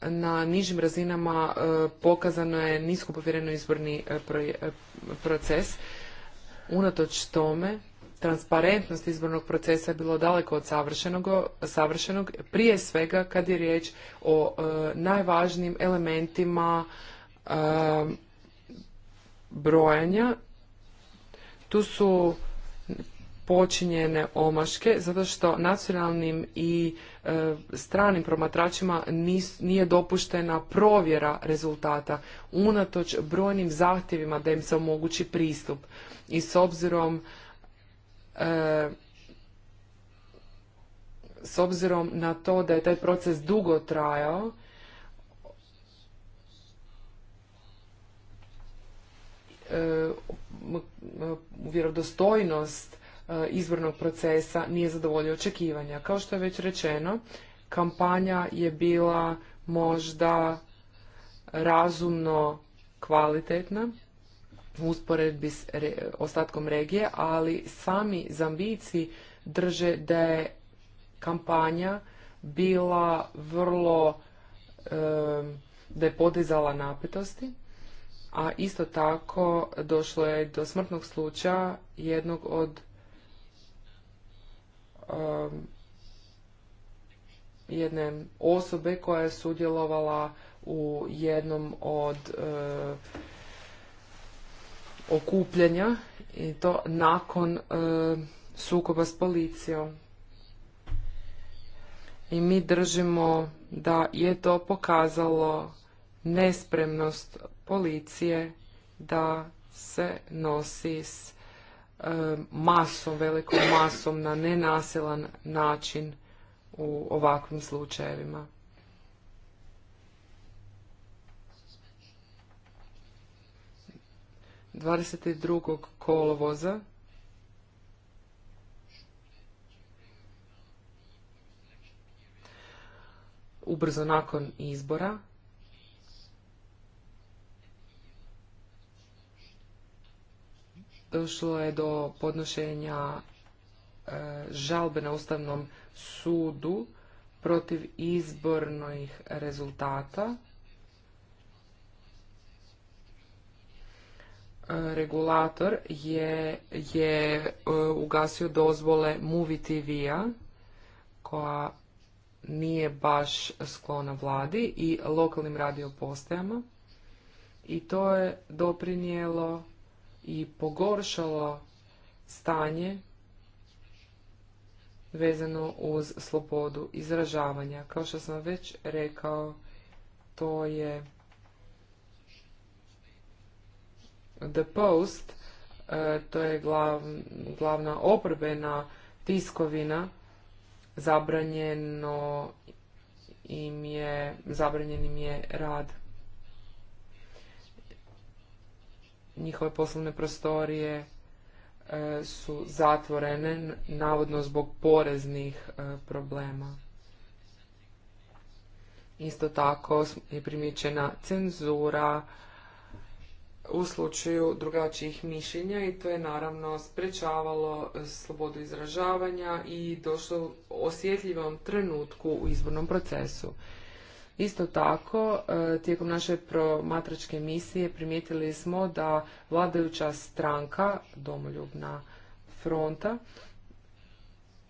na nižim razinama pokazano je nisko povjereno izborni proces. Unatoč tome transparentnost izbornog procesa je bilo daleko od savršenog, prije svega kad je riječ o e, najvažnijim elementima e, brojanja. Tu su počinjene omaške zato što nacionalnim i e, stranim promatračima nije dopuštena provjera rezultata unatoč brojnim zahtjevima da im se omogući pristup i s obzirom E, s obzirom na to da je taj proces dugo trajao, e, vjerodostojnost e, izbornog procesa nije zadovoljio očekivanja. Kao što je već rečeno, kampanja je bila možda razumno kvalitetna, usporedbi s ostatkom regije, ali sami Zambici drže da je kampanja bila vrlo, da je podizala napetosti, a isto tako došlo je do smrtnog slučaja jednog od jedne osobe koja je sudjelovala u jednom od okupljanja i to nakon e, sukoba s policijom. I mi držimo da je to pokazalo nespremnost policije da se nosi s e, masom, velikom masom na nenasilan način u ovakvim slučajevima. 22. kolovoza ubrzo nakon izbora došlo je do podnošenja e, žalbe na Ustavnom sudu protiv izbornih rezultata regulator je, je e, ugasio dozvole Movie TV-a koja nije baš sklona vladi i lokalnim radiopostajama i to je doprinijelo i pogoršalo stanje vezano uz slobodu izražavanja. Kao što sam već rekao, to je The Post, e, to je glav, glavna oprbena tiskovina, zabranjeno im je, zabranjen im je rad. Njihove poslovne prostorije e, su zatvorene, navodno zbog poreznih e, problema. Isto tako je primijećena cenzura, u slučaju drugačijih mišljenja i to je naravno sprečavalo e, slobodu izražavanja i došlo u osjetljivom trenutku u izbornom procesu. Isto tako, e, tijekom naše promatračke misije primijetili smo da vladajuća stranka, domoljubna fronta,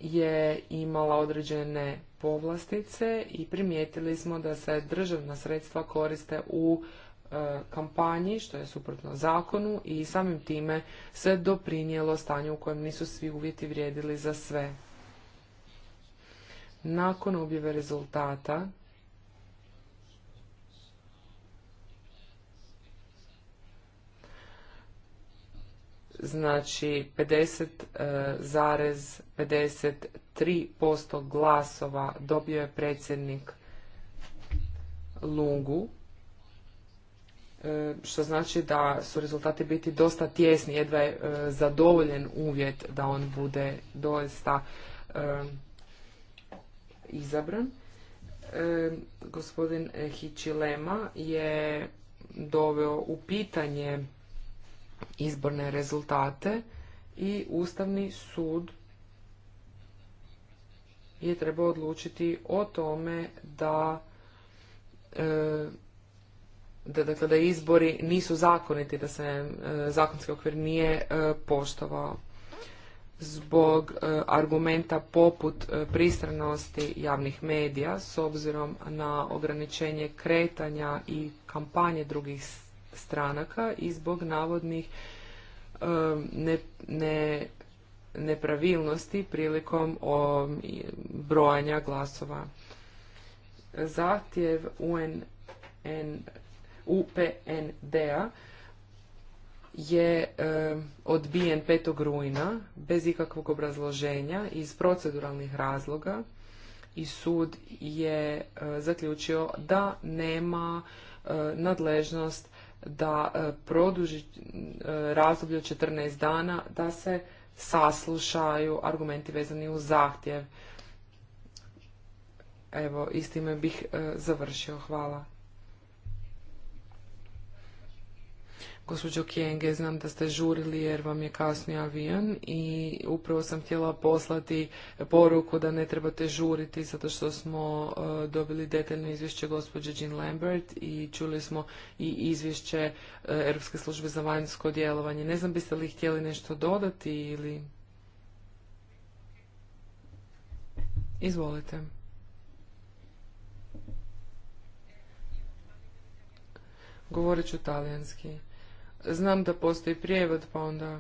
je imala određene povlastice i primijetili smo da se državna sredstva koriste u E, kampanji, što je suprotno zakonu i samim time se doprinijelo stanju u kojem nisu svi uvjeti vrijedili za sve. Nakon objave rezultata znači 50,53% e, glasova dobio je predsjednik Lungu E, što znači da su rezultati biti dosta tjesni, jedva je e, zadovoljen uvjet da on bude doista e, izabran. Gospodin Hichilema je doveo u pitanje izborne rezultate i Ustavni sud je trebao odlučiti o tome da da dakle da izbori nisu zakoniti, da se e, zakonski okvir nije e, poštovao zbog e, argumenta poput pristranosti javnih medija s obzirom na ograničenje kretanja i kampanje drugih stranaka i zbog navodnih ne, ne, nepravilnosti prilikom o, brojanja glasova. Zahtjev UN UPND-a je odbijen 5. rujna bez ikakvog obrazloženja iz proceduralnih razloga i sud je zaključio da nema nadležnost da produži razdoblje od 14 dana da se saslušaju argumenti vezani uz zahtjev. Evo, istime s time bih završio. Hvala. Gospođo Kjenge, znam da ste žurili jer vam je kasni avion i upravo sam htjela poslati poruku da ne trebate žuriti zato što smo e, dobili detaljno izvješće gospođe Jean Lambert i čuli smo i izvješće e, Europske službe za vanjsko djelovanje. Ne znam biste li htjeli nešto dodati ili... Izvolite. Govorit ću talijanski. Znam da postoji prijevod, pa onda...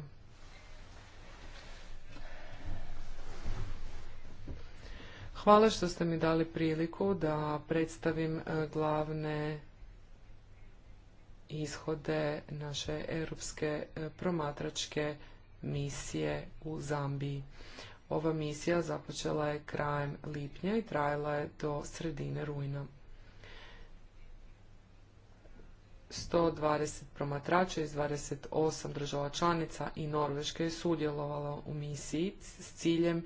Hvala što ste mi dali priliku da predstavim e, glavne ishode naše europske e, promatračke misije u Zambiji. Ova misija započela je krajem lipnja i trajala je do sredine rujna. 120 promatrača iz 28 država članica i Norveške je sudjelovalo u misiji s ciljem e,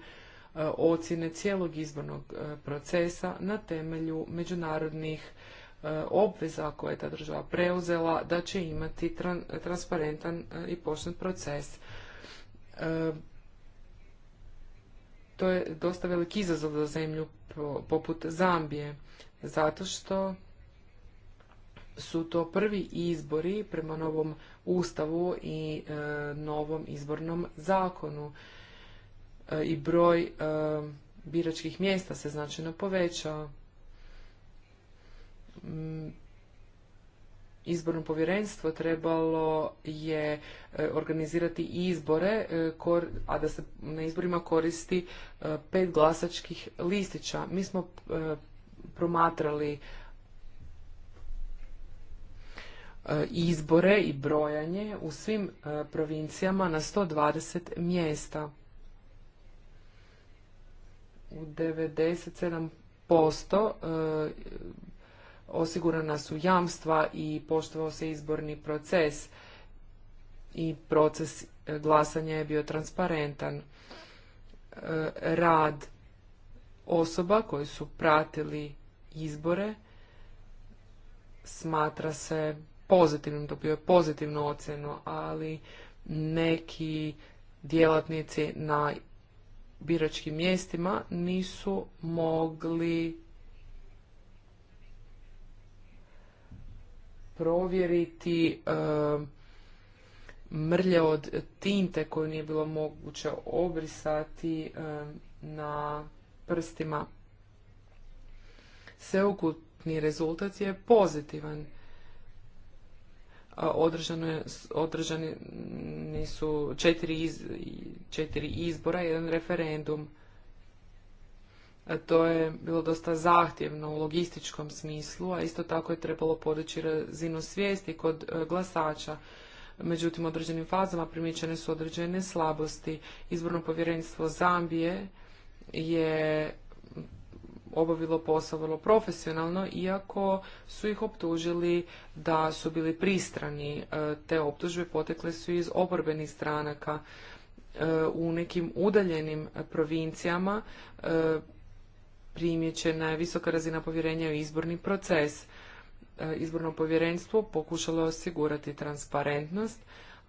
ocjene cijelog izbornog e, procesa na temelju međunarodnih e, obveza koje je ta država preuzela da će imati transparentan i pošten proces. To je dosta veliki izazov za zemlju poput Zambije, zato što su to prvi izbori prema novom ustavu i e, novom izbornom zakonu e, i broj e, biračkih mjesta se značajno povećao. Mm, izborno povjerenstvo trebalo je organizirati izbore, a da se na izborima koristi pet glasačkih listića. Mi smo promatrali E, izbore i brojanje u svim e, provincijama na 120 mjesta. U 97% e, osigurana su jamstva i poštovao se izborni proces i proces glasanja je bio transparentan. Rad osoba koji su pratili izbore smatra se pozitivnim, dobio je pozitivnu ocjenu, ali neki djelatnici na biračkim mjestima nisu mogli provjeriti e, mrlje od tinte koju nije bilo moguće obrisati eh, na prstima. Sveukupni rezultat je pozitivan održani su četiri, iz, četiri izbora, jedan referendum. A to je bilo dosta zahtjevno u logističkom smislu, a isto tako je trebalo podići razinu svijesti kod e, glasača. Međutim, u određenim fazama primijećene su određene slabosti. Izborno povjerenstvo Zambije je obavilo posao vrlo profesionalno, iako su ih optužili da su bili pristrani. E, te optužbe potekle su iz oborbenih stranaka e, u nekim udaljenim provincijama e, primjećena je visoka razina povjerenja u izborni proces. Izborno povjerenstvo pokušalo osigurati transparentnost,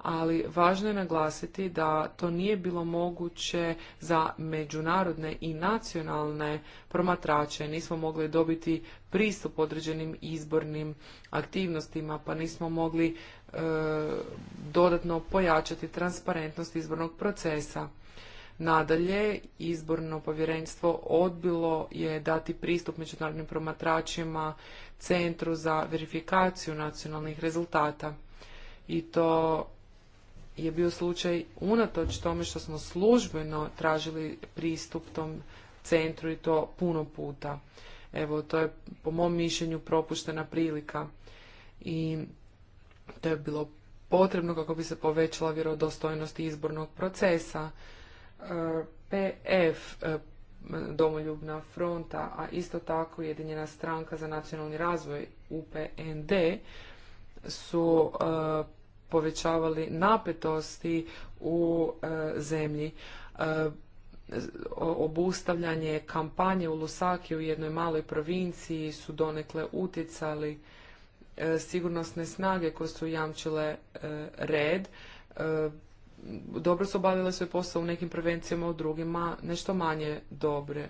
ali važno je naglasiti da to nije bilo moguće za međunarodne i nacionalne promatrače. Nismo mogli dobiti pristup određenim izbornim aktivnostima, pa nismo mogli e, dodatno pojačati transparentnost izbornog procesa. Nadalje, izborno povjerenstvo odbilo je dati pristup međunarodnim promatračima Centru za verifikaciju nacionalnih rezultata i to je bio slučaj unatoč tome što smo službeno tražili pristup tom centru i to puno puta. Evo, to je po mom mišljenju propuštena prilika i to je bilo potrebno kako bi se povećala vjerodostojnost izbornog procesa. E, PF, e, Domoljubna fronta, a isto tako Jedinjena stranka za nacionalni razvoj, UPND, su e, povećavali napetosti u e, zemlji e, obustavljanje kampanje u Lusaki u jednoj maloj provinciji su donekle utjecali e, sigurnosne snage koje su jamčile red. Dobro su obavile svoj posao u nekim prevencijama, u drugima nešto manje dobre.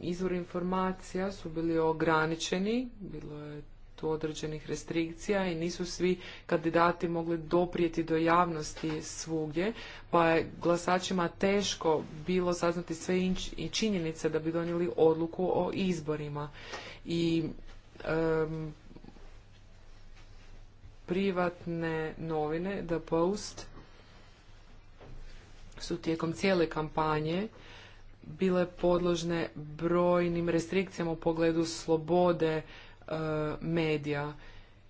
Izvori informacija su bili ograničeni, bilo je tu određenih restrikcija i nisu svi kandidati mogli doprijeti do javnosti svugdje, pa je glasačima teško bilo saznati sve i činjenice da bi donijeli odluku o izborima. I privatne novine, The Post, su tijekom cijele kampanje bile podložne brojnim restrikcijama u pogledu slobode Eh, medija.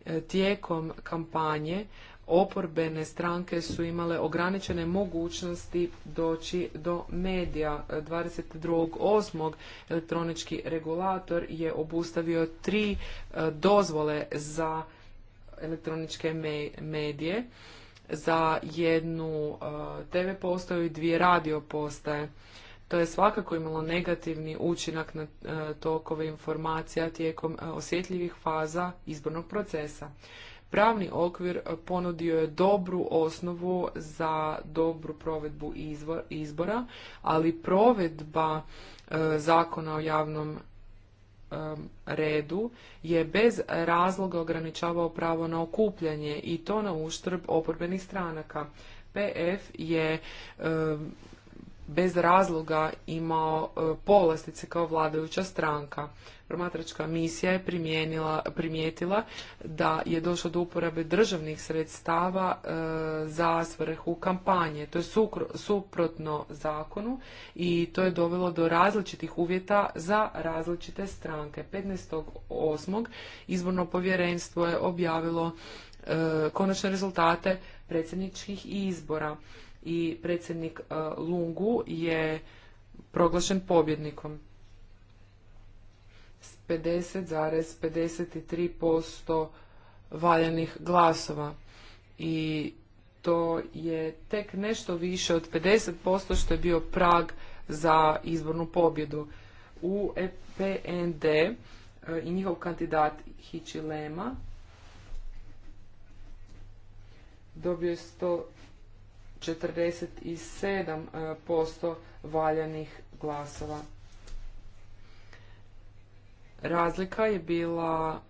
Eh, tijekom kampanje oporbene stranke su imale ograničene mogućnosti doći do medija. 22.8. Eh, elektronički regulator je obustavio tri dozvole za elektroničke medije za jednu TV postaju i dvije radio postaje. To je svakako imalo negativni učinak na e, tokove informacija tijekom e, osjetljivih faza izbornog procesa. Pravni okvir ponudio je dobru osnovu za dobru provedbu izbora, ali provedba e, zakona o javnom redu je bez razloga ograničavao pravo na okupljanje i to na uštrb oporbenih stranaka. PF je bez razloga imao e, povlastice kao vladajuća stranka. Promatračka misija je primijetila da je došlo do uporabe državnih sredstava za e, za svrhu kampanje. To je suprotno zakonu i to je dovelo do različitih uvjeta za različite stranke. 15.8. izborno povjerenstvo je objavilo e, konačne rezultate predsjedničkih izbora i predsjednik e, Lungu je proglašen pobjednikom. S 50,53% valjanih glasova i to je tek nešto više od 50% što je bio prag za izbornu pobjedu. U EPND e, i njihov kandidat Hići dobio je 47% valjanih glasova. Razlika je bila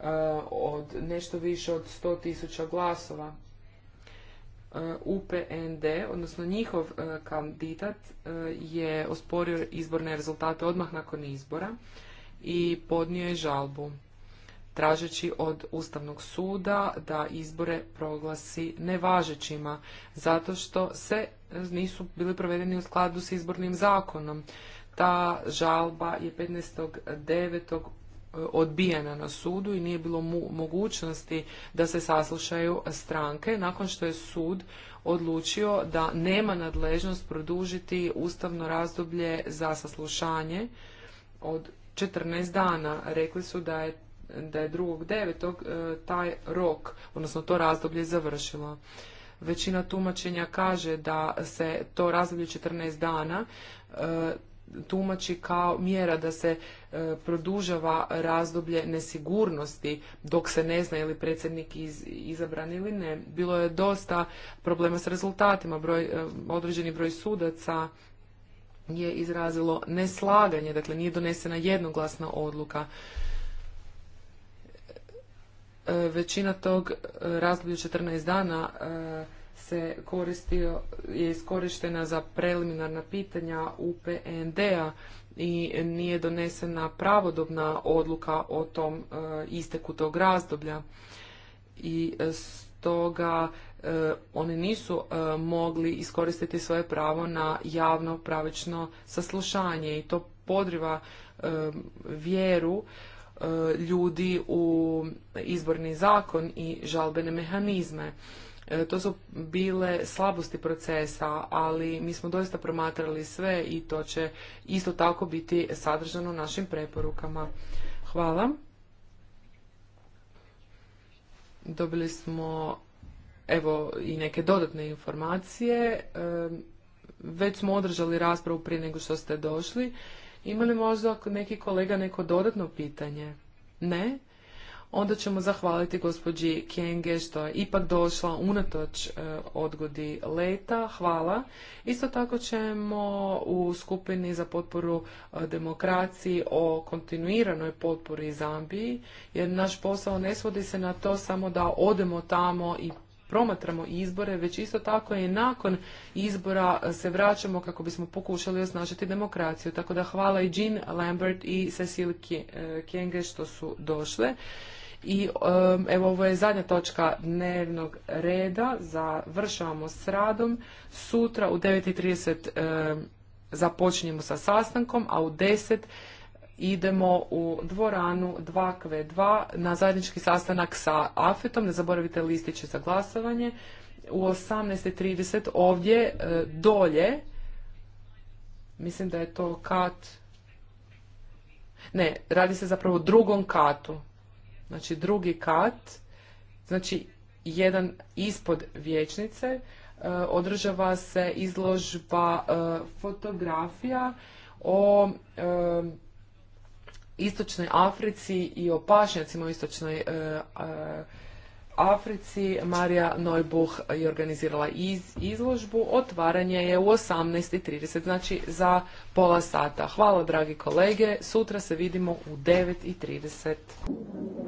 e, od nešto više od 100.000 glasova. E, UPND, odnosno njihov e, kandidat je osporio izborne rezultate odmah nakon izbora i podnio je žalbu tražeći od Ustavnog suda da izbore proglasi nevažećima, zato što se nisu bili provedeni u skladu s izbornim zakonom. Ta žalba je 15.9. E, odbijena na sudu i nije bilo mogućnosti da se saslušaju stranke nakon što je sud odlučio da nema nadležnost produžiti ustavno razdoblje za saslušanje od 14 dana. Rekli su da je da je 2.9. E, taj rok, odnosno to razdoblje završilo. Većina tumačenja kaže da se to razdoblje 14 dana e, tumači kao mjera da se e, produžava razdoblje nesigurnosti dok se ne zna je li predsjednik iz, izabran ili ne. Bilo je dosta problema s rezultatima. Broj, određeni broj sudaca je izrazilo neslaganje, dakle nije donesena jednoglasna odluka. E, većina tog e, razdoblja 14 dana e, se koristio, je iskorištena za preliminarna pitanja UPND-a i nije donesena pravodobna odluka o tom isteku tog razdoblja. I stoga oni nisu mogli iskoristiti svoje pravo na javno pravično saslušanje i to podriva vjeru E, ljudi u izborni zakon i žalbene mehanizme. E, to su bile slabosti procesa, ali mi smo doista promatrali sve i to će isto tako biti sadržano našim preporukama. Hvala. Dobili smo evo i neke dodatne informacije. E, već smo održali raspravu prije nego što ste došli ima li možda neki kolega neko dodatno pitanje? Ne? Onda ćemo zahvaliti gospođi Kenge što je ipak došla unatoč e, odgodi leta. Hvala. Isto tako ćemo u skupini za potporu e, demokraciji o kontinuiranoj potpori Zambiji, jer naš posao ne svodi se na to samo da odemo tamo i promatramo izbore, već isto tako i nakon izbora se vraćamo kako bismo pokušali osnažiti demokraciju. Tako da hvala i Jean Lambert i Cecil Kenge e, što su došle. I evo ovo je zadnja točka dnevnog reda, završavamo s radom. Sutra u 9.30 um, započinjemo sa sastankom, a u 10 idemo u dvoranu 2 kv 2 na zajednički sastanak sa afetom, Ne zaboravite listiće za glasovanje. U 18.30 ovdje e, dolje, mislim da je to kat... Ne, radi se zapravo o drugom katu. Znači drugi kat, znači jedan ispod vječnice, e, održava se izložba e, fotografija o istočnoj Africi i o pašnjacima u istočnoj e, Africi. Marija Nojbuh je organizirala izložbu. Otvaranje je u 18.30, znači za pola sata. Hvala dragi kolege, sutra se vidimo u 9.30.